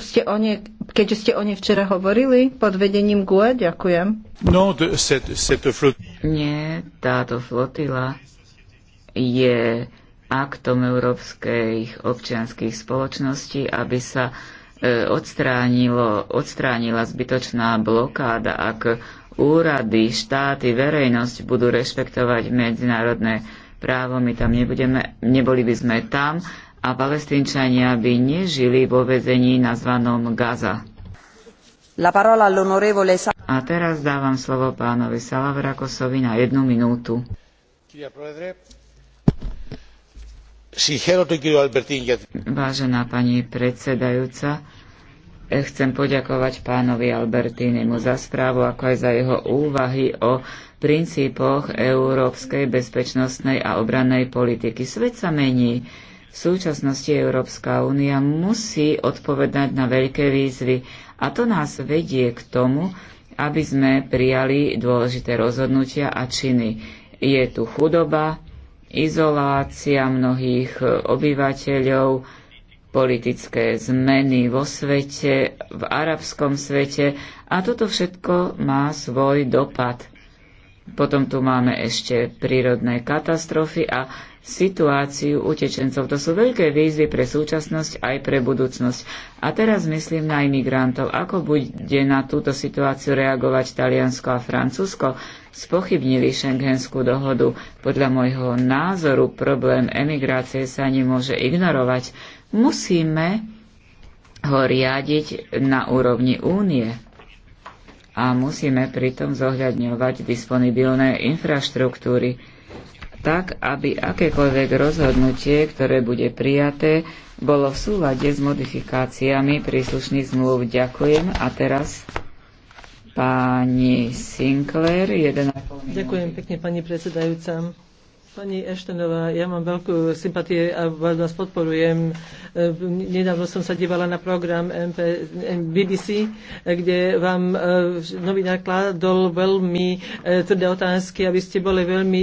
ste o nej, keďže ste o nej včera hovorili pod vedením GUE? Ďakujem. No, flot... Nie, táto flotila je aktom európskych občianských spoločností, aby sa e, odstránilo, odstránila zbytočná blokáda, ak úrady, štáty, verejnosť budú rešpektovať medzinárodné právo, my tam nebudeme, neboli by sme tam a palestínčania by nežili vo vezení nazvanom Gaza. A teraz dávam slovo pánovi Salavrakosovi na jednu minútu. Vážená pani predsedajúca, Chcem poďakovať pánovi Albertínimu za správu, ako aj za jeho úvahy o princípoch európskej bezpečnostnej a obrannej politiky. Svet sa mení. V súčasnosti Európska únia musí odpovedať na veľké výzvy a to nás vedie k tomu, aby sme prijali dôležité rozhodnutia a činy. Je tu chudoba, izolácia mnohých obyvateľov, politické zmeny vo svete, v arabskom svete a toto všetko má svoj dopad. Potom tu máme ešte prírodné katastrofy a situáciu utečencov. To sú veľké výzvy pre súčasnosť aj pre budúcnosť. A teraz myslím na imigrantov. Ako bude na túto situáciu reagovať Taliansko a Francúzsko? Spochybnili šengenskú dohodu. Podľa môjho názoru problém emigrácie sa nemôže ignorovať musíme ho riadiť na úrovni únie a musíme pritom zohľadňovať disponibilné infraštruktúry, tak aby akékoľvek rozhodnutie, ktoré bude prijaté, bolo v súlade s modifikáciami príslušných zmluv. Ďakujem a teraz pani Sinclair. 1,5 Ďakujem pekne, pani predsedajúca. Pani Eštenová, ja mám veľkú sympatie a vás podporujem. E, nedávno som sa dívala na program MP, BBC, e, kde vám e, novinár kladol veľmi tvrdé otázky, aby ste boli veľmi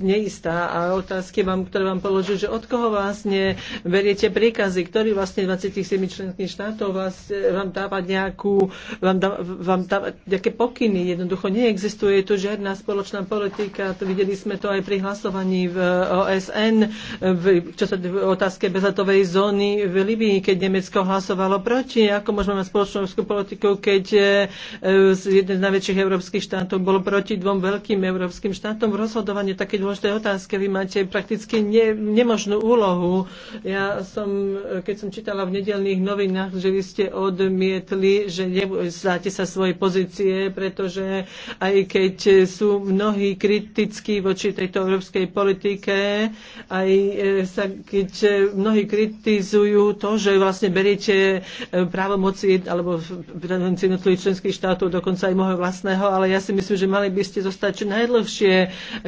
neistá a otázky, vám, ktoré vám položil, že od koho vlastne veriete príkazy, ktorý vlastne 27 členských štátov vás, vám dáva nejakú, vám, dá, vám dáva nejaké pokyny. Jednoducho neexistuje tu žiadna spoločná politika, to videli sme to aj pri hlasovaní v eh, OSN, v, čo sa v otázke bezatovej zóny v Libii, keď Nemecko hlasovalo proti. Ako môžeme mať spoločnú politiku, keď eh, jeden z najväčších európskych štátov bol proti dvom veľkým európskym štátom v rozhodovaní také dôležité otázke. Vy máte prakticky ne, nemožnú úlohu. Ja som, eh, keď som čítala v nedelných novinách, že vy ste odmietli, že nevzdáte sa svoje pozície, pretože aj keď sú mnohí kritickí voči tejto európskej politike, aj e, sa, keď e, mnohí kritizujú to, že vlastne beriete e, právomoci alebo právomoci jednotlivých členských štátov, dokonca aj môjho vlastného, ale ja si myslím, že mali by ste zostať čo najdlhšie,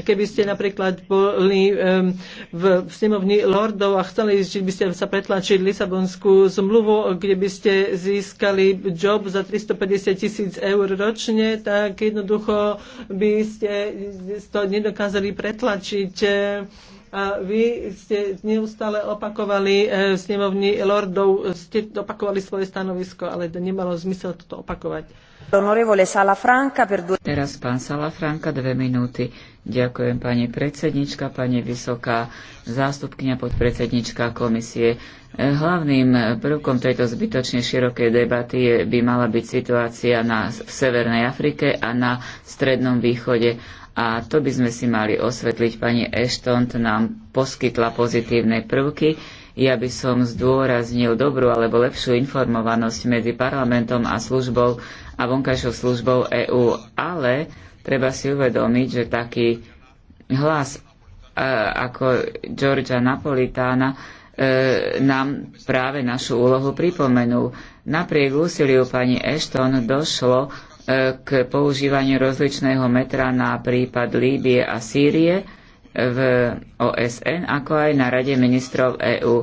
keby ste napríklad boli v snemovni lordov a chceli, že by ste sa pretlačiť Lisabonskú zmluvu, kde by ste získali job za 350 tisíc eur ročne, tak jednoducho by ste to nedokázali pretlačiť zapáčiť. E, a vy ste neustále opakovali v e, snemovni lordov, ste opakovali svoje stanovisko, ale nemalo zmysel toto opakovať. Teraz pán Salafranka, dve minúty. Ďakujem pani predsednička, pani vysoká zástupkňa podpredsednička komisie. E, hlavným prvkom tejto zbytočne širokej debaty by mala byť situácia na, v Severnej Afrike a na Strednom východe a to by sme si mali osvetliť. Pani Ashton nám poskytla pozitívne prvky. Ja by som zdôraznil dobrú alebo lepšiu informovanosť medzi parlamentom a službou a vonkajšou službou EÚ, ale treba si uvedomiť, že taký hlas e, ako Georgia Napolitána e, nám práve našu úlohu pripomenul. Napriek úsiliu pani Ashton došlo k používaniu rozličného metra na prípad Líbie a Sýrie v OSN, ako aj na Rade ministrov EÚ.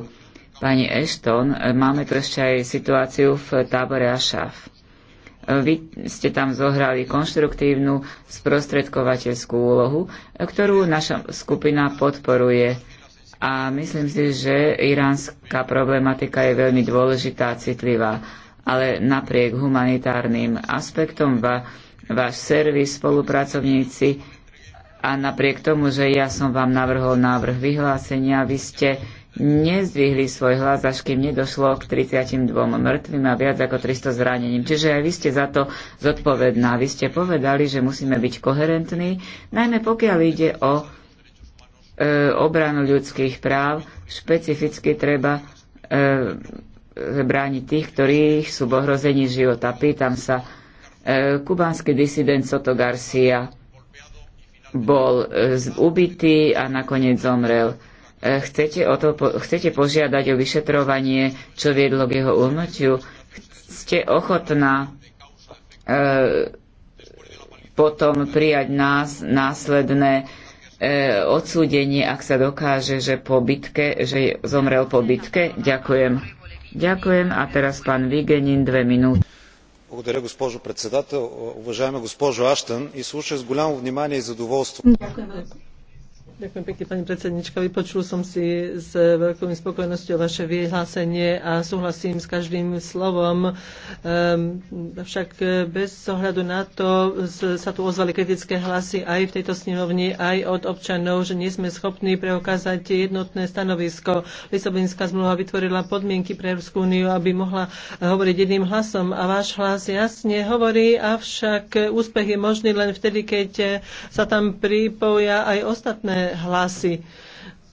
Pani Ashton, máme tu ešte aj situáciu v tábore Ašaf. Vy ste tam zohrali konštruktívnu sprostredkovateľskú úlohu, ktorú naša skupina podporuje. A myslím si, že iránska problematika je veľmi dôležitá a citlivá ale napriek humanitárnym aspektom va, váš servis, spolupracovníci a napriek tomu, že ja som vám navrhol návrh vyhlásenia, vy ste nezdvihli svoj hlas, až kým nedošlo k 32 mŕtvým a viac ako 300 zranením. Čiže aj vy ste za to zodpovedná. Vy ste povedali, že musíme byť koherentní, najmä pokiaľ ide o e, obranu ľudských práv, špecificky treba e, brániť tých, ktorých sú v ohrození života. Pýtam sa, e, kubánsky disident Soto Garcia bol e, ubitý a nakoniec zomrel. E, chcete, o to, chcete požiadať o vyšetrovanie, čo viedlo k jeho úmrtiu? Ste ochotná e, potom prijať nás, následné e, odsúdenie, ak sa dokáže, že po bitke, že zomrel po bitke? Ďakujem. Ďakujem a teraz pán Vigenin dve minúty. Благодаря, госпожо председател. Уважаема госпожо Аштън, изслушах с голямо внимание и задоволство. Ďakujem. Ďakujem pekne, pani predsednička. Vypočul som si s veľkou spokojnosťou vaše vyhlásenie a súhlasím s každým slovom. Ehm, Však e, bez ohľadu na to sa tu ozvali kritické hlasy aj v tejto snemovni, aj od občanov, že nie sme schopní preukázať jednotné stanovisko. Lisabonská zmluva vytvorila podmienky pre Európsku úniu, aby mohla hovoriť jedným hlasom. A váš hlas jasne hovorí, avšak úspech je možný len vtedy, keď sa tam pripoja aj ostatné hlasy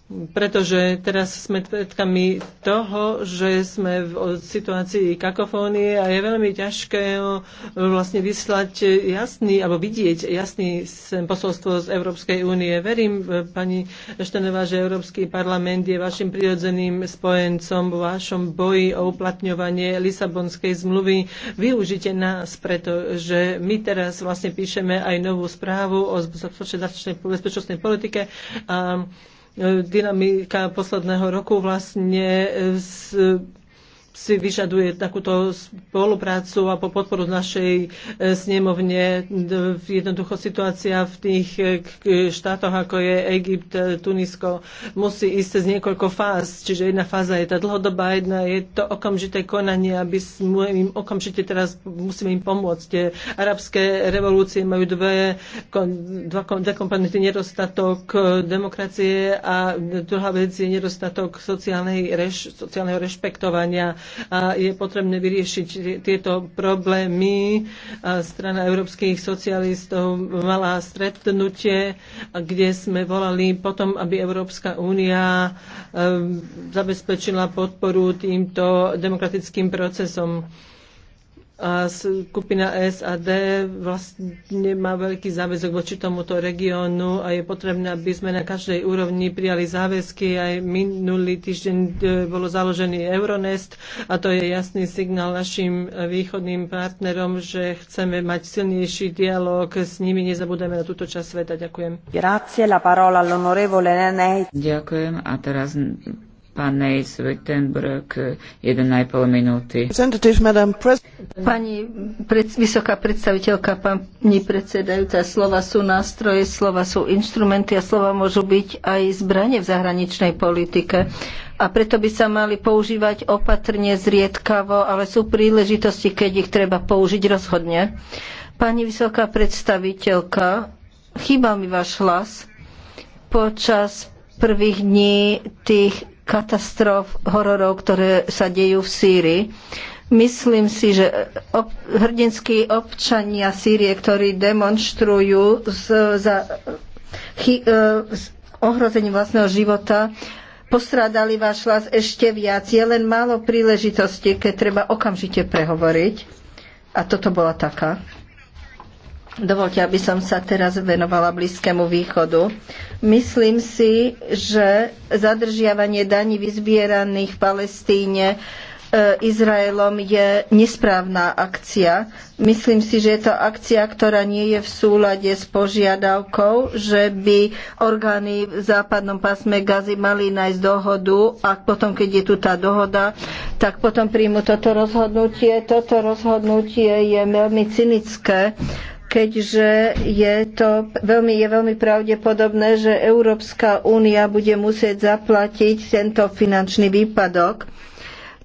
pretože teraz sme tvedkami toho, že sme v situácii kakofónie a je veľmi ťažké eh, vlastne vyslať jasný, alebo vidieť jasný posolstvo z Európskej únie. Verím, eh, pani Štenová, že Európsky parlament je vašim prirodzeným spojencom v vašom boji o uplatňovanie Lisabonskej zmluvy. Využite nás, pretože my teraz vlastne píšeme aj novú správu o bezpečnostnej politike. A dynamika posledného roku vlastne si vyžaduje takúto spoluprácu a po podporu našej e, snemovne. Jednoducho situácia v tých e, štátoch, ako je Egypt, e, Tunisko, musí ísť cez niekoľko fáz. Čiže jedna fáza je tá dlhodobá, jedna je to okamžité konanie, aby sme im okamžite teraz musíme im pomôcť. Arabské revolúcie majú dve, dva, dva komponenty, nedostatok demokracie a druhá vec je nedostatok sociálnej, reš, sociálneho rešpektovania a je potrebné vyriešiť tieto problémy. Strana európskych socialistov mala stretnutie, kde sme volali potom, aby Európska únia ehm, zabezpečila podporu týmto demokratickým procesom a skupina SAD vlastne má veľký záväzok voči tomuto regiónu a je potrebné, aby sme na každej úrovni prijali záväzky. Aj minulý týždeň e, bolo založený Euronest a to je jasný signál našim východným partnerom, že chceme mať silnejší dialog s nimi. Nezabudeme na túto časť sveta. Ďakujem. Grazie, la parola all'onorevole Ďakujem a teraz 1,5 minúty. Pani pred, vysoká predstaviteľka, pani predsedajúca, slova sú nástroje, slova sú inštrumenty a slova môžu byť aj zbranie v zahraničnej politike a preto by sa mali používať opatrne, zriedkavo, ale sú príležitosti, keď ich treba použiť rozhodne. Pani vysoká predstaviteľka, chýba mi váš hlas počas prvých dní tých katastrof, hororov, ktoré sa dejú v Sýrii. Myslím si, že ob, hrdinskí občania Sýrie, ktorí demonstrujú z, za chy, e, z ohrozením vlastného života, postrádali váš hlas ešte viac. Je len málo príležitosti, keď treba okamžite prehovoriť. A toto bola taká. Dovolte, aby som sa teraz venovala Blízkému východu. Myslím si, že zadržiavanie daní vyzbieraných v Palestíne e, Izraelom je nesprávna akcia. Myslím si, že je to akcia, ktorá nie je v súlade s požiadavkou, že by orgány v západnom pásme Gazy mali nájsť dohodu a potom, keď je tu tá dohoda, tak potom príjmu toto rozhodnutie. Toto rozhodnutie je veľmi cynické keďže je to veľmi, je veľmi pravdepodobné, že Európska únia bude musieť zaplatiť tento finančný výpadok.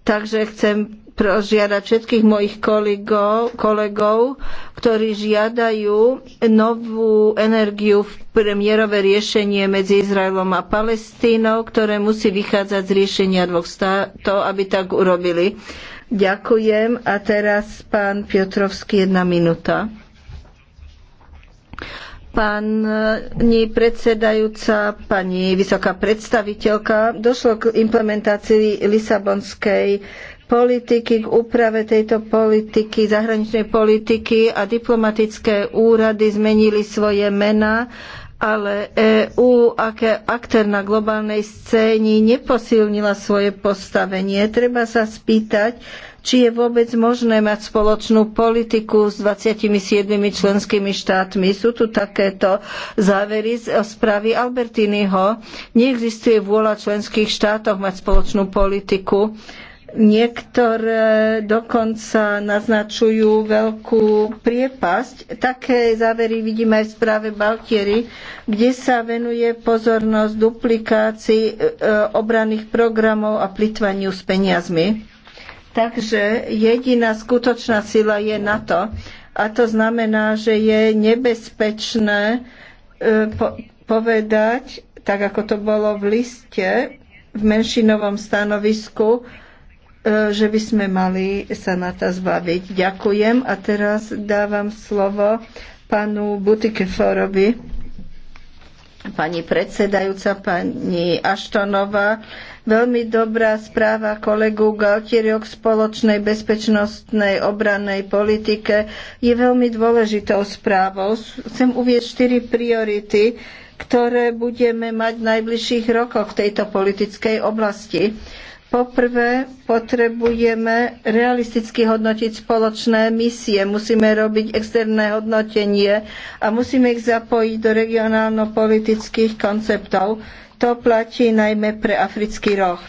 Takže chcem prožiadať všetkých mojich kolegov, kolegov, ktorí žiadajú novú energiu v premiérové riešenie medzi Izraelom a Palestínou, ktoré musí vychádzať z riešenia dvoch státov, aby tak urobili. Ďakujem a teraz pán Piotrovský, jedna minúta. Pani eh, predsedajúca, pani vysoká predstaviteľka, došlo k implementácii Lisabonskej politiky, k úprave tejto politiky, zahraničnej politiky a diplomatické úrady zmenili svoje mená, ale EÚ, aké aktér na globálnej scéni, neposilnila svoje postavenie. Treba sa spýtať, či je vôbec možné mať spoločnú politiku s 27 členskými štátmi. Sú tu takéto závery z správy Albertiniho. Neexistuje vôľa členských štátoch mať spoločnú politiku. Niektoré dokonca naznačujú veľkú priepasť. Také závery vidíme aj v správe Baltieri, kde sa venuje pozornosť duplikácii e, e, obranných programov a plitvaniu s peniazmi. Takže jediná skutočná sila je na to. A to znamená, že je nebezpečné e, povedať, tak ako to bolo v liste, v menšinovom stanovisku, e, že by sme mali sa na to zbaviť. Ďakujem a teraz dávam slovo panu Butikeforovi pani predsedajúca, pani Aštonová. Veľmi dobrá správa kolegu Galtieriho k spoločnej bezpečnostnej obrannej politike je veľmi dôležitou správou. Chcem uvieť štyri priority, ktoré budeme mať v najbližších rokoch v tejto politickej oblasti. Poprvé potrebujeme realisticky hodnotiť spoločné misie, musíme robiť externé hodnotenie a musíme ich zapojiť do regionálno-politických konceptov. To platí najmä pre africký roh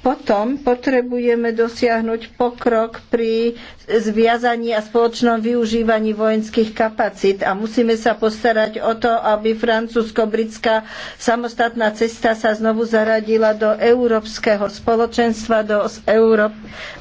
potom potrebujeme dosiahnuť pokrok pri zviazaní a spoločnom využívaní vojenských kapacít a musíme sa postarať o to, aby francúzsko-britská samostatná cesta sa znovu zaradila do európskeho spoločenstva, do Euró-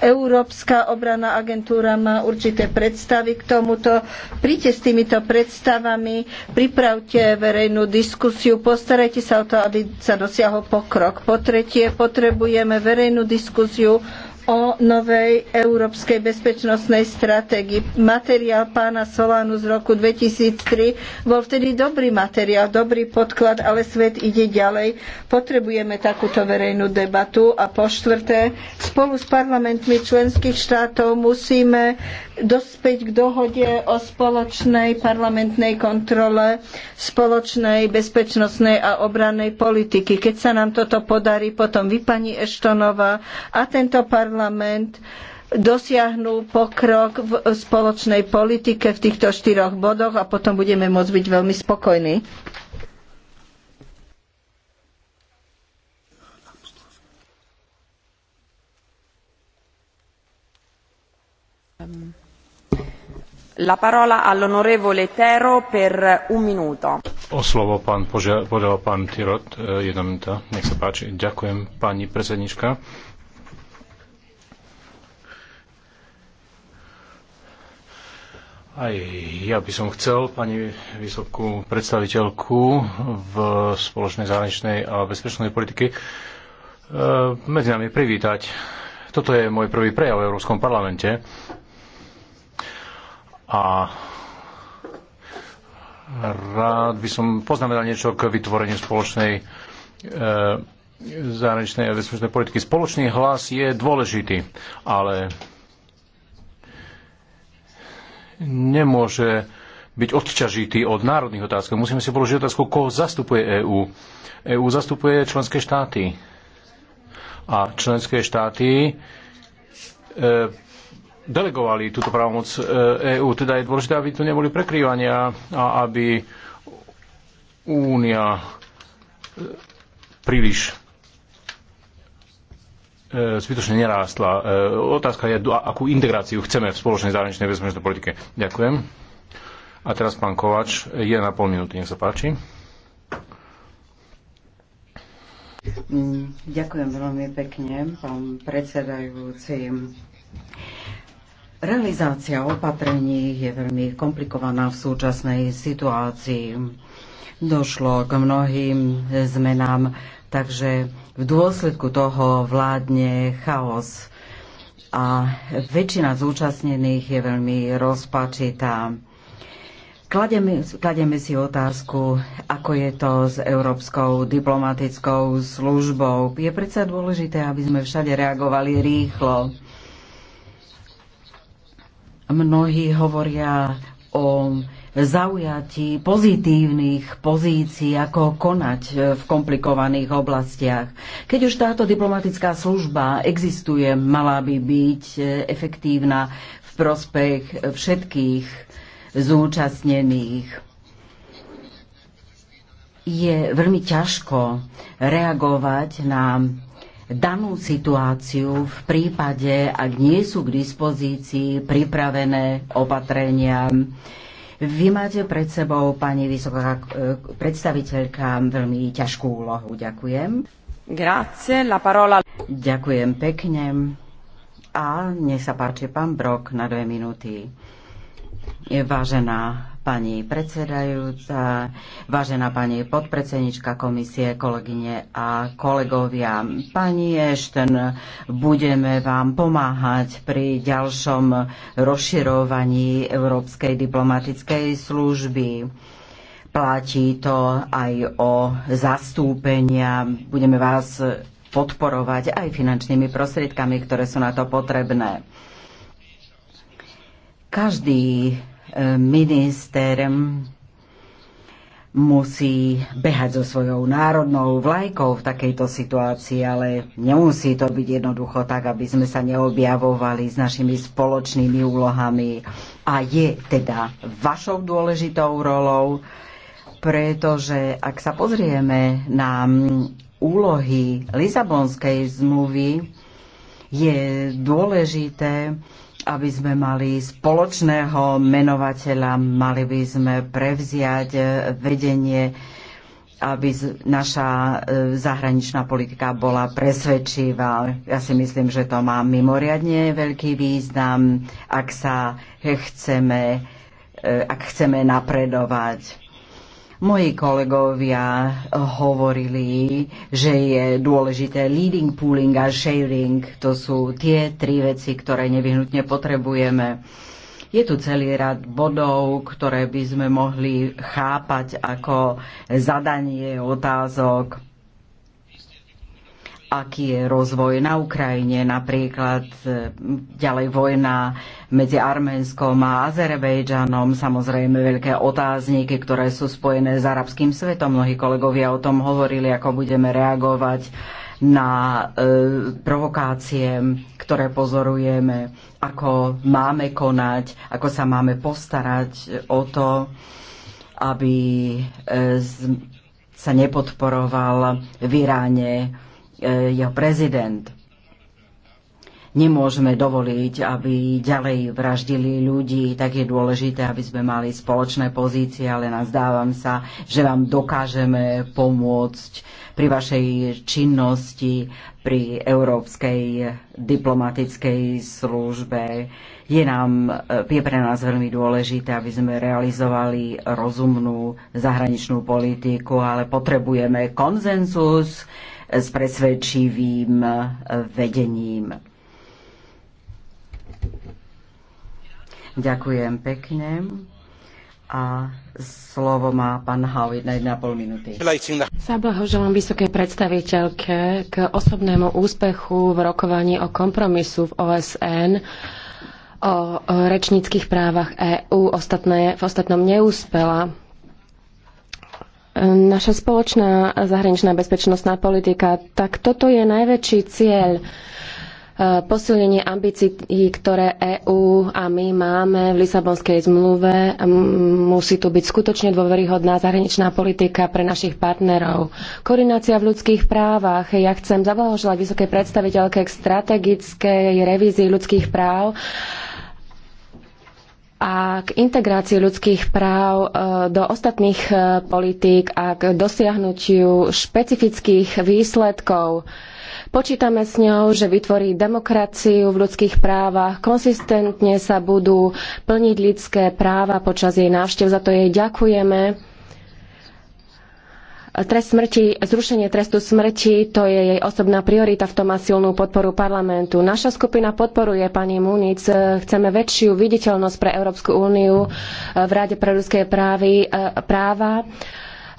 Európska obranná agentúra má určité predstavy k tomuto. Príďte s týmito predstavami, pripravte verejnú diskusiu, postarajte sa o to, aby sa dosiahol pokrok. Po tretie, potrebujeme verejnú diskusiu o novej európskej bezpečnostnej stratégii. Materiál pána Solánu z roku 2003 bol vtedy dobrý materiál, dobrý podklad, ale svet ide ďalej. Potrebujeme takúto verejnú debatu a po štvrté, spolu s parlamentmi členských štátov musíme dospäť k dohode o spoločnej parlamentnej kontrole, spoločnej bezpečnostnej a obrannej politiky. Keď sa nám toto podarí, potom vy, pani Eštonová, a tento parlament dosiahnu pokrok v spoločnej politike v týchto štyroch bodoch a potom budeme môcť byť veľmi spokojní. pán e, jedna Ďakujem pani Aj ja by som chcel pani vysokú predstaviteľku v spoločnej zahraničnej a bezpečnej politiky e, medzi nami privítať. Toto je môj prvý prejav v Európskom parlamente a rád by som poznamenal niečo k vytvoreniu spoločnej e, zahraničnej a bezpečnej politiky. Spoločný hlas je dôležitý, ale nemôže byť odťažitý od národných otázok. Musíme si položiť otázku, koho zastupuje EÚ. EÚ zastupuje členské štáty. A členské štáty e, delegovali túto právomoc EÚ. E teda je dôležité, aby tu neboli prekrývania a aby Únia e, príliš e, zbytočne nerástla. Otázka je, akú integráciu chceme v spoločnej zahraničnej bezpečnostnej politike. Ďakujem. A teraz pán Kovač, pol minúty, nech sa páči. Mm, ďakujem veľmi pekne, pán predsedajúci. Realizácia opatrení je veľmi komplikovaná v súčasnej situácii. Došlo k mnohým zmenám, takže v dôsledku toho vládne chaos a väčšina zúčastnených je veľmi rozpačitá. Klademe, klademe si otázku, ako je to s Európskou diplomatickou službou. Je predsa dôležité, aby sme všade reagovali rýchlo. Mnohí hovoria o zaujatí pozitívnych pozícií, ako konať v komplikovaných oblastiach. Keď už táto diplomatická služba existuje, mala by byť efektívna v prospech všetkých zúčastnených. Je veľmi ťažko reagovať na danú situáciu v prípade, ak nie sú k dispozícii pripravené opatrenia. Vy máte pred sebou, pani vysoká eh, predstaviteľka, veľmi ťažkú úlohu. Ďakujem. Grazie, la parola. Ďakujem pekne. A nech sa páči pán Brok na dve minúty. Vážená pani predsedajúca, vážená pani podpredsednička komisie, kolegyne a kolegovia. Pani Ešten, budeme vám pomáhať pri ďalšom rozširovaní Európskej diplomatickej služby. Platí to aj o zastúpenia. Budeme vás podporovať aj finančnými prostriedkami, ktoré sú na to potrebné. Každý minister musí behať so svojou národnou vlajkou v takejto situácii, ale nemusí to byť jednoducho tak, aby sme sa neobjavovali s našimi spoločnými úlohami. A je teda vašou dôležitou rolou, pretože ak sa pozrieme na úlohy Lisabonskej zmluvy, je dôležité, aby sme mali spoločného menovateľa, mali by sme prevziať e, vedenie, aby naša e, zahraničná politika bola presvedčivá. Ja si myslím, že to má mimoriadne veľký význam, ak sa chceme, e, ak chceme napredovať Moji kolegovia hovorili, že je dôležité leading, pooling a sharing. To sú tie tri veci, ktoré nevyhnutne potrebujeme. Je tu celý rad bodov, ktoré by sme mohli chápať ako zadanie otázok aký je rozvoj na Ukrajine, napríklad e, ďalej vojna medzi Arménskom a Azerbejdžanom, samozrejme veľké otázniky, ktoré sú spojené s arabským svetom. Mnohí kolegovia o tom hovorili, ako budeme reagovať na e, provokácie, ktoré pozorujeme, ako máme konať, ako sa máme postarať o to, aby e, z, sa nepodporoval v Iráne E, jeho prezident. Nemôžeme dovoliť, aby ďalej vraždili ľudí, tak je dôležité, aby sme mali spoločné pozície, ale nazdávam sa, že vám dokážeme pomôcť pri vašej činnosti, pri Európskej diplomatickej službe. Je, nám, e, je pre nás veľmi dôležité, aby sme realizovali rozumnú zahraničnú politiku, ale potrebujeme konzensus, s presvedčivým eh, vedením. Ďakujem pekne. A slovo má pán Howitt na 1,5 minúty. Zablahoželám vysoké predstaviteľke k osobnému úspechu v rokovaní o kompromisu v OSN o rečníckých právach EÚ ostatné, v ostatnom neúspela naša spoločná zahraničná bezpečnostná politika, tak toto je najväčší cieľ e, posilnenie ambícií, ktoré EÚ a my máme v Lisabonskej zmluve. Musí tu byť skutočne dôveryhodná zahraničná politika pre našich partnerov. Koordinácia v ľudských právach. Ja chcem zablahoželať vysokej predstaviteľke k strategickej revízii ľudských práv a k integrácii ľudských práv e, do ostatných e, politík a k dosiahnutiu špecifických výsledkov. Počítame s ňou, že vytvorí demokraciu v ľudských právach, konsistentne sa budú plniť ľudské práva počas jej návštev, za to jej ďakujeme Trest smrti, zrušenie trestu smrti, to je jej osobná priorita, v tom má silnú podporu parlamentu. Naša skupina podporuje pani Munic. E, chceme väčšiu viditeľnosť pre Európsku úniu e, v Rade pre ľudské právy, e, práva.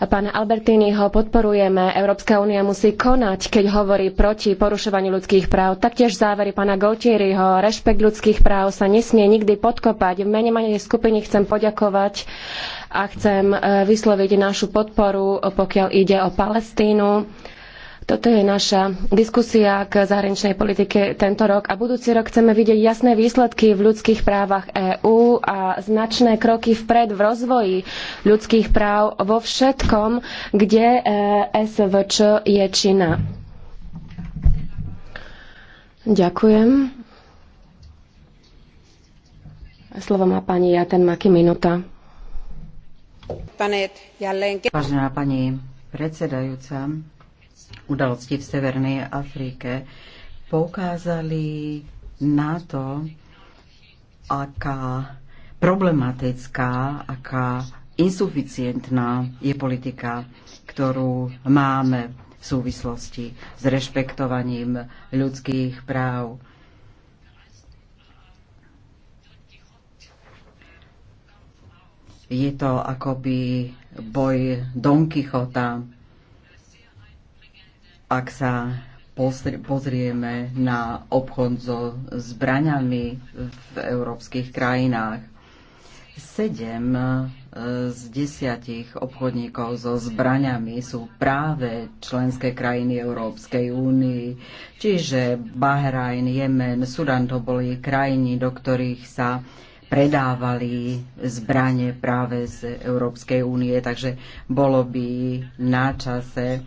Pána Albertiniho podporujeme. Európska únia musí konať, keď hovorí proti porušovaniu ľudských práv. Taktiež závery pána Gautieriho, rešpekt ľudských práv sa nesmie nikdy podkopať. V mene mojej skupiny chcem poďakovať a chcem e, vysloviť našu podporu, pokiaľ ide o Palestínu. Toto je naša diskusia k zahraničnej politike tento rok a budúci rok chceme vidieť jasné výsledky v ľudských právach EÚ a značné kroky vpred v rozvoji ľudských práv vo všetkom, kde e, SVČ je činná. Ďakujem. Slovo má pani Jaten Maki Minuta. Vážená pani predsedajúca, udalosti v Severnej Afrike poukázali na to, aká problematická, aká insuficientná je politika, ktorú máme v súvislosti s rešpektovaním ľudských práv. Je to akoby boj Don Quixota. Ak sa pozrieme na obchod so zbraňami v európskych krajinách, Sedem e, z desiatich obchodníkov so zbraňami sú práve členské krajiny Európskej únii, čiže Bahrajn, Jemen, Sudan to boli krajiny, do ktorých sa predávali zbranie práve z Európskej únie, takže bolo by na čase,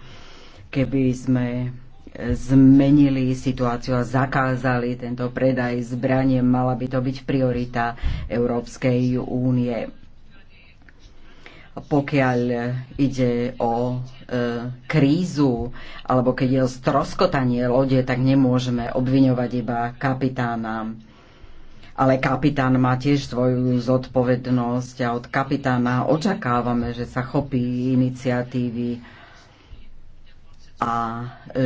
keby sme zmenili situáciu a zakázali tento predaj zbranie, mala by to byť priorita Európskej únie. Pokiaľ ide o e, krízu alebo keď je o stroskotanie lode, tak nemôžeme obviňovať iba kapitána ale kapitán má tiež svoju zodpovednosť a od kapitána očakávame, že sa chopí iniciatívy a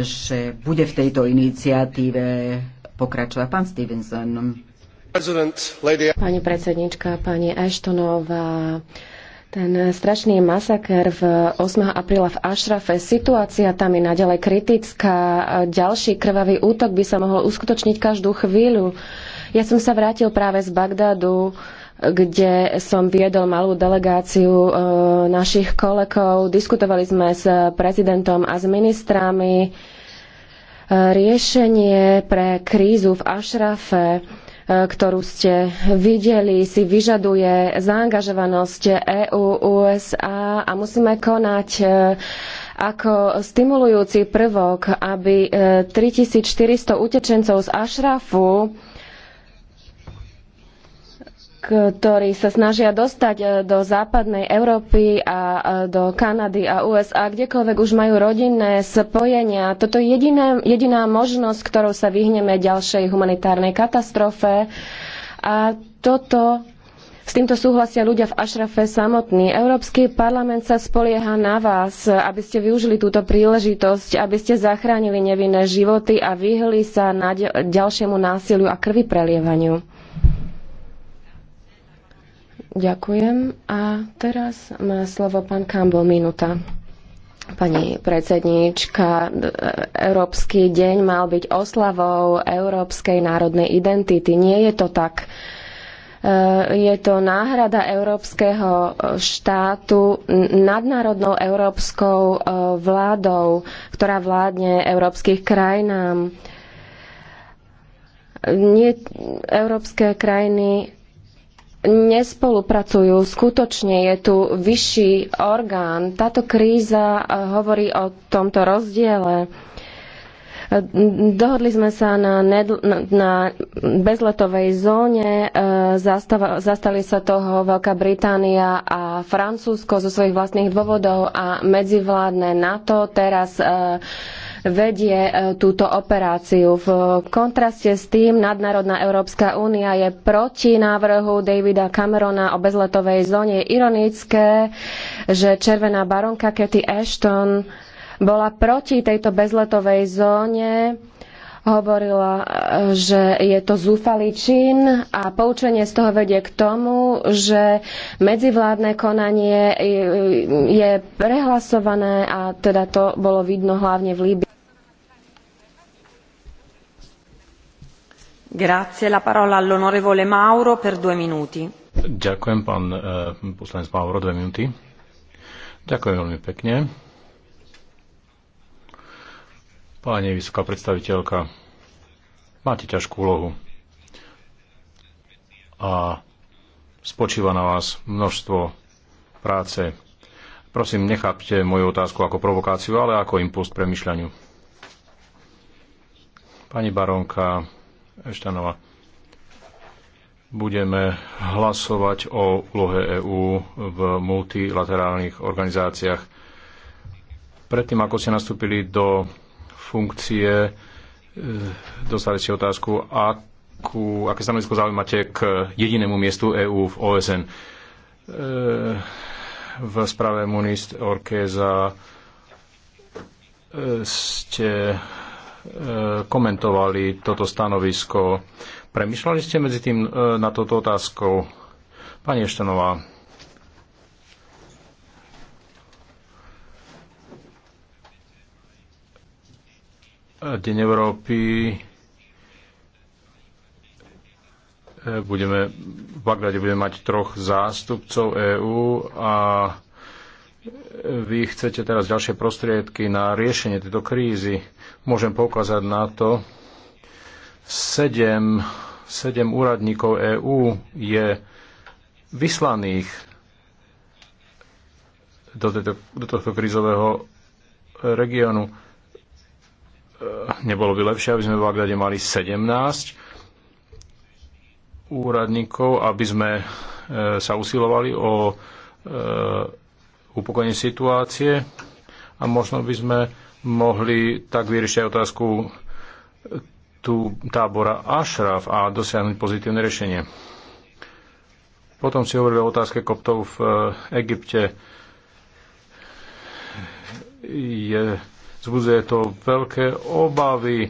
že bude v tejto iniciatíve pokračovať pán Stevenson. Pani predsednička, pani Ashtonová, ten strašný masaker v 8. apríla v Ašrafe, situácia tam je naďalej kritická, ďalší krvavý útok by sa mohol uskutočniť každú chvíľu. Uh, ja som sa vrátil práve z Bagdadu, kde som viedol malú delegáciu e, našich kolegov. Diskutovali sme s prezidentom a s ministrami e, riešenie pre krízu v Ašrafe e, ktorú ste videli, si vyžaduje zaangažovanosť EÚ, USA a musíme konať ako stimulujúci prvok, aby 3400 utečencov z Ašrafu ktorí sa snažia dostať e, do západnej Európy a do Kanady a USA, kdekoľvek už majú rodinné spojenia. Toto je jediná, jediná možnosť, ktorou sa vyhneme ďalšej humanitárnej katastrofe. A toto s týmto súhlasia ľudia v Ašrafe samotní. Európsky parlament sa spolieha na vás, aby ste využili túto príležitosť, aby ste zachránili nevinné životy a vyhli sa na ďalšiemu násiliu a krvi prelievaniu. Ďakujem. A teraz má slovo pán Campbell, minúta. Pani predsedníčka, Európsky deň mal byť oslavou európskej národnej identity. Nie je to tak. E, je to náhrada európskeho štátu nadnárodnou európskou e, vládou, ktorá vládne európskych krajinám. Nie, európske krajiny nespolupracujú. Skutočne je tu vyšší orgán. Táto kríza eh, hovorí o tomto rozdiele. Dohodli sme sa na, nedl- na bezletovej zóne, eh, Zastav- zastali sa toho Veľká Británia a Francúzsko zo svojich vlastných dôvodov a medzivládne NATO teraz uh, vedie e, túto operáciu. V kontraste s tým nadnárodná Európska únia je proti návrhu Davida Camerona o bezletovej zóne. Je ironické, že červená baronka Cathy Ashton bola proti tejto bezletovej zóne hovorila, e, že je to zúfalý čin a poučenie z toho vedie k tomu, že medzivládne konanie e, je prehlasované a teda to bolo vidno hlavne v Líbe. Grazie, la parola all'onorevole Mauro per due minuti. Ďakujem, pán e, poslanec Mauro, dve minúty. Ďakujem veľmi pekne. Pani vysoká predstaviteľka, máte ťažkú úlohu a spočíva na vás množstvo práce. Prosím, nechápte moju otázku ako provokáciu, ale ako impuls k premyšľaniu. Pani baronka Eštanova, budeme hlasovať o úlohe EÚ v multilaterálnych organizáciách. Predtým, ako ste nastúpili do funkcie, e, dostali ste otázku, akú, aké stanovisko zaujímate k jedinému miestu EÚ v OSN. E, v správe Munist Orkeza e, ste komentovali toto stanovisko. Premýšľali ste medzi tým na toto otázkou? Pani Eštenová, Deň Európy e, budeme, v Bagdade budeme mať troch zástupcov EÚ a e, vy chcete teraz ďalšie prostriedky na riešenie tejto krízy. Môžem poukázať na to, sedem, sedem úradníkov EÚ je vyslaných do, tejto, do tohto krízového regiónu nebolo by lepšie, aby sme v Bagdade mali 17 úradníkov, aby sme e, sa usilovali o e, upokojenie situácie a možno by sme mohli tak vyriešiť aj otázku tu tábora Ashraf a dosiahnuť pozitívne riešenie. Potom si hovorili o otázke koptov v e, Egypte. Je Zbudzuje to veľké obavy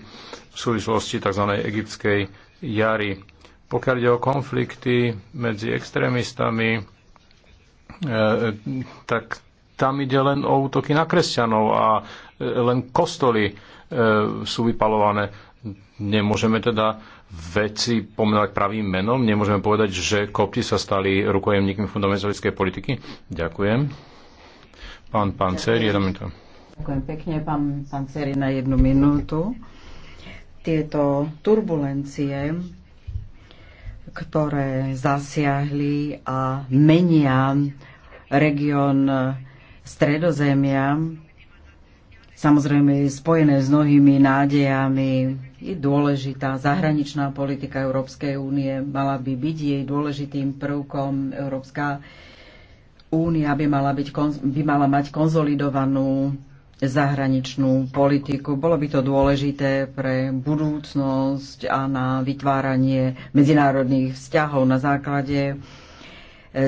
v súvislosti tzv. egyptskej jary. Pokiaľ ide o konflikty medzi extrémistami, e, tak tam ide len o útoky na kresťanov a e, len kostoly e, sú vypalované. Nemôžeme teda veci pomenovať pravým menom? Nemôžeme povedať, že kopti sa stali rukojemníkmi fundamentalistickej politiky? Ďakujem. Pán Pancer, jedna minúta. Ďakujem pekne, pán, pán Ceri, na jednu minútu. Tieto turbulencie, ktoré zasiahli a menia región Stredozemia, samozrejme spojené s mnohými nádejami, je dôležitá zahraničná politika Európskej únie, mala by byť jej dôležitým prvkom Európska únia by mala, byť, by mala mať konzolidovanú zahraničnú politiku. Bolo by to dôležité pre budúcnosť a na vytváranie medzinárodných vzťahov na základe e,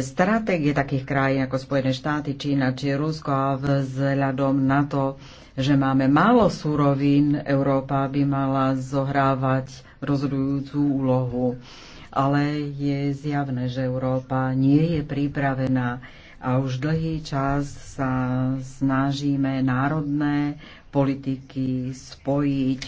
stratégie takých krajín ako Spojené štáty, Čína či Rusko a vzhľadom na to, že máme málo súrovín, Európa by mala zohrávať rozhodujúcu úlohu. Ale je zjavné, že Európa nie je pripravená a už dlhý čas sa snažíme národné politiky spojiť.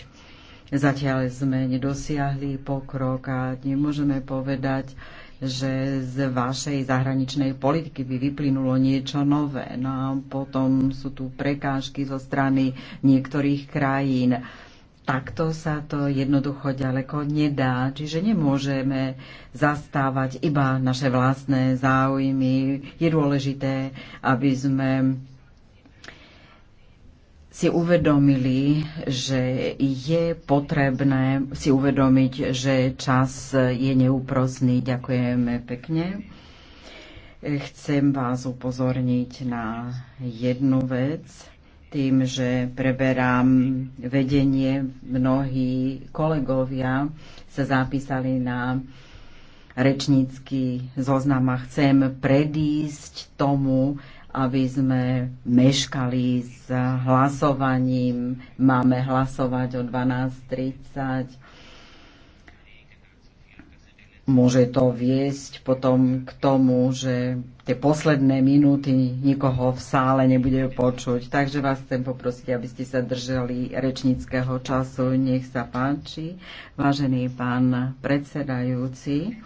Zatiaľ sme nedosiahli pokrok a nemôžeme povedať, že z vašej zahraničnej politiky by vyplynulo niečo nové. No a potom sú tu prekážky zo strany niektorých krajín takto sa to jednoducho ďaleko nedá. Čiže nemôžeme zastávať iba naše vlastné záujmy. Je dôležité, aby sme si uvedomili, že je potrebné si uvedomiť, že čas je neúprosný. Ďakujeme pekne. Chcem vás upozorniť na jednu vec tým, že preberám vedenie, mnohí kolegovia sa zapísali na rečnícky zoznam a chcem predísť tomu, aby sme meškali s hlasovaním. Máme hlasovať o 12.30 môže to viesť potom k tomu, že tie posledné minúty nikoho v sále nebude počuť. Takže vás chcem poprosiť, aby ste sa držali rečníckého času. Nech sa páči, vážený pán predsedajúci.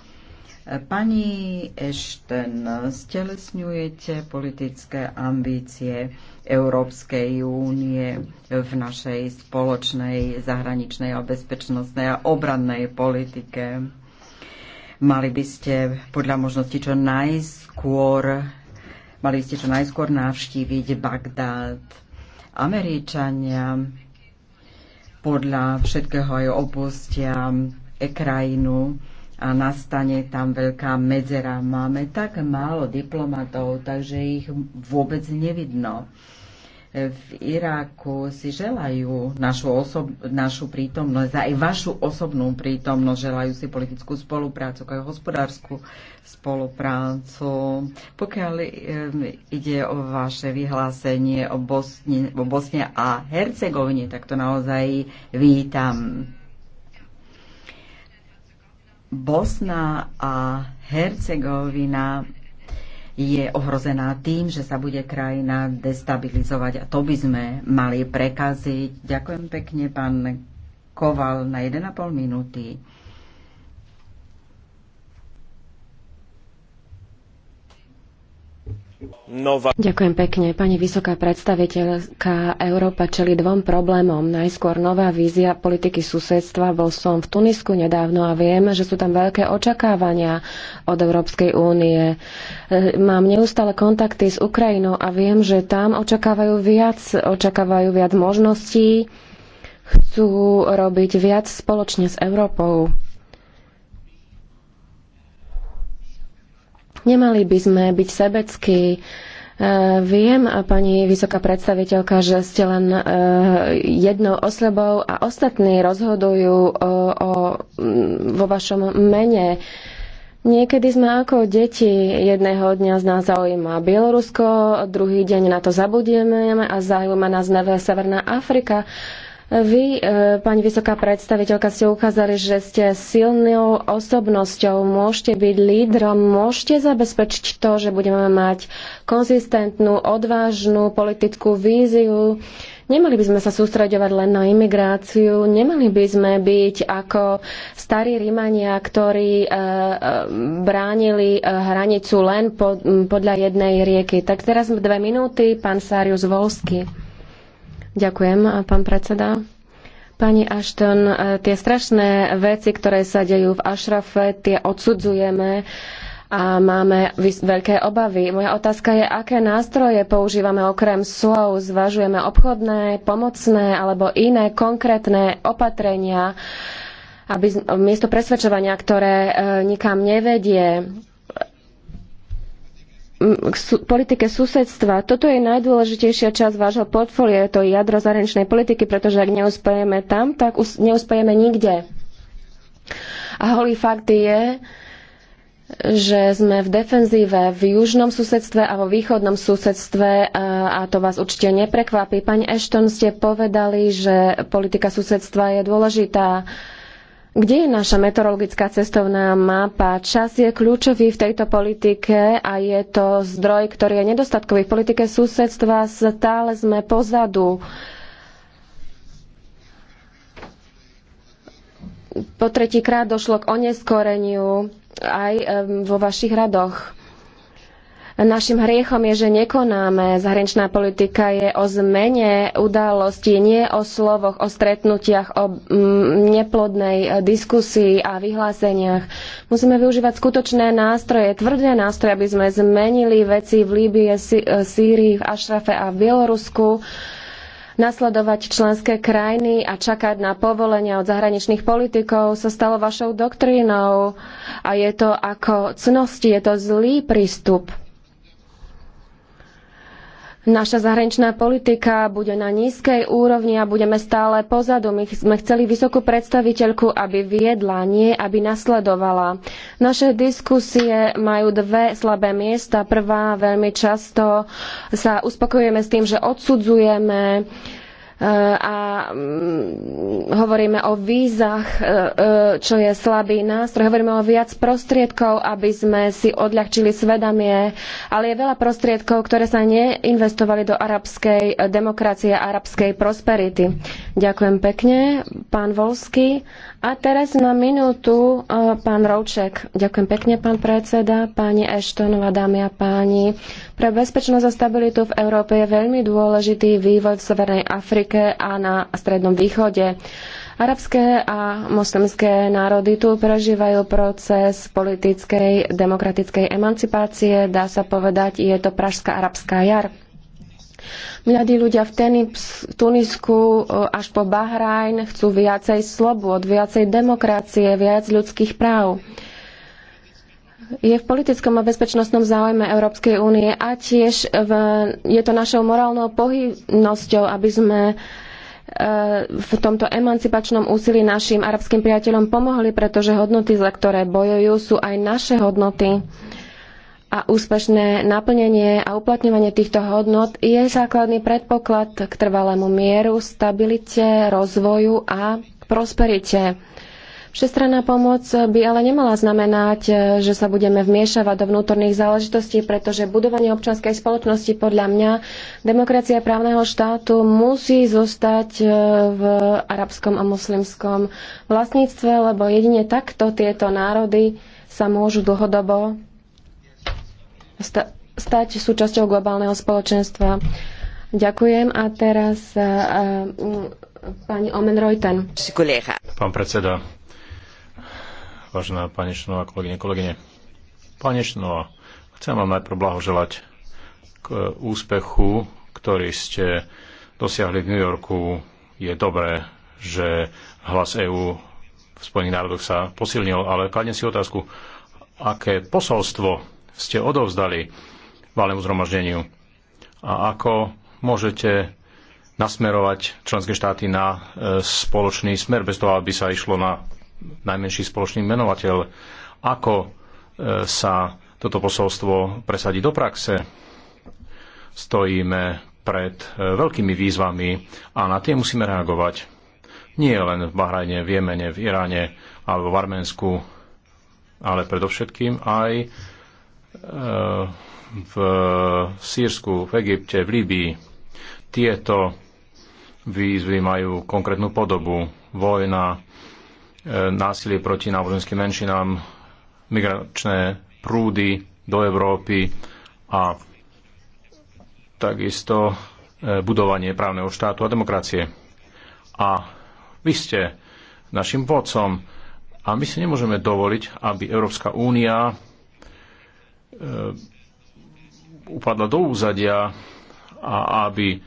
Pani Ešten, stelesňujete politické ambície Európskej únie v našej spoločnej zahraničnej a bezpečnostnej a obrannej politike Mali by ste podľa možnosti čo najskôr mali by ste čo najskôr navštíviť Bagdad, Američania podľa všetkého aj opustia e krajinu a nastane tam veľká medzera. Máme tak málo diplomatov, takže ich vôbec nevidno v Iráku si želajú našu, osob, našu prítomnosť, aj vašu osobnú prítomnosť, želajú si politickú spoluprácu, aj hospodárskú spoluprácu. Pokiaľ ide o vaše vyhlásenie o Bosne, o Bosne a Hercegovine, tak to naozaj vítam. Bosna a Hercegovina je ohrozená tým, že sa bude krajina destabilizovať a to by sme mali prekaziť. Ďakujem pekne, pán Koval, na 1,5 minúty. Ďakujem pekne. Pani vysoká predstaviteľka Európa čeli dvom problémom. Najskôr nová vízia politiky susedstva. Bol som v Tunisku nedávno a viem, že sú tam veľké očakávania od Európskej únie. E, mám neustále kontakty s Ukrajinou a viem, že tam očakávajú viac, očakávajú viac možností, chcú robiť viac spoločne s Európou. Nemali by sme byť sebeckí. E, viem, pani vysoká predstaviteľka, že ste len e, jednou osobou a ostatní rozhodujú e, o, o, vo vašom mene. Niekedy sme ako deti jedného dňa z nás zaujíma Bielorusko, druhý deň na to zabudieme a zaujíma nás Severná Afrika. Vy, e, pani vysoká predstaviteľka, ste ukázali, že ste silnou osobnosťou, môžete byť lídrom, môžete zabezpečiť to, že budeme mať konzistentnú, odvážnu politickú víziu. Nemali by sme sa sústreďovať len na imigráciu, nemali by sme byť ako starí Rímania, ktorí e, e, bránili e, hranicu len po, podľa jednej rieky. Tak teraz dve minúty, pán Sárius Volsky. Ďakujem, pán predseda. Pani Ashton, e, tie strašné veci, ktoré sa dejú v Ašrafe, tie odsudzujeme a máme veľké obavy. Moja otázka je, aké nástroje používame okrem slov, zvažujeme obchodné, pomocné alebo iné konkrétne opatrenia, aby miesto presvedčovania, ktoré e, nikam nevedie, k su- politike susedstva. Toto je najdôležitejšia časť vášho portfólia, to je jadro zahraničnej politiky, pretože ak neuspejeme tam, tak us- neuspejeme nikde. A holý fakt je, že sme v defenzíve v južnom susedstve a vo východnom susedstve a to vás určite neprekvapí. Pani Ashton, ste povedali, že politika susedstva je dôležitá. Kde je naša meteorologická cestovná mapa? Čas je kľúčový v tejto politike a je to zdroj, ktorý je nedostatkový. V politike susedstva stále sme pozadu. Po tretíkrát došlo k oneskoreniu aj vo vašich radoch. Našim hriechom je, že nekonáme. Zahraničná politika je o zmene udalostí, nie o slovoch, o stretnutiach, o mm, neplodnej eh, diskusii a vyhláseniach. Musíme využívať skutočné nástroje, tvrdé nástroje, aby sme zmenili veci v Líbii, eh, Sýrii, v Ašrafe a v Bielorusku nasledovať členské krajiny a čakať na povolenia od zahraničných politikov sa stalo vašou doktrínou a je to ako cnosti, je to zlý prístup. Naša zahraničná politika bude na nízkej úrovni a budeme stále pozadu. My sme chceli vysokú predstaviteľku, aby viedla, nie aby nasledovala. Naše diskusie majú dve slabé miesta. Prvá, veľmi často sa uspokojujeme s tým, že odsudzujeme E, a mm, hovoríme o vízach, e, e, čo je slabý nástroj. Hovoríme o viac prostriedkov, aby sme si odľahčili svedomie, ale je veľa prostriedkov, ktoré sa neinvestovali do arabskej demokracie a arabskej prosperity. Ďakujem pekne, pán Volsky. A teraz na minútu pán Rouček. Ďakujem pekne, pán predseda, páni Eštonová, dámy a páni. Pre bezpečnosť a stabilitu v Európe je veľmi dôležitý vývoj v Severnej Afrike Afrike a na Strednom východe. Arabské a moslimské národy tu prežívajú proces politickej demokratickej emancipácie. Dá sa povedať, je to Pražská arabská jar. Mladí ľudia v Tenips, Tunisku e, až po Bahrajn chcú viacej slobod, viacej demokracie, viac ľudských práv je v politickom a bezpečnostnom záujme Európskej únie a tiež v, je to našou morálnou pohybnosťou, aby sme e, v tomto emancipačnom úsilí našim arabským priateľom pomohli, pretože hodnoty, za ktoré bojujú, sú aj naše hodnoty. A úspešné naplnenie a uplatňovanie týchto hodnot je základný predpoklad k trvalému mieru, stabilite, rozvoju a prosperite. Všestranná pomoc by ale nemala znamenať, e, že sa budeme vmiešavať do vnútorných záležitostí, pretože budovanie občianskej spoločnosti podľa mňa demokracia právneho štátu musí zostať e, v arabskom a muslimskom vlastníctve, lebo jedine takto tieto národy sa môžu dlhodobo stať súčasťou globálneho spoločenstva. Ďakujem a teraz uh, uh, pani Omen Reuten. Pán predseda, vážená pani Šnova, kolegyne, kolegyne. Pani Šnova, chcem vám najprv blahoželať k úspechu, ktorý ste dosiahli v New Yorku. Je dobré, že hlas EÚ v Spojených národoch sa posilnil, ale kladne si otázku, aké posolstvo ste odovzdali valnému zhromaždeniu a ako môžete nasmerovať členské štáty na e, spoločný smer, bez toho, aby sa išlo na najmenší spoločný menovateľ. Ako e, sa toto posolstvo presadí do praxe? Stojíme pred e, veľkými výzvami a na tie musíme reagovať. Nie len v Bahrajne, v Jemene, v Iráne alebo v Arménsku, ale predovšetkým aj e, v Sýrsku, v Egypte, v Líbii. Tieto výzvy majú konkrétnu podobu. Vojna, násilie proti náboženským menšinám, migračné prúdy do Európy a takisto e, budovanie právneho štátu a demokracie. A vy ste našim vodcom a my si nemôžeme dovoliť, aby Európska únia e, upadla do úzadia a aby e,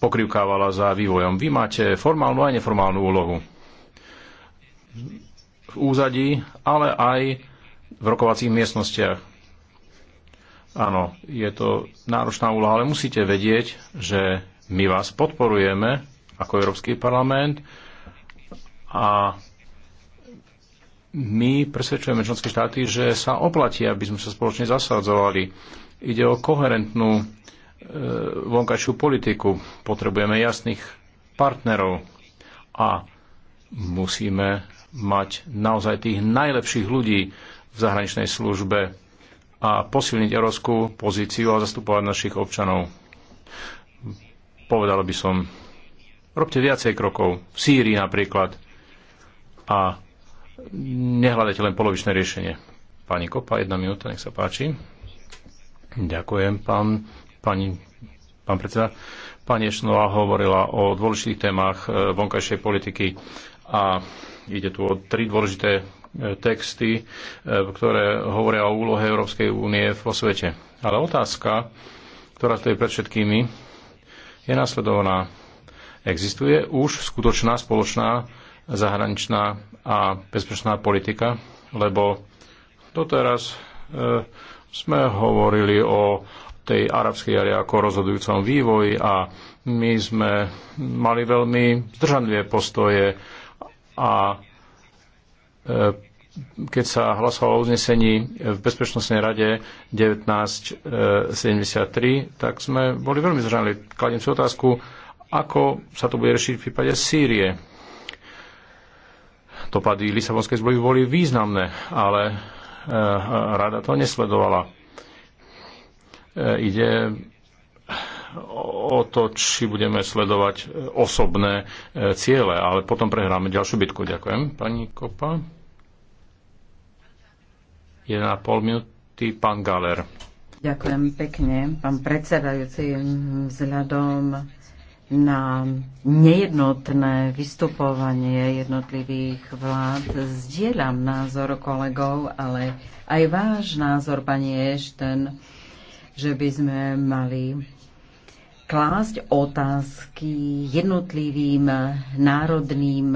pokrivkávala za vývojom. Vy máte formálnu a neformálnu úlohu v úzadí, ale aj v rokovacích miestnostiach. Áno, je to náročná úloha, ale musíte vedieť, že my vás podporujeme ako Európsky parlament a my presvedčujeme členské štáty, že sa oplatí, aby sme sa spoločne zasadzovali. Ide o koherentnú e, vonkajšiu politiku. Potrebujeme jasných partnerov a musíme mať naozaj tých najlepších ľudí v zahraničnej službe a posilniť európsku pozíciu a zastupovať našich občanov. Povedal by som, robte viacej krokov, v Sýrii napríklad, a nehľadajte len polovičné riešenie. Pani Kopa, jedna minúta, nech sa páči. Ďakujem, pán, pani, pán predseda. Pani Ešnová hovorila o dôležitých témach eh, vonkajšej politiky a Ide tu o tri dôležité e, texty, e, ktoré hovoria o úlohe Európskej únie vo svete. Ale otázka, ktorá stojí pred všetkými, je nasledovaná. Existuje už skutočná spoločná zahraničná a bezpečná politika? Lebo doteraz e, sme hovorili o tej arabskej jari ako rozhodujúcom vývoji a my sme mali veľmi zdržanlivé postoje a e, keď sa hlasovalo o uznesení v Bezpečnostnej rade 1973, e, tak sme boli veľmi zranili. Kladím si otázku, ako sa to bude riešiť v prípade Sýrie. Dopady Lisabonskej zmluvy boli významné, ale e, rada to nesledovala. Ide o to, či budeme sledovať e, osobné e, ciele, ale potom prehráme ďalšiu bitku. Ďakujem, pani Kopa. 1,5 minúty, pán Galer. Ďakujem pekne, pán predsedajúci, vzhľadom na nejednotné vystupovanie jednotlivých vlád. Zdieľam názor kolegov, ale aj váš názor, pani Ešten, že by sme mali klásť otázky jednotlivým národným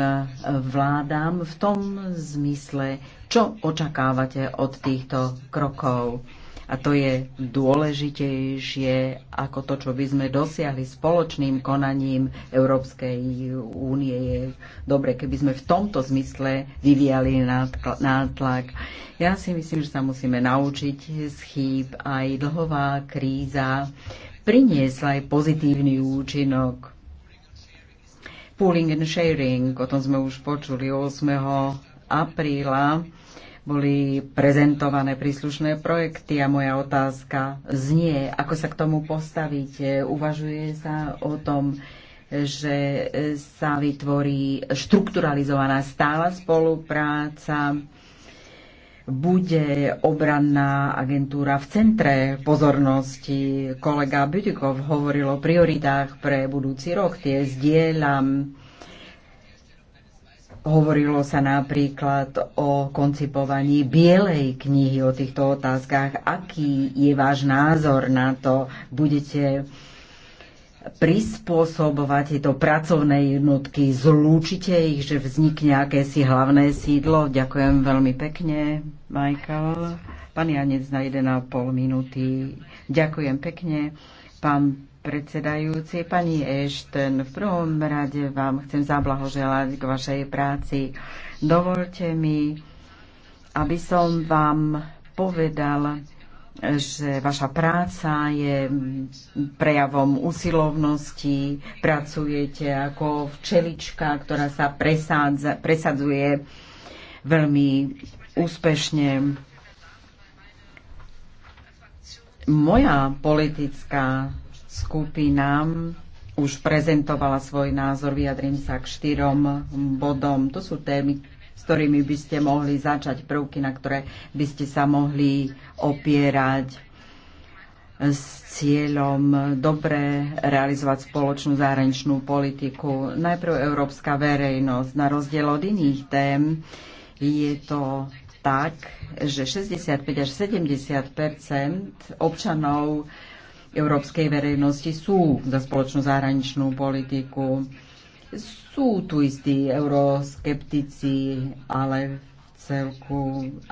vládám v tom zmysle, čo očakávate od týchto krokov. A to je dôležitejšie ako to, čo by sme dosiahli spoločným konaním Európskej únie. Je dobre, keby sme v tomto zmysle vyvíjali nátlak. Ja si myslím, že sa musíme naučiť z chýb. Aj dlhová kríza priniesla aj pozitívny účinok. Pooling and sharing, o tom sme už počuli 8. apríla, boli prezentované príslušné projekty a moja otázka znie, ako sa k tomu postavíte. Uvažuje sa o tom, že sa vytvorí štrukturalizovaná stála spolupráca bude obranná agentúra v centre pozornosti. Kolega Bytikov hovoril o prioritách pre budúci rok, tie zdieľam. Hovorilo sa napríklad o koncipovaní bielej knihy o týchto otázkach. Aký je váš názor na to? Budete prispôsobovať tieto pracovné jednotky, zlúčite ich, že vznikne akési hlavné sídlo. Ďakujem veľmi pekne, Michael. Pán Janec na 1,5 minúty. Ďakujem pekne. Pán predsedajúci, pani Ešten, v prvom rade vám chcem zablahoželať k vašej práci. Dovolte mi, aby som vám povedal, že vaša práca je prejavom usilovnosti, pracujete ako včelička, ktorá sa presádza, presadzuje veľmi úspešne. Moja politická skupina už prezentovala svoj názor, vyjadrím sa k štyrom bodom. To sú témy, ktorými by ste mohli začať, prvky, na ktoré by ste sa mohli opierať s cieľom dobre realizovať spoločnú zahraničnú politiku. Najprv európska verejnosť, na rozdiel od iných tém, je to tak, že 65 až 70 občanov európskej verejnosti sú za spoločnú zahraničnú politiku sú tu istí euroskeptici, ale v celku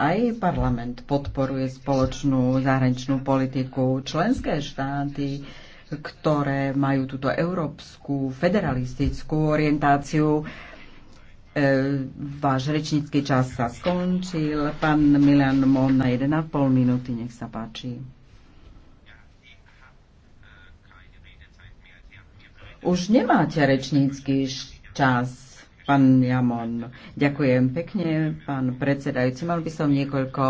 aj parlament podporuje spoločnú zahraničnú politiku. Členské štáty, ktoré majú túto európsku federalistickú orientáciu, e, váš rečnícky čas sa skončil. Pán Milan Mon na 1,5 minúty, nech sa páči. Už nemáte rečnícky čas. Pán Jamon, ďakujem pekne, pán predsedajúci. Mal by som niekoľko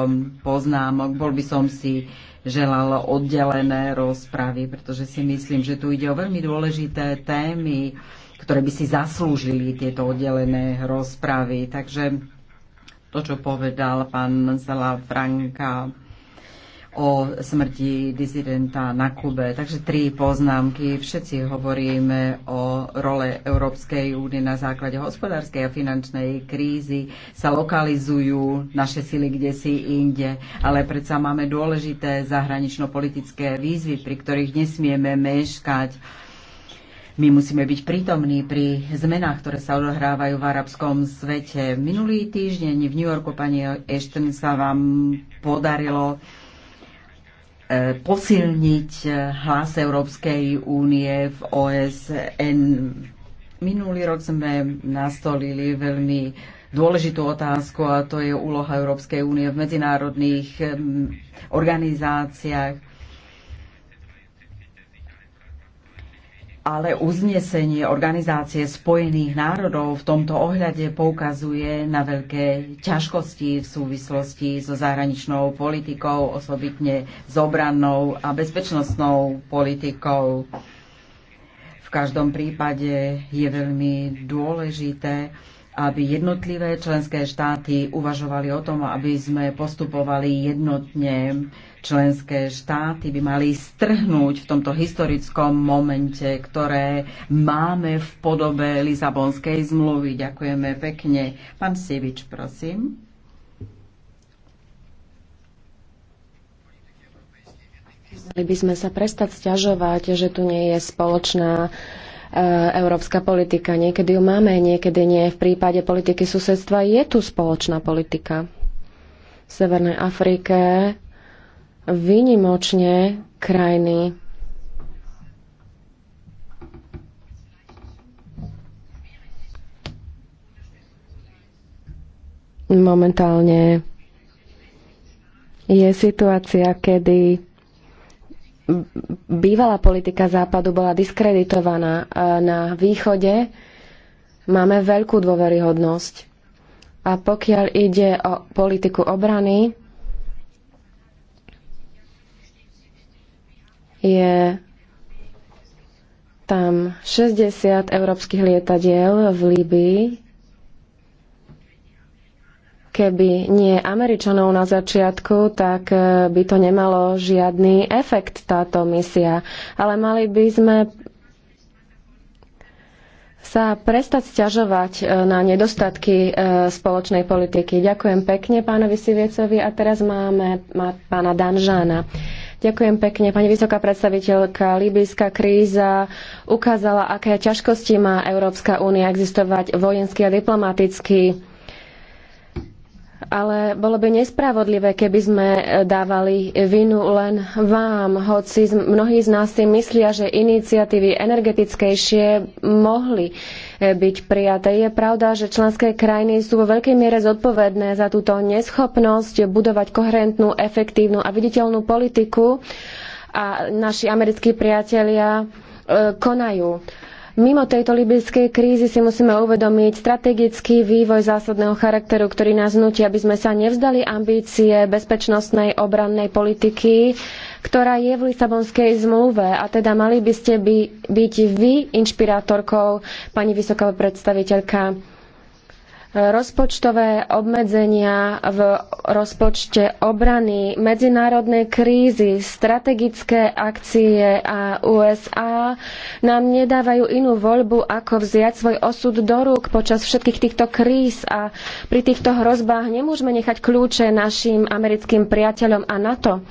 poznámok. Bol by som si želal oddelené rozpravy, pretože si myslím, že tu ide o veľmi dôležité témy, ktoré by si zaslúžili tieto oddelené rozpravy. Takže to, čo povedal pán Zela Franka, o smrti disidenta na Kube. Takže tri poznámky. Všetci hovoríme o role Európskej únie na základe hospodárskej a finančnej krízy. Sa lokalizujú naše sily kde si inde, ale predsa máme dôležité zahranično-politické výzvy, pri ktorých nesmieme meškať. My musíme byť prítomní pri zmenách, ktoré sa odohrávajú v arabskom svete. Minulý týždeň v New Yorku, pani Ashton, sa vám podarilo Eh, posilniť eh, hlas Európskej únie v OSN. Minulý rok sme nastolili veľmi dôležitú otázku a to je úloha Európskej únie v medzinárodných eh, organizáciách ale uznesenie Organizácie spojených národov v tomto ohľade poukazuje na veľké ťažkosti v súvislosti so zahraničnou politikou, osobitne s obrannou a bezpečnostnou politikou. V každom prípade je veľmi dôležité, aby jednotlivé členské štáty uvažovali o tom, aby sme postupovali jednotne Členské štáty by mali strhnúť v tomto historickom momente, ktoré máme v podobe Lisabonskej zmluvy. Ďakujeme pekne. Pán Sivič, prosím. Mali by sme sa prestať stiažovať, že tu nie je spoločná e, európska politika. Niekedy ju máme, niekedy nie. V prípade politiky susedstva je tu spoločná politika. V Severnej Afrike výnimočne krajiny momentálne je situácia, kedy bývalá politika Západu bola diskreditovaná e, na východe. Máme veľkú dôveryhodnosť. A pokiaľ ide o politiku obrany, Je tam 60 európskych lietadiel v Líbii. Keby nie Američanov na začiatku, tak eh, by to nemalo žiadny efekt táto misia. Ale mali by sme sa prestať sťažovať eh, na nedostatky eh, spoločnej politiky. Ďakujem pekne pánovi Siviecovi a teraz máme pána Danžána. Ďakujem pekne. Pani vysoká predstaviteľka, líbyjská kríza ukázala, aké ťažkosti má Európska únia existovať vojensky a diplomaticky. Ale bolo by nespravodlivé, keby sme dávali vinu len vám, hoci mnohí z nás si myslia, že iniciatívy energetickejšie mohli E, byť prijaté. Je pravda, že členské krajiny sú vo veľkej miere zodpovedné za túto neschopnosť budovať koherentnú, efektívnu a viditeľnú politiku a naši americkí priatelia e, konajú. Mimo tejto libyskej krízy si musíme uvedomiť strategický vývoj zásadného charakteru, ktorý nás nutí, aby sme sa nevzdali ambície bezpečnostnej obrannej politiky, ktorá je v Lisabonskej zmluve. A teda mali by ste by, byť vy inšpirátorkou, pani vysoká predstaviteľka rozpočtové obmedzenia v rozpočte obrany, medzinárodné krízy, strategické akcie a USA nám nedávajú inú voľbu, ako vziať svoj osud do rúk počas všetkých týchto kríz a pri týchto hrozbách nemôžeme nechať kľúče našim americkým priateľom a NATO.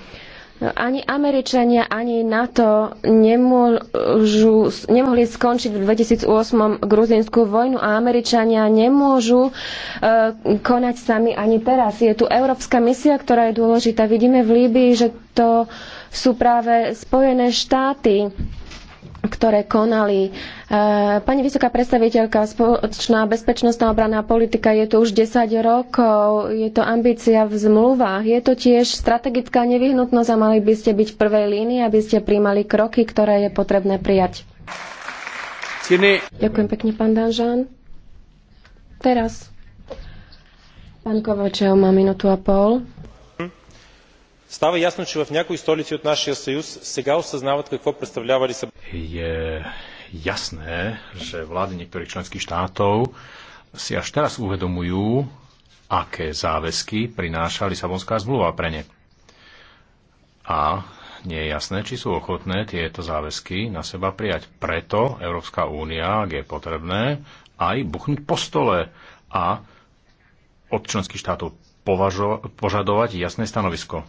Ani Američania, ani NATO nemôžu, nemohli skončiť v 2008 gruzínsku vojnu a Američania nemôžu e, konať sami ani teraz. Je tu európska misia, ktorá je dôležitá. Vidíme v Líbii, že to sú práve Spojené štáty, ktoré konali. E, pani vysoká predstaviteľka, spoločná bezpečnostná obranná politika je tu už 10 rokov, je to ambícia v zmluvách, je to tiež strategická nevyhnutnosť a mali by ste byť v prvej línii, aby ste príjmali kroky, ktoré je potrebné prijať. Cine. Ďakujem pekne, pán Danžán. Teraz. Pán Kovačev má minútu a pol. Става ясно, че в някои столици от нашия съюз сега осъзнават какво представлява Лисабон. jasné, že vlády niektorých členských štátov si až teraz uvedomujú, aké záväzky prináša Lisabonská zmluva pre ne. A nie je jasné, či sú ochotné tieto záväzky na seba prijať. Preto Európska únia, ak je potrebné, aj buchnúť po stole a od členských štátov považo- požadovať jasné stanovisko.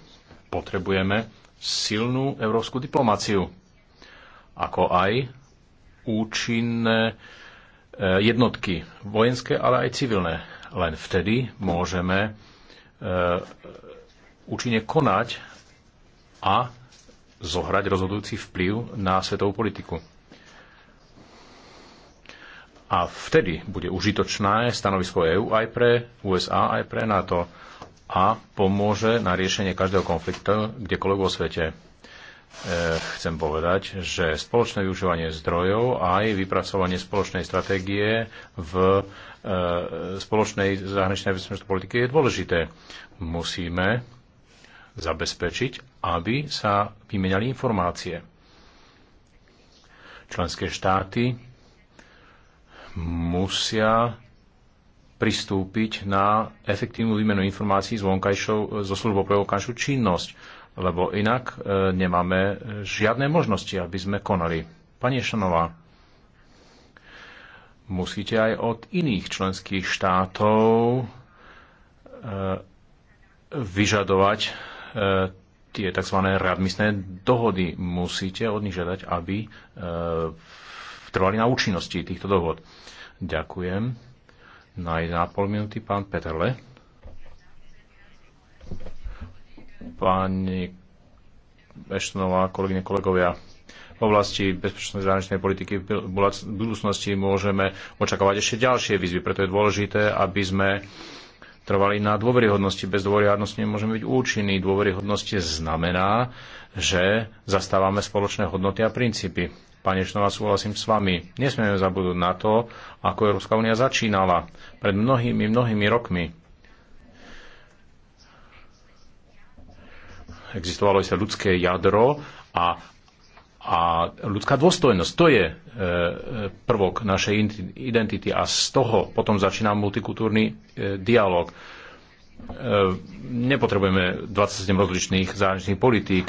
Potrebujeme silnú európsku diplomáciu, ako aj účinné e, jednotky, vojenské, ale aj civilné. Len vtedy môžeme e, účinne konať a zohrať rozhodujúci vplyv na svetovú politiku. A vtedy bude užitočné stanovisko EÚ aj pre USA, aj pre NATO a pomôže na riešenie každého konfliktu kdekoľvek vo svete. E, chcem povedať, že spoločné využívanie zdrojov a aj vypracovanie spoločnej stratégie v e, spoločnej zahraničnej bezpečnostnej politike je dôležité. Musíme zabezpečiť, aby sa vymenali informácie. Členské štáty musia pristúpiť na efektívnu výmenu informácií s vonkajšou, so službou pre vonkajšiu činnosť, lebo inak e, nemáme žiadne možnosti, aby sme konali. Pani Šanová, musíte aj od iných členských štátov e, vyžadovať e, tie tzv. readmisné dohody. Musíte od nich žiadať, aby e, trvali na účinnosti týchto dohod. Ďakujem. Na 1,5 minúty pán Peterle. Pani Eštonová, kolegyne, kolegovia, v oblasti bezpečnej zahraničnej politiky v budúcnosti môžeme očakávať ešte ďalšie výzvy. Preto je dôležité, aby sme trvali na dôveryhodnosti. Bez dôveryhodnosti nemôžeme byť účinní. Dôveryhodnosti znamená, že zastávame spoločné hodnoty a princípy. Pane Šnova, súhlasím s vami. Nesmieme zabudnúť na to, ako Európska únia začínala pred mnohými, mnohými rokmi. Existovalo sa ľudské jadro a, a ľudská dôstojnosť. To je e, prvok našej identity a z toho potom začína multikultúrny e, dialog. E, nepotrebujeme 27 rozličných zahraničných politík,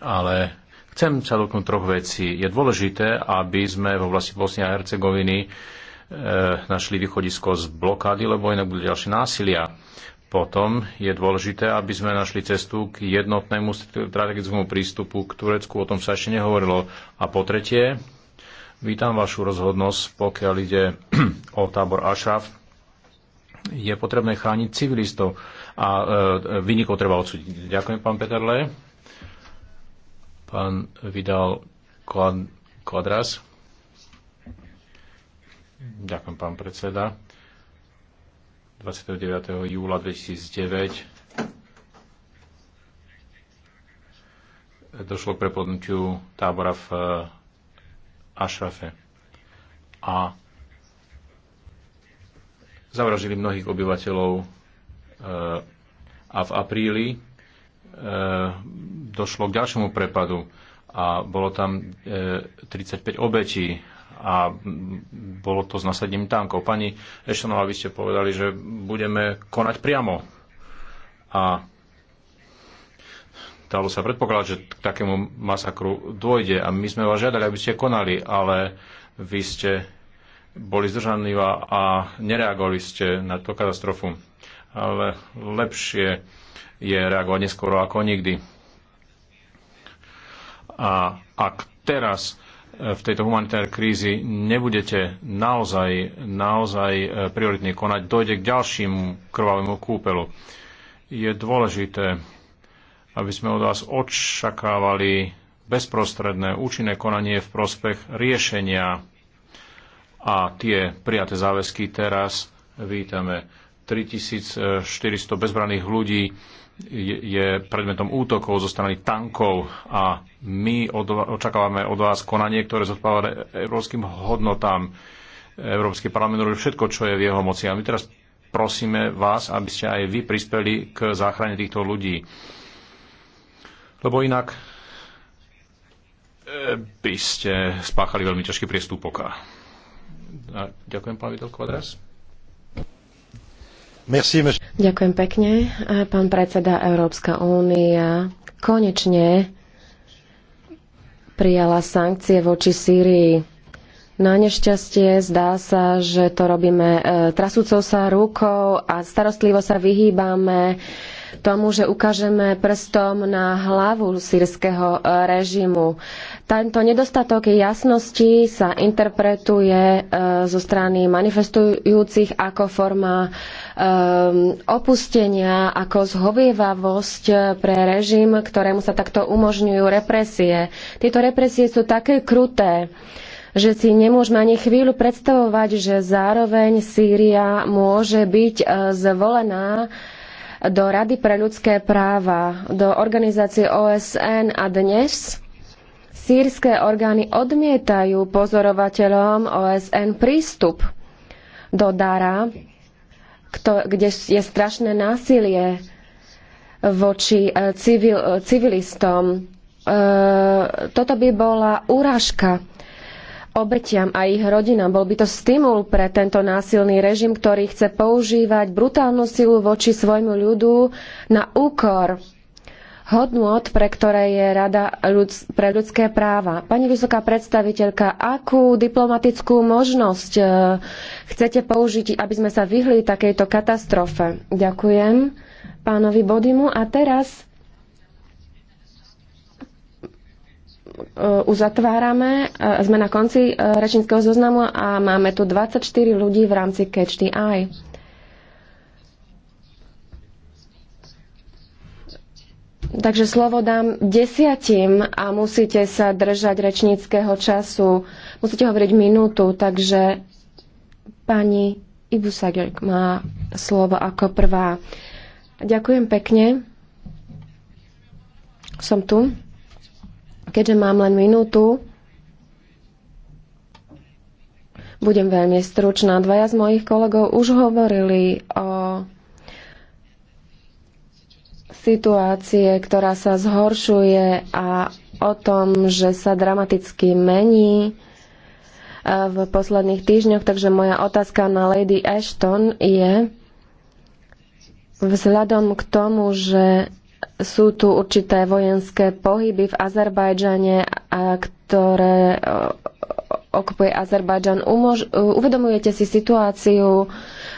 ale chcem sa dotknúť troch vecí. Je dôležité, aby sme v oblasti Bosny a Hercegoviny e, E, našli východisko z blokády, lebo inak budú ďalšie násilia. Potom je dôležité, aby sme našli cestu k jednotnému strategickému prístupu k Turecku, o tom sa ešte nehovorilo. A po tretie, vítam vašu rozhodnosť, pokiaľ ide o tábor Ašraf. Je potrebné chrániť civilistov a e, vynikov treba odsúdiť. Ďakujem, pán Peterle. Pán Vidal Quadras. Mhm. Ďakujem, pán predseda. 29. júla 2009 došlo k prepodnutiu tábora v e, Ašrafe a zavražili mnohých obyvateľov e, a v apríli e, došlo k ďalšiemu prepadu a bolo tam 35 obetí a bolo to s nasadením tankov. Pani Eštonová, vy ste povedali, že budeme konať priamo. A dalo sa predpokladať, že k takému masakru dôjde. A my sme vás žiadali, aby ste konali, ale vy ste boli zdržaní a nereagovali ste na tú katastrofu. Ale lepšie je reagovať neskoro ako nikdy. A ak teraz v tejto humanitárnej krízi nebudete naozaj, naozaj e, prioritne konať, dojde k ďalšímu krvavému kúpelu. Je dôležité, aby sme od vás očakávali bezprostredné účinné konanie v prospech riešenia a tie prijaté záväzky teraz vítame. 3400 bezbraných ľudí je, predmetom útokov zo strany tankov a my od, očakávame od vás konanie, ktoré zodpáva európskym hodnotám. Európsky parlament robí všetko, čo je v jeho moci. A my teraz prosíme vás, aby ste aj vy prispeli k záchrane týchto ľudí. Lebo inak e, by ste spáchali veľmi ťažký priestupok. A ďakujem, pán Videl Kvadras. Merci, Ďakujem pekne. Pán predseda Európska únia konečne prijala sankcie voči Sýrii. Na nešťastie zdá sa, že to robíme e, trasúcou sa rukou a starostlivo sa vyhýbame tomu, že ukážeme prstom na hlavu sírskeho e, režimu. Tento nedostatok jasnosti sa interpretuje e, zo strany manifestujúcich ako forma e, opustenia, ako zhovievavosť pre režim, ktorému sa takto umožňujú represie. Tieto represie sú také kruté, že si nemôžeme ani chvíľu predstavovať, že zároveň Sýria môže byť zvolená do Rady pre ľudské práva, do organizácie OSN a dnes sírske orgány odmietajú pozorovateľom OSN prístup do Dara, kde je strašné násilie voči e, civil, e, civilistom. E, toto by bola úražka obetiam a ich rodinám. Bol by to stimul pre tento násilný režim, ktorý chce používať brutálnu silu voči svojmu ľudu na úkor hodnôt, pre ktoré je Rada pre ľudské práva. Pani vysoká predstaviteľka, akú diplomatickú možnosť e, chcete použiť, aby sme sa vyhli takejto katastrofe? Ďakujem pánovi Bodimu. A teraz E, uzatvárame. E, sme na konci e, rečníckého zoznamu a máme tu 24 ľudí v rámci Catch the Eye. Takže slovo dám desiatim a musíte sa držať rečníckého času. Musíte hovoriť minútu, takže pani Ibusagek má slovo ako prvá. Ďakujem pekne. Som tu. Keďže mám len minútu, budem veľmi stručná. Dvaja z mojich kolegov už hovorili o situácie, ktorá sa zhoršuje a o tom, že sa dramaticky mení e, v posledných týždňoch, takže moja otázka na Lady Ashton je, vzhľadom k tomu, že sú tu určité vojenské pohyby v Azerbajdžane, ktoré e, okupuje Azerbajdžan. Umož- e, uvedomujete si situáciu?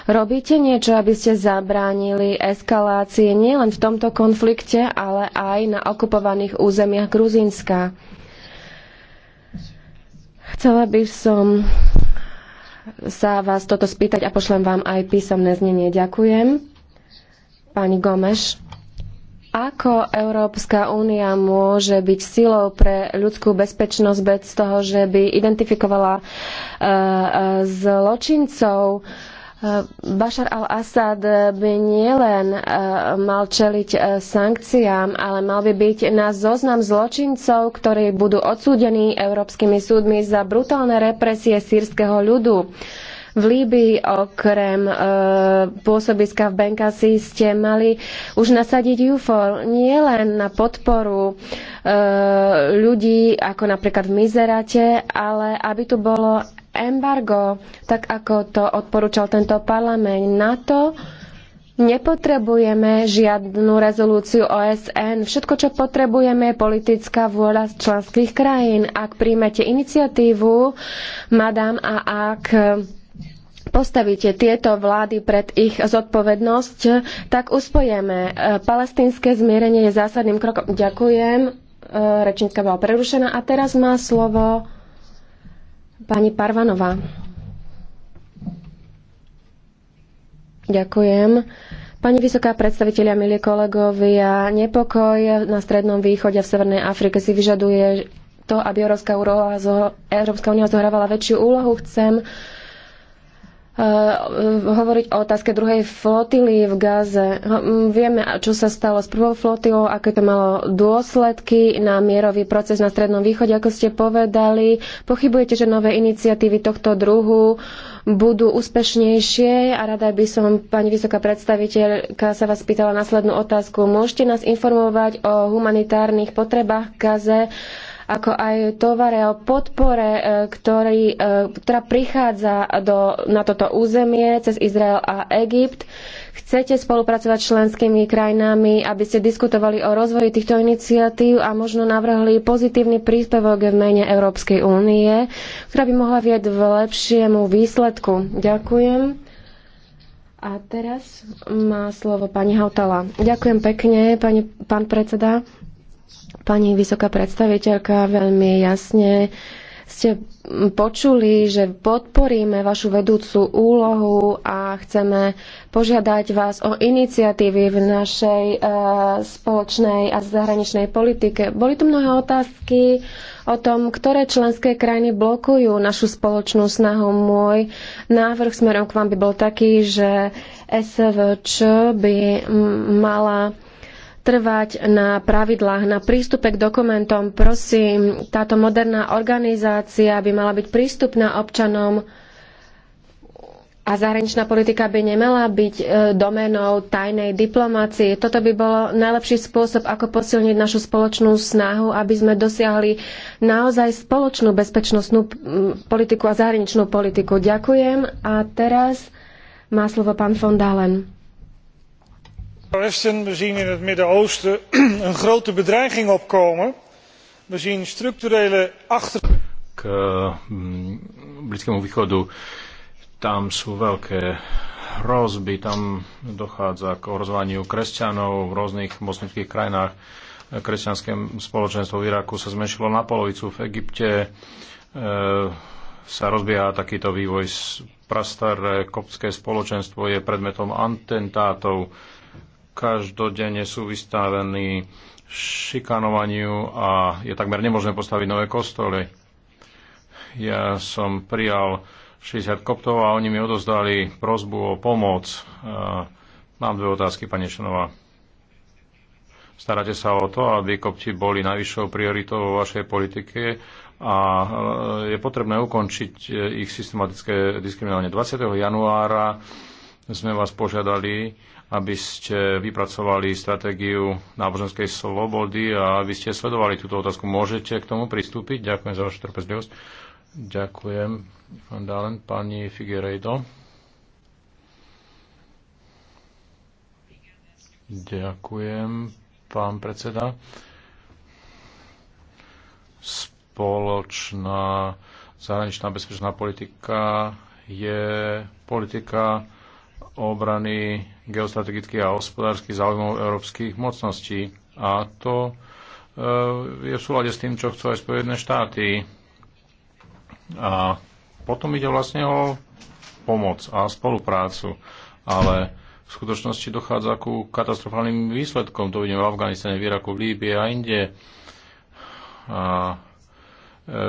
Robíte niečo, aby ste zabránili eskalácie nielen v tomto konflikte, ale aj na okupovaných územiach Gruzínska? Chcela by som sa vás toto spýtať a pošlem vám aj písomné znenie. Ďakujem. Pani Gomeš. Ako Európska únia môže byť silou pre ľudskú bezpečnosť bez toho, že by identifikovala e, e, zločincov? E, Bašar al-Assad by nielen mal čeliť sankciám, ale mal by byť na zoznam zločincov, ktorí budú odsúdení európskymi súdmi za brutálne represie sírskeho ľudu v Líbii, okrem e, pôsobiska v Benkasi ste mali už nasadiť UFOR len na podporu e, ľudí, ako napríklad v Mizerate, ale aby tu bolo embargo, tak ako to odporúčal tento parlament. Na to nepotrebujeme žiadnu rezolúciu OSN. Všetko, čo potrebujeme, je politická vôľa členských krajín. Ak príjmete iniciatívu, madam, a ak postavíte tieto vlády pred ich zodpovednosť, tak uspojeme. E, Palestínske zmierenie je zásadným krokom. Ďakujem. E, Rečníčka bola prerušená a teraz má slovo pani Parvanová. Ďakujem. Pani vysoká predstaviteľia, milí kolegovia, nepokoj na Strednom východe a v Severnej Afrike si vyžaduje to, aby Európska, Európska únia zohrávala väčšiu úlohu. Chcem Eh, hovoriť o otázke druhej flotily v Gaze. Vieme, čo sa stalo s prvou flotilou, aké to malo dôsledky na mierový proces na Strednom východe, ako ste povedali. Pochybujete, že nové iniciatívy tohto druhu budú úspešnejšie a rada by som, pani vysoká predstaviteľka, sa vás pýtala následnú otázku. Môžete nás informovať o humanitárnych potrebách Gaze? ako aj tovare o podpore, e, ktorý, e, ktorá prichádza do, na toto územie cez Izrael a Egypt. Chcete spolupracovať s členskými krajinami, aby ste diskutovali o rozvoji týchto iniciatív a možno navrhli pozitívny príspevok v mene Európskej únie, ktorá by mohla vieť v lepšiemu výsledku. Ďakujem. A teraz má slovo pani Hautala. Ďakujem pekne, pani, pán predseda. Pani vysoká predstaviteľka, veľmi jasne ste počuli, že podporíme vašu vedúcu úlohu a chceme požiadať vás o iniciatívy v našej e, spoločnej a zahraničnej politike. Boli tu mnohé otázky o tom, ktoré členské krajiny blokujú našu spoločnú snahu. Môj návrh smerom k vám by bol taký, že SVČ by mala trvať na pravidlách, na prístupe k dokumentom. Prosím, táto moderná organizácia by mala byť prístupná občanom a zahraničná politika by nemala byť e, domenou tajnej diplomácie. Toto by bolo najlepší spôsob, ako posilniť našu spoločnú snahu, aby sme dosiahli naozaj spoločnú bezpečnostnú politiku a zahraničnú politiku. Ďakujem. A teraz má slovo pán von Dalen arresten we zien in het midden oosten een grote bedreiging opkomen. we zien structurele achter. k mm, blízkému východu tam sú veľké hrozby, tam dochádza k ohrozovaniu kresťanov v rôznych moslimských krajinách. Kresťanské spoločenstvo v Iraku sa zmenšilo na polovicu, v Egypte e, sa rozbieha takýto vývoj. Prastaré koptské spoločenstvo je predmetom atentátov. E, každodenne sú vystavení šikanovaniu a je takmer nemožné postaviť nové kostoly. Ja som prijal 60 koptov a oni mi odozdali prozbu o pomoc. E, mám dve otázky, pani Šenová. Staráte sa o to, aby kopti boli najvyššou prioritou vo vašej politike a e, je potrebné ukončiť e, ich systematické diskriminovanie. 20. januára sme vás požiadali, aby ste vypracovali stratégiu náboženskej slobody a aby ste sledovali túto otázku. Môžete k tomu pristúpiť? Ďakujem za vašu trpezlivosť. Ďakujem, pán Dálen. Pani Figueiredo. Ďakujem, pán predseda. Spoločná zahraničná bezpečná politika je politika obrany geostrategických a hospodárskych záujmov európskych mocností. A to e, je v súlade s tým, čo chcú aj Spojené štáty. A potom ide vlastne o pomoc a spoluprácu. Ale v skutočnosti dochádza ku katastrofálnym výsledkom. To vidíme v Afganistane, v Iraku, v Líbie a inde. A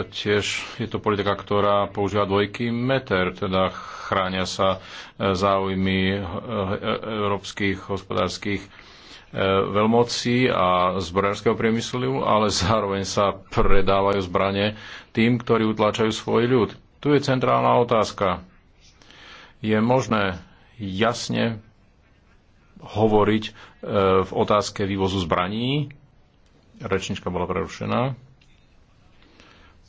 Tiež je to politika, ktorá používa dvojký meter, teda chránia sa e, záujmy e, e, európskych hospodárskych veľmocí a zbrojárskeho priemyslu, ale zároveň sa predávajú zbranie tým, ktorí utláčajú svoj ľud. Tu je centrálna otázka. Je možné jasne hovoriť v otázke vývozu zbraní? Rečnička bola prerušená.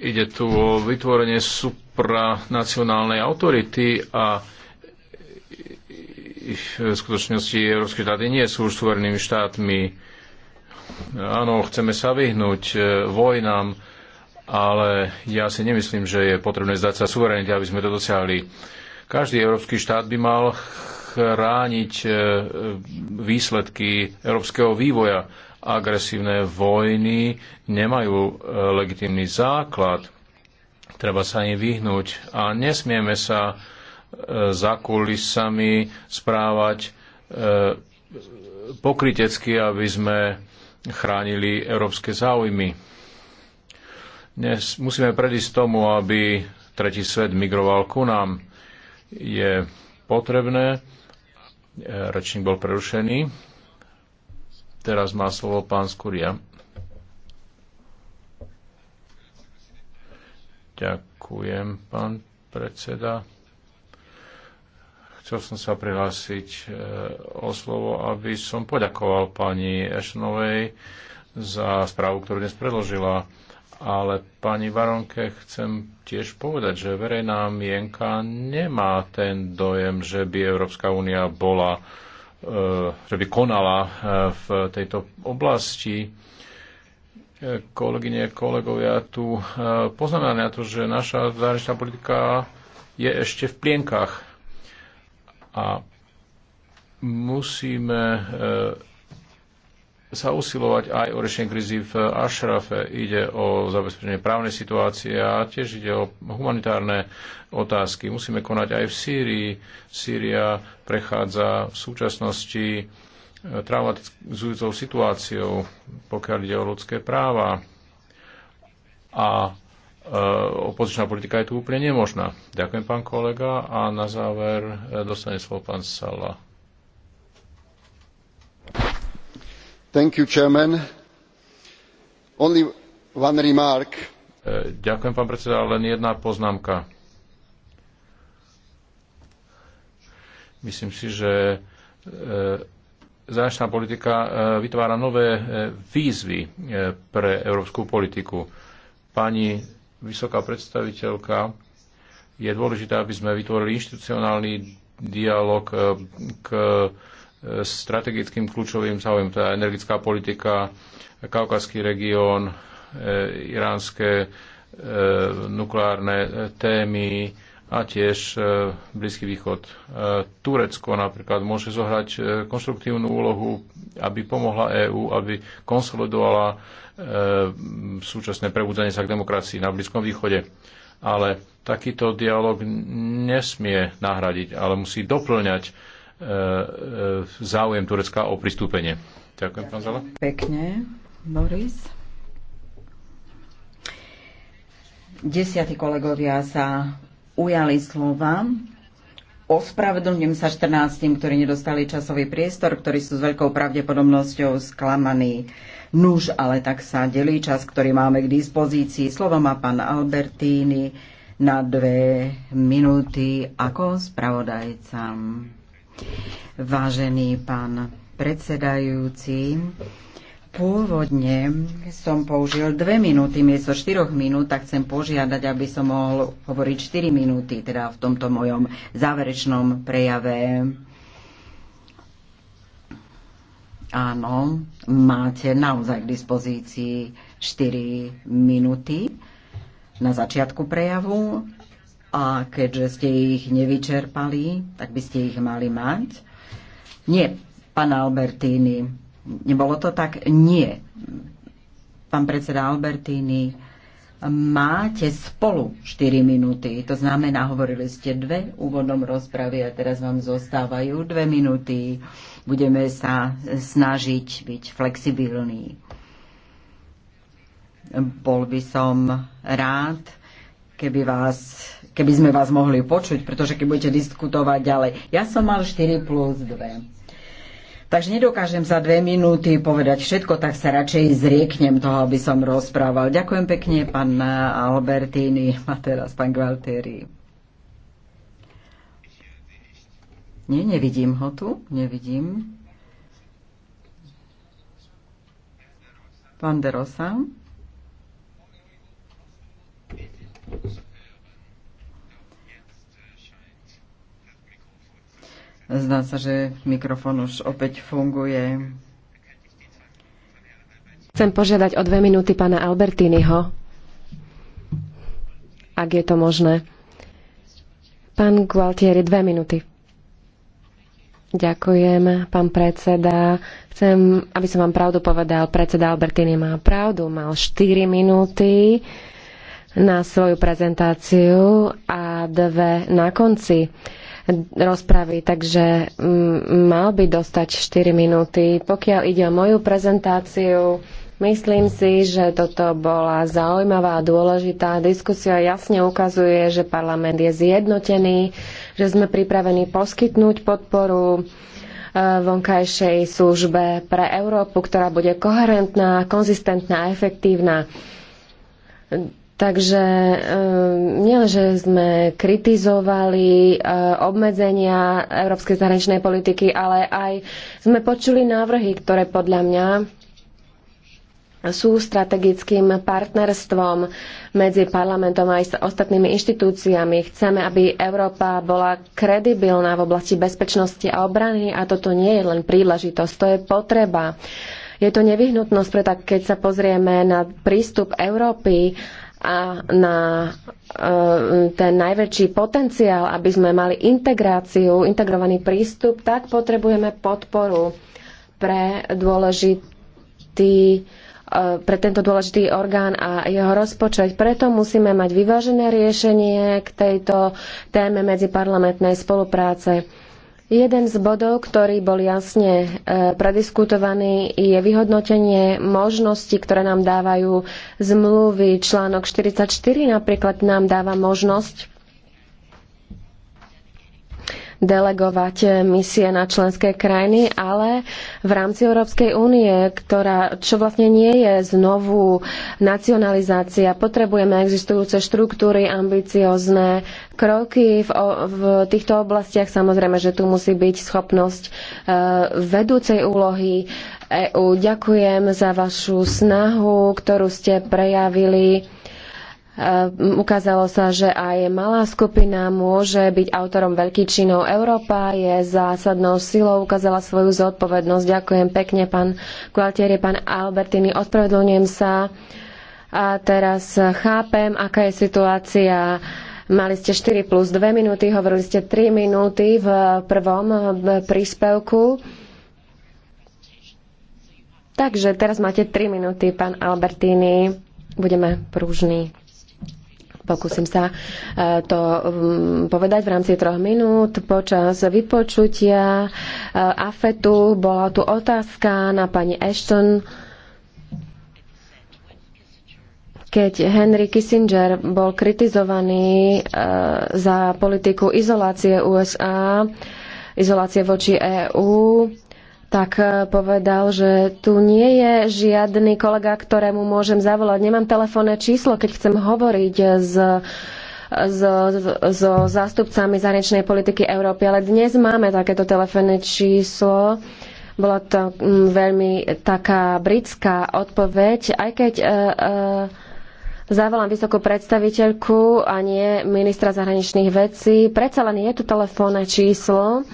Ide tu o vytvorenie supranacionálnej autority a v skutočnosti Európske štáty nie sú už suverenými štátmi. Áno, chceme sa vyhnúť e, vojnám, ale ja si nemyslím, že je potrebné zdať sa suverenite, aby sme to dosiahli. Každý európsky štát by mal chrániť e, e, výsledky európskeho vývoja agresívne vojny nemajú e, legitímny základ. Treba sa im vyhnúť a nesmieme sa e, za kulisami správať e, pokrytecky, aby sme chránili európske záujmy. Dnes musíme predísť tomu, aby tretí svet migroval ku nám. Je potrebné, rečník bol prerušený, Teraz má slovo pán Skuria. Ďakujem, pán predseda. Chcel som sa prihlásiť e, o slovo, aby som poďakoval pani Ešnovej za správu, ktorú dnes predložila. Ale pani Varonke chcem tiež povedať, že verejná mienka nemá ten dojem, že by Európska únia bola E, že by konala e, v tejto oblasti. E, kolegyne, kolegovia, tu poznamená na to, že naša zahraničná politika je ešte v plienkach a musíme sa usilovať aj o riešenie krízy v Ašrafe. Ide o zabezpečenie právnej situácie a tiež ide o humanitárne otázky. Musíme konať aj v Sýrii. Sýria prechádza v súčasnosti e, traumatizujúcou situáciou, pokiaľ ide o ľudské práva. A e, opozičná politika je tu úplne nemožná. Ďakujem, pán kolega. A na záver e, dostane slovo pán Sala. E, ďakujem, pán predseda, len jedna poznámka. Myslím si, že e, zahraničná politika e, vytvára nové výzvy pre európsku politiku. Pani vysoká predstaviteľka, je dôležité, aby sme vytvorili inštitucionálny dialog k strategickým kľúčovým záujmom, teda energická politika, kaukazský región, e, iránske e, nukleárne e, témy a tiež Blízky východ. Turecko napríklad môže zohrať konštruktívnu úlohu, aby pomohla EÚ, aby konsolidovala súčasné prebudzanie sa k demokracii na Blízkom východe. Ale takýto dialog nesmie nahradiť, ale musí doplňať E, e, záujem Turecka o pristúpenie. Ďakujem, pán Zala. Pekne, Boris. Desiatí kolegovia sa ujali slova. Ospravedlňujem sa 14, ktorí nedostali časový priestor, ktorí sú s veľkou pravdepodobnosťou sklamaní. Nuž, ale tak sa delí čas, ktorý máme k dispozícii. Slovo má pán Albertíny na dve minúty ako spravodajca. Vážený pán predsedajúci, pôvodne som použil dve minúty miesto štyroch minút, tak chcem požiadať, aby som mohol hovoriť 4 minúty, teda v tomto mojom záverečnom prejave. Áno, máte naozaj k dispozícii 4 minúty na začiatku prejavu a keďže ste ich nevyčerpali, tak by ste ich mali mať. Nie, pán Albertíny, nebolo to tak? Nie. Pán predseda Albertíny, máte spolu 4 minúty. To znamená, hovorili ste dve úvodom rozpravy a teraz vám zostávajú dve minúty. Budeme sa snažiť byť flexibilní bol by som rád, keby vás keby sme vás mohli počuť, pretože keď budete diskutovať ďalej. Ja som mal 4 plus 2. Takže nedokážem za dve minúty povedať všetko, tak sa radšej zrieknem toho, aby som rozprával. Ďakujem pekne, pán Albertini a teraz pán Gualtieri. Nie, nevidím ho tu, nevidím. Pán Derosa. Zdá sa, že mikrofon už opäť funguje. Chcem požiadať o dve minúty pána Albertiniho, ak je to možné. Pán Gualtieri, dve minúty. Ďakujem, pán predseda. Chcem, aby som vám pravdu povedal, predseda Albertini má pravdu, mal 4 minúty na svoju prezentáciu a dve na konci. Uh, rozpravy, takže mm, mal by dostať 4 minúty. Pokiaľ ide o moju prezentáciu, myslím si, že toto bola zaujímavá a dôležitá diskusia. Jasne ukazuje, že parlament je zjednotený, že sme pripravení poskytnúť podporu e, vonkajšej službe pre Európu, ktorá bude koherentná, konzistentná a efektívna Takže ehm, že sme kritizovali eh, obmedzenia európskej zahraničnej politiky, ale aj sme počuli návrhy, ktoré podľa mňa sú strategickým partnerstvom medzi parlamentom aj s ostatnými inštitúciami. Chceme, aby Európa bola kredibilná v oblasti bezpečnosti a obrany a toto nie je len príležitosť, to je potreba. Je to nevyhnutnosť, preto keď sa pozrieme na prístup Európy a na e, ten najväčší potenciál, aby sme mali integráciu, integrovaný prístup, tak potrebujeme podporu pre dôležitý e, pre tento dôležitý orgán a jeho rozpočet. Preto musíme mať vyvážené riešenie k tejto téme medziparlamentnej spolupráce. Jeden z bodov, ktorý bol jasne e, prediskutovaný, je vyhodnotenie možností, ktoré nám dávajú zmluvy. Článok 44 napríklad nám dáva možnosť delegovať misie na členské krajiny, ale v rámci Európskej únie, ktorá, čo vlastne nie je znovu nacionalizácia, potrebujeme existujúce štruktúry, ambiciozne kroky v, v týchto oblastiach. Samozrejme, že tu musí byť schopnosť e, vedúcej úlohy EU. Ďakujem za vašu snahu, ktorú ste prejavili Ehm, ukázalo sa, že aj malá skupina môže byť autorom veľkých činov. Európa je zásadnou silou, ukázala svoju zodpovednosť. Ďakujem pekne, pán Gualtieri, pán Albertini. Ospravedlňujem sa. A teraz chápem, aká je situácia. Mali ste 4 plus 2 minúty, hovorili ste 3 minúty v prvom príspevku. Takže teraz máte 3 minúty, pán Albertini. Budeme pružní. Pokúsim sa eh, to mm, povedať v rámci troch minút. Počas vypočutia eh, AFETu bola tu otázka na pani Ashton, keď Henry Kissinger bol kritizovaný eh, za politiku izolácie USA, izolácie voči EÚ, tak e, povedal, že tu nie je žiadny kolega, ktorému môžem zavolať. Nemám telefónne číslo, keď chcem hovoriť s so, so zástupcami zahraničnej politiky Európy, ale dnes máme takéto telefónne číslo. Bola to mm, veľmi taká britská odpoveď, aj keď e, e, Zavolám vysokú predstaviteľku a nie ministra zahraničných vecí. Predsa len je tu telefónne číslo.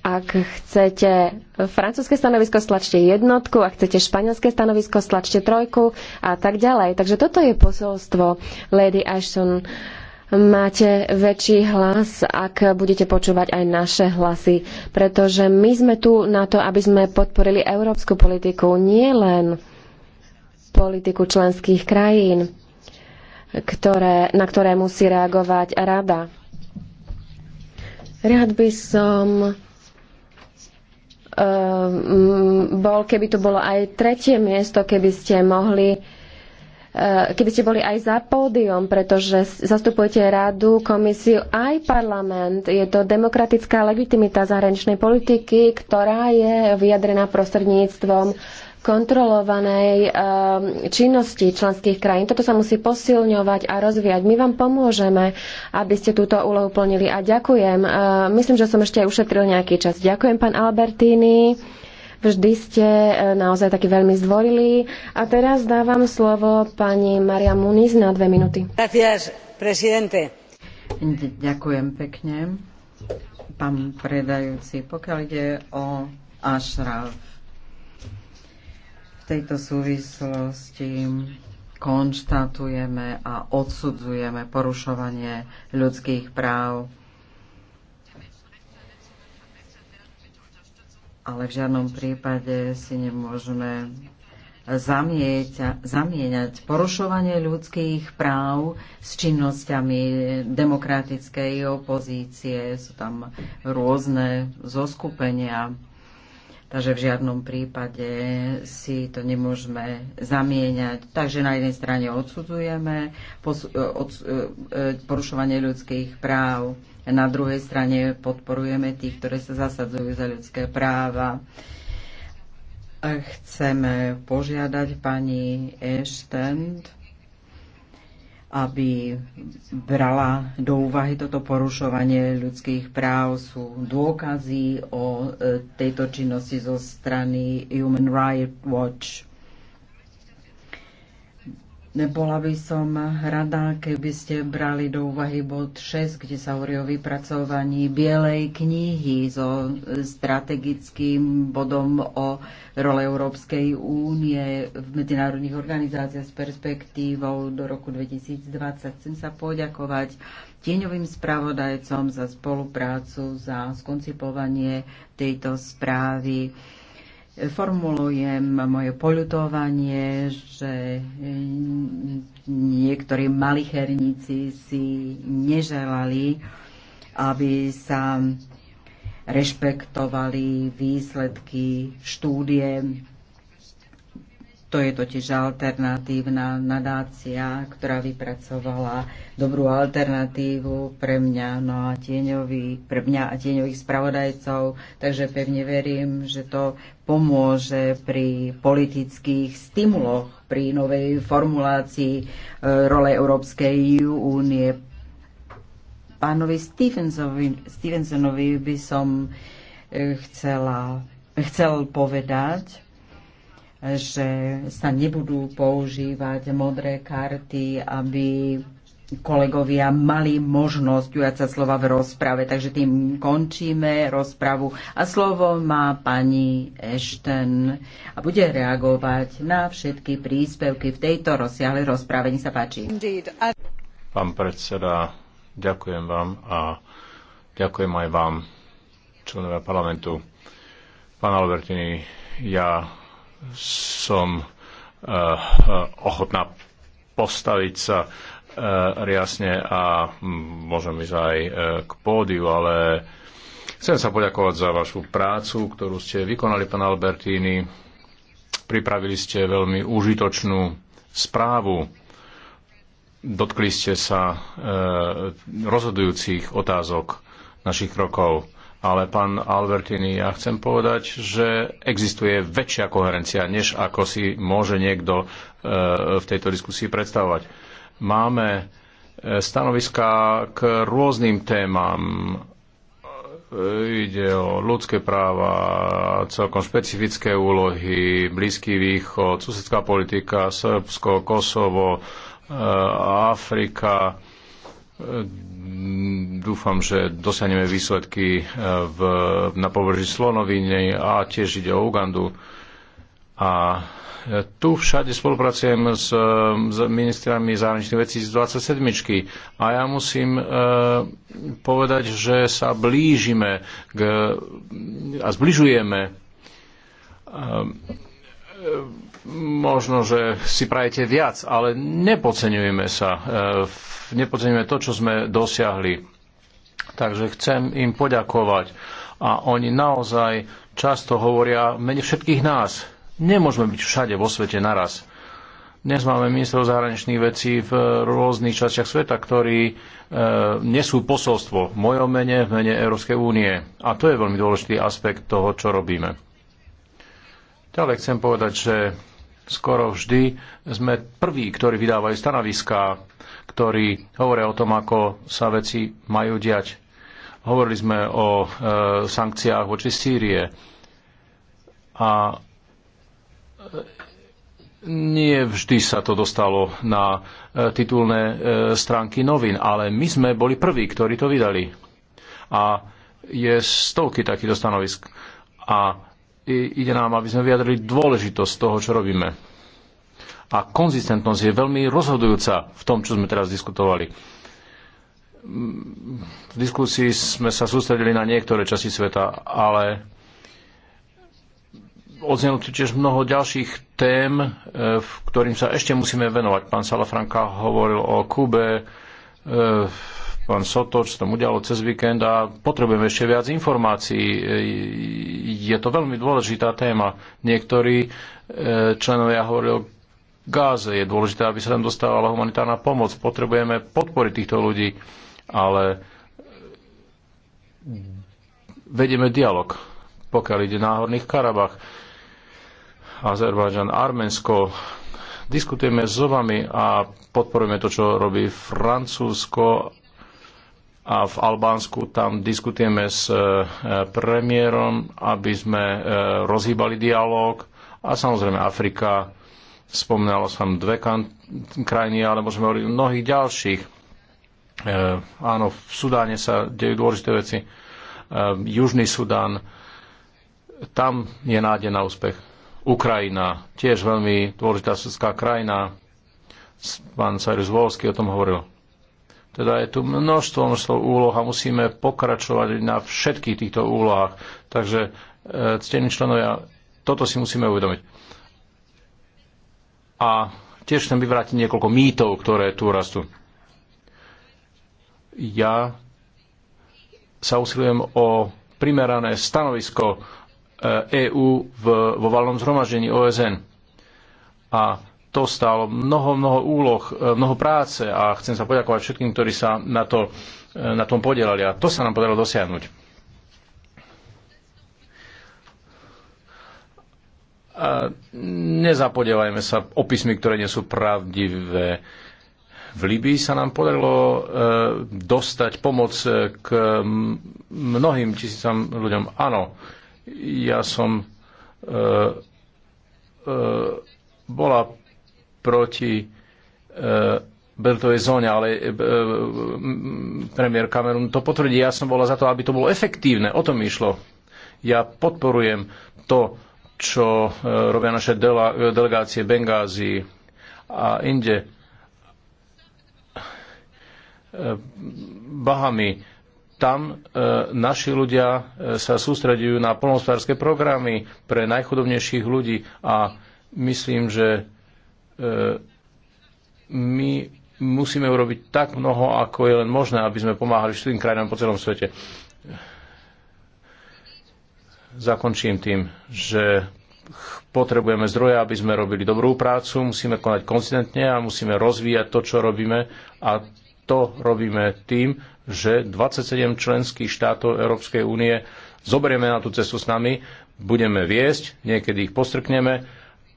Ak chcete francúzske stanovisko, stlačte jednotku, ak chcete španielské stanovisko, stlačte trojku a tak ďalej. Takže toto je posolstvo Lady Ashton. Máte väčší hlas, ak budete počúvať aj naše hlasy, pretože my sme tu na to, aby sme podporili európsku politiku, nie len politiku členských krajín, ktoré, na ktoré musí reagovať rada. Rád by som Ehm, bol, keby to bolo aj tretie miesto, keby ste mohli ehm, keby ste boli aj za pódium, pretože zastupujete radu, komisiu, aj parlament. Je to demokratická legitimita zahraničnej politiky, ktorá je vyjadrená prostredníctvom kontrolovanej eh, činnosti členských krajín. Toto sa musí posilňovať a rozvíjať. My vám pomôžeme, aby ste túto úlohu plnili a ďakujem. Eh, myslím, že som ešte aj ušetril nejaký čas. Ďakujem, pán Albertini. Vždy ste eh, naozaj taký veľmi zdvorili. A teraz dávam slovo pani Maria Muniz na dve minúty. Ďakujem pekne. Pán predajúci, pokiaľ ide o Ashraf, tejto súvislosti konštatujeme a odsudzujeme porušovanie ľudských práv. Ale v žiadnom prípade si nemôžeme zamieťa, zamieňať porušovanie ľudských práv s činnosťami demokratickej opozície. Sú tam rôzne zoskupenia Takže v žiadnom prípade si to nemôžeme zamieňať. Takže na jednej strane odsudzujeme e, e, e, porušovanie ľudských práv, na druhej strane podporujeme tých, ktorí sa zasadzujú za ľudské práva. Chceme požiadať pani Eštend, aby brala do úvahy toto porušovanie ľudských práv. Sú dôkazy o e, tejto činnosti zo strany Human Rights Watch. Nebola by som rada, keby ste brali do úvahy bod 6, kde sa hovorí o vypracovaní bielej knihy so strategickým bodom o role Európskej únie v medzinárodných organizáciách s perspektívou do roku 2020. Chcem sa poďakovať tieňovým spravodajcom za spoluprácu, za skoncipovanie tejto správy formulujem moje poľutovanie, že niektorí malicherníci si neželali, aby sa rešpektovali výsledky štúdie to je totiž alternatívna nadácia, ktorá vypracovala dobrú alternatívu pre mňa, no a tieňový, pre mňa a tieňových spravodajcov, takže pevne verím, že to pomôže pri politických stimuloch, pri novej formulácii e, role Európskej únie. Pánovi Stevensovi, Stevensonovi by som e, chcela, chcel povedať, že sa nebudú používať modré karty, aby kolegovia mali možnosť ujať sa slova v rozprave. Takže tým končíme rozpravu. A slovo má pani Ešten a bude reagovať na všetky príspevky v tejto rozsiahlej rozprave. Nech sa páči. Pán predseda, ďakujem vám a ďakujem aj vám, členovia parlamentu. Pán Albertini, ja som eh, eh, ochotná postaviť sa eh, riasne a hm, môžem ísť aj k pódiu, ale chcem sa poďakovať za vašu prácu, ktorú ste vykonali, pán Albertini. Pripravili ste veľmi užitočnú správu. Dotkli ste sa rozhodujúcich otázok našich krokov ale pán Albertini, ja chcem povedať, že existuje väčšia koherencia, než ako si môže niekto e, v tejto diskusii predstavovať. Máme e, stanoviska k rôznym témam. E, ide o ľudské práva, celkom špecifické úlohy, Blízky východ, susedská politika, Srbsko, Kosovo, Afrika, Ehm, dúfam, že dosiahneme výsledky e, v, na pobreží Slonoviny a tiež ide o Ugandu. A e, tu všade spolupracujem s, e, s ministrami zahraničných vecí z 27. A ja musím e, povedať, že sa blížime k, a zbližujeme e, e, možno, že si prajete viac, ale nepodceňujeme sa. E, nepodceňujeme to, čo sme dosiahli. Takže chcem im poďakovať. A oni naozaj často hovoria mene všetkých nás. Nemôžeme byť všade vo svete naraz. Dnes máme ministrov zahraničných vecí v rôznych častiach sveta, ktorí e, nesú posolstvo v mojom mene, v mene Európskej únie. A to je veľmi dôležitý aspekt toho, čo robíme. Ďalej chcem povedať, že skoro vždy sme prví, ktorí vydávajú stanoviská, ktorí hovoria o tom, ako sa veci majú diať. Hovorili sme o e, sankciách voči Sýrie a e, nie vždy sa to dostalo na e, titulné e, stránky novín, ale my sme boli prví, ktorí to vydali. A je stovky takýchto stanovisk. A ide nám, aby sme vyjadrili dôležitosť toho, čo robíme. A konzistentnosť je veľmi rozhodujúca v tom, čo sme teraz diskutovali. V diskusii sme sa sústredili na niektoré časti sveta, ale odznelo tu tiež mnoho ďalších tém, e, v ktorým sa ešte musíme venovať. Pán Salafranka hovoril o Kube, e, pán Sotoč čo tam udialo cez víkend a potrebujeme ešte viac informácií. Je to veľmi dôležitá téma. Niektorí e, členovia hovorili o Gáze. Je dôležité, aby sa tam dostávala humanitárna pomoc. Potrebujeme podporiť týchto ľudí, ale vedieme dialog, pokiaľ ide náhorných Karabach. Azerbajdžan, Arménsko, diskutujeme s vami a podporujeme to, čo robí Francúzsko a v Albánsku tam diskutujeme s e, premiérom, aby sme e, rozhýbali dialog a samozrejme Afrika, spomínalo som dve krajiny, ale môžeme hovoriť o mnohých ďalších. E, áno, v Sudáne sa dejú dôležité veci. Južný Sudán, tam je nádej na úspech. Ukrajina, tiež veľmi dôležitá susedská krajina. Pán Cyrus Volsky o tom hovoril teda je tu množstvo, množstvo úloh a musíme pokračovať na všetkých týchto úlohách. Takže, e, ctení členovia, toto si musíme uvedomiť. A tiež chcem vyvrátiť niekoľko mýtov, ktoré tu rastú. Ja sa usilujem o primerané stanovisko EÚ e vo valnom zhromaždení OSN. A to stálo mnoho, mnoho úloh, e, mnoho práce a chcem sa poďakovať všetkým, ktorí sa na, to, e, na tom podielali. A to sa nám podarilo dosiahnuť. A nezapodievajme sa opismi, ktoré nie sú pravdivé. V Libii sa nám podarilo e, dostať pomoc k mnohým tisícam ľuďom. Áno, ja som e, e, bola proti e, Bertovej zóne, ale e, e, premiér Cameron to potvrdí. Ja som bola za to, aby to bolo efektívne. O tom išlo. Ja podporujem to, čo robia naše dela, delegácie Bengázi a inde. Bahami. Tam naši ľudia sa sústredujú na polnospodárske programy pre najchudobnejších ľudí a myslím, že my musíme urobiť tak mnoho, ako je len možné, aby sme pomáhali všetkým krajinám po celom svete. Zakončím tým, že potrebujeme zdroje, aby sme robili dobrú prácu, musíme konať konzistentne a musíme rozvíjať to, čo robíme a to robíme tým, že 27 členských štátov Európskej únie zoberieme na tú cestu s nami, budeme viesť, niekedy ich postrkneme,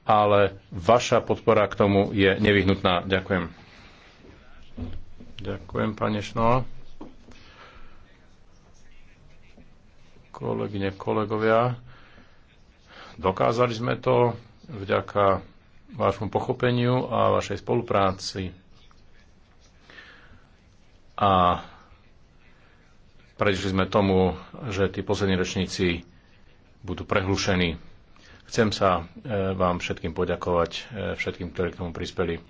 ale vaša podpora k tomu je nevyhnutná. Ďakujem. Ďakujem, pane Šno. Kolegyne, kolegovia, dokázali sme to vďaka vášmu pochopeniu a vašej spolupráci. A predišli sme tomu, že tí poslední rečníci budú prehlušení. Chcem sa e, vám všetkým poďakovať, e, všetkým, ktorí k tomu prispeli. E,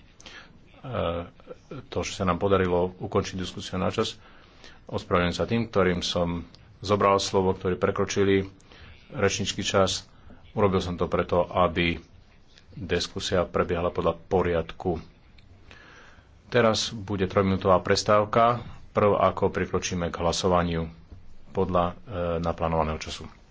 to, že sa nám podarilo ukončiť diskusiu na čas, ospravedlňujem sa tým, ktorým som zobral slovo, ktorí prekročili rečnícky čas. Urobil som to preto, aby diskusia prebiehala podľa poriadku. Teraz bude trojminútová prestávka, prv ako prikročíme k hlasovaniu podľa e, naplánovaného času.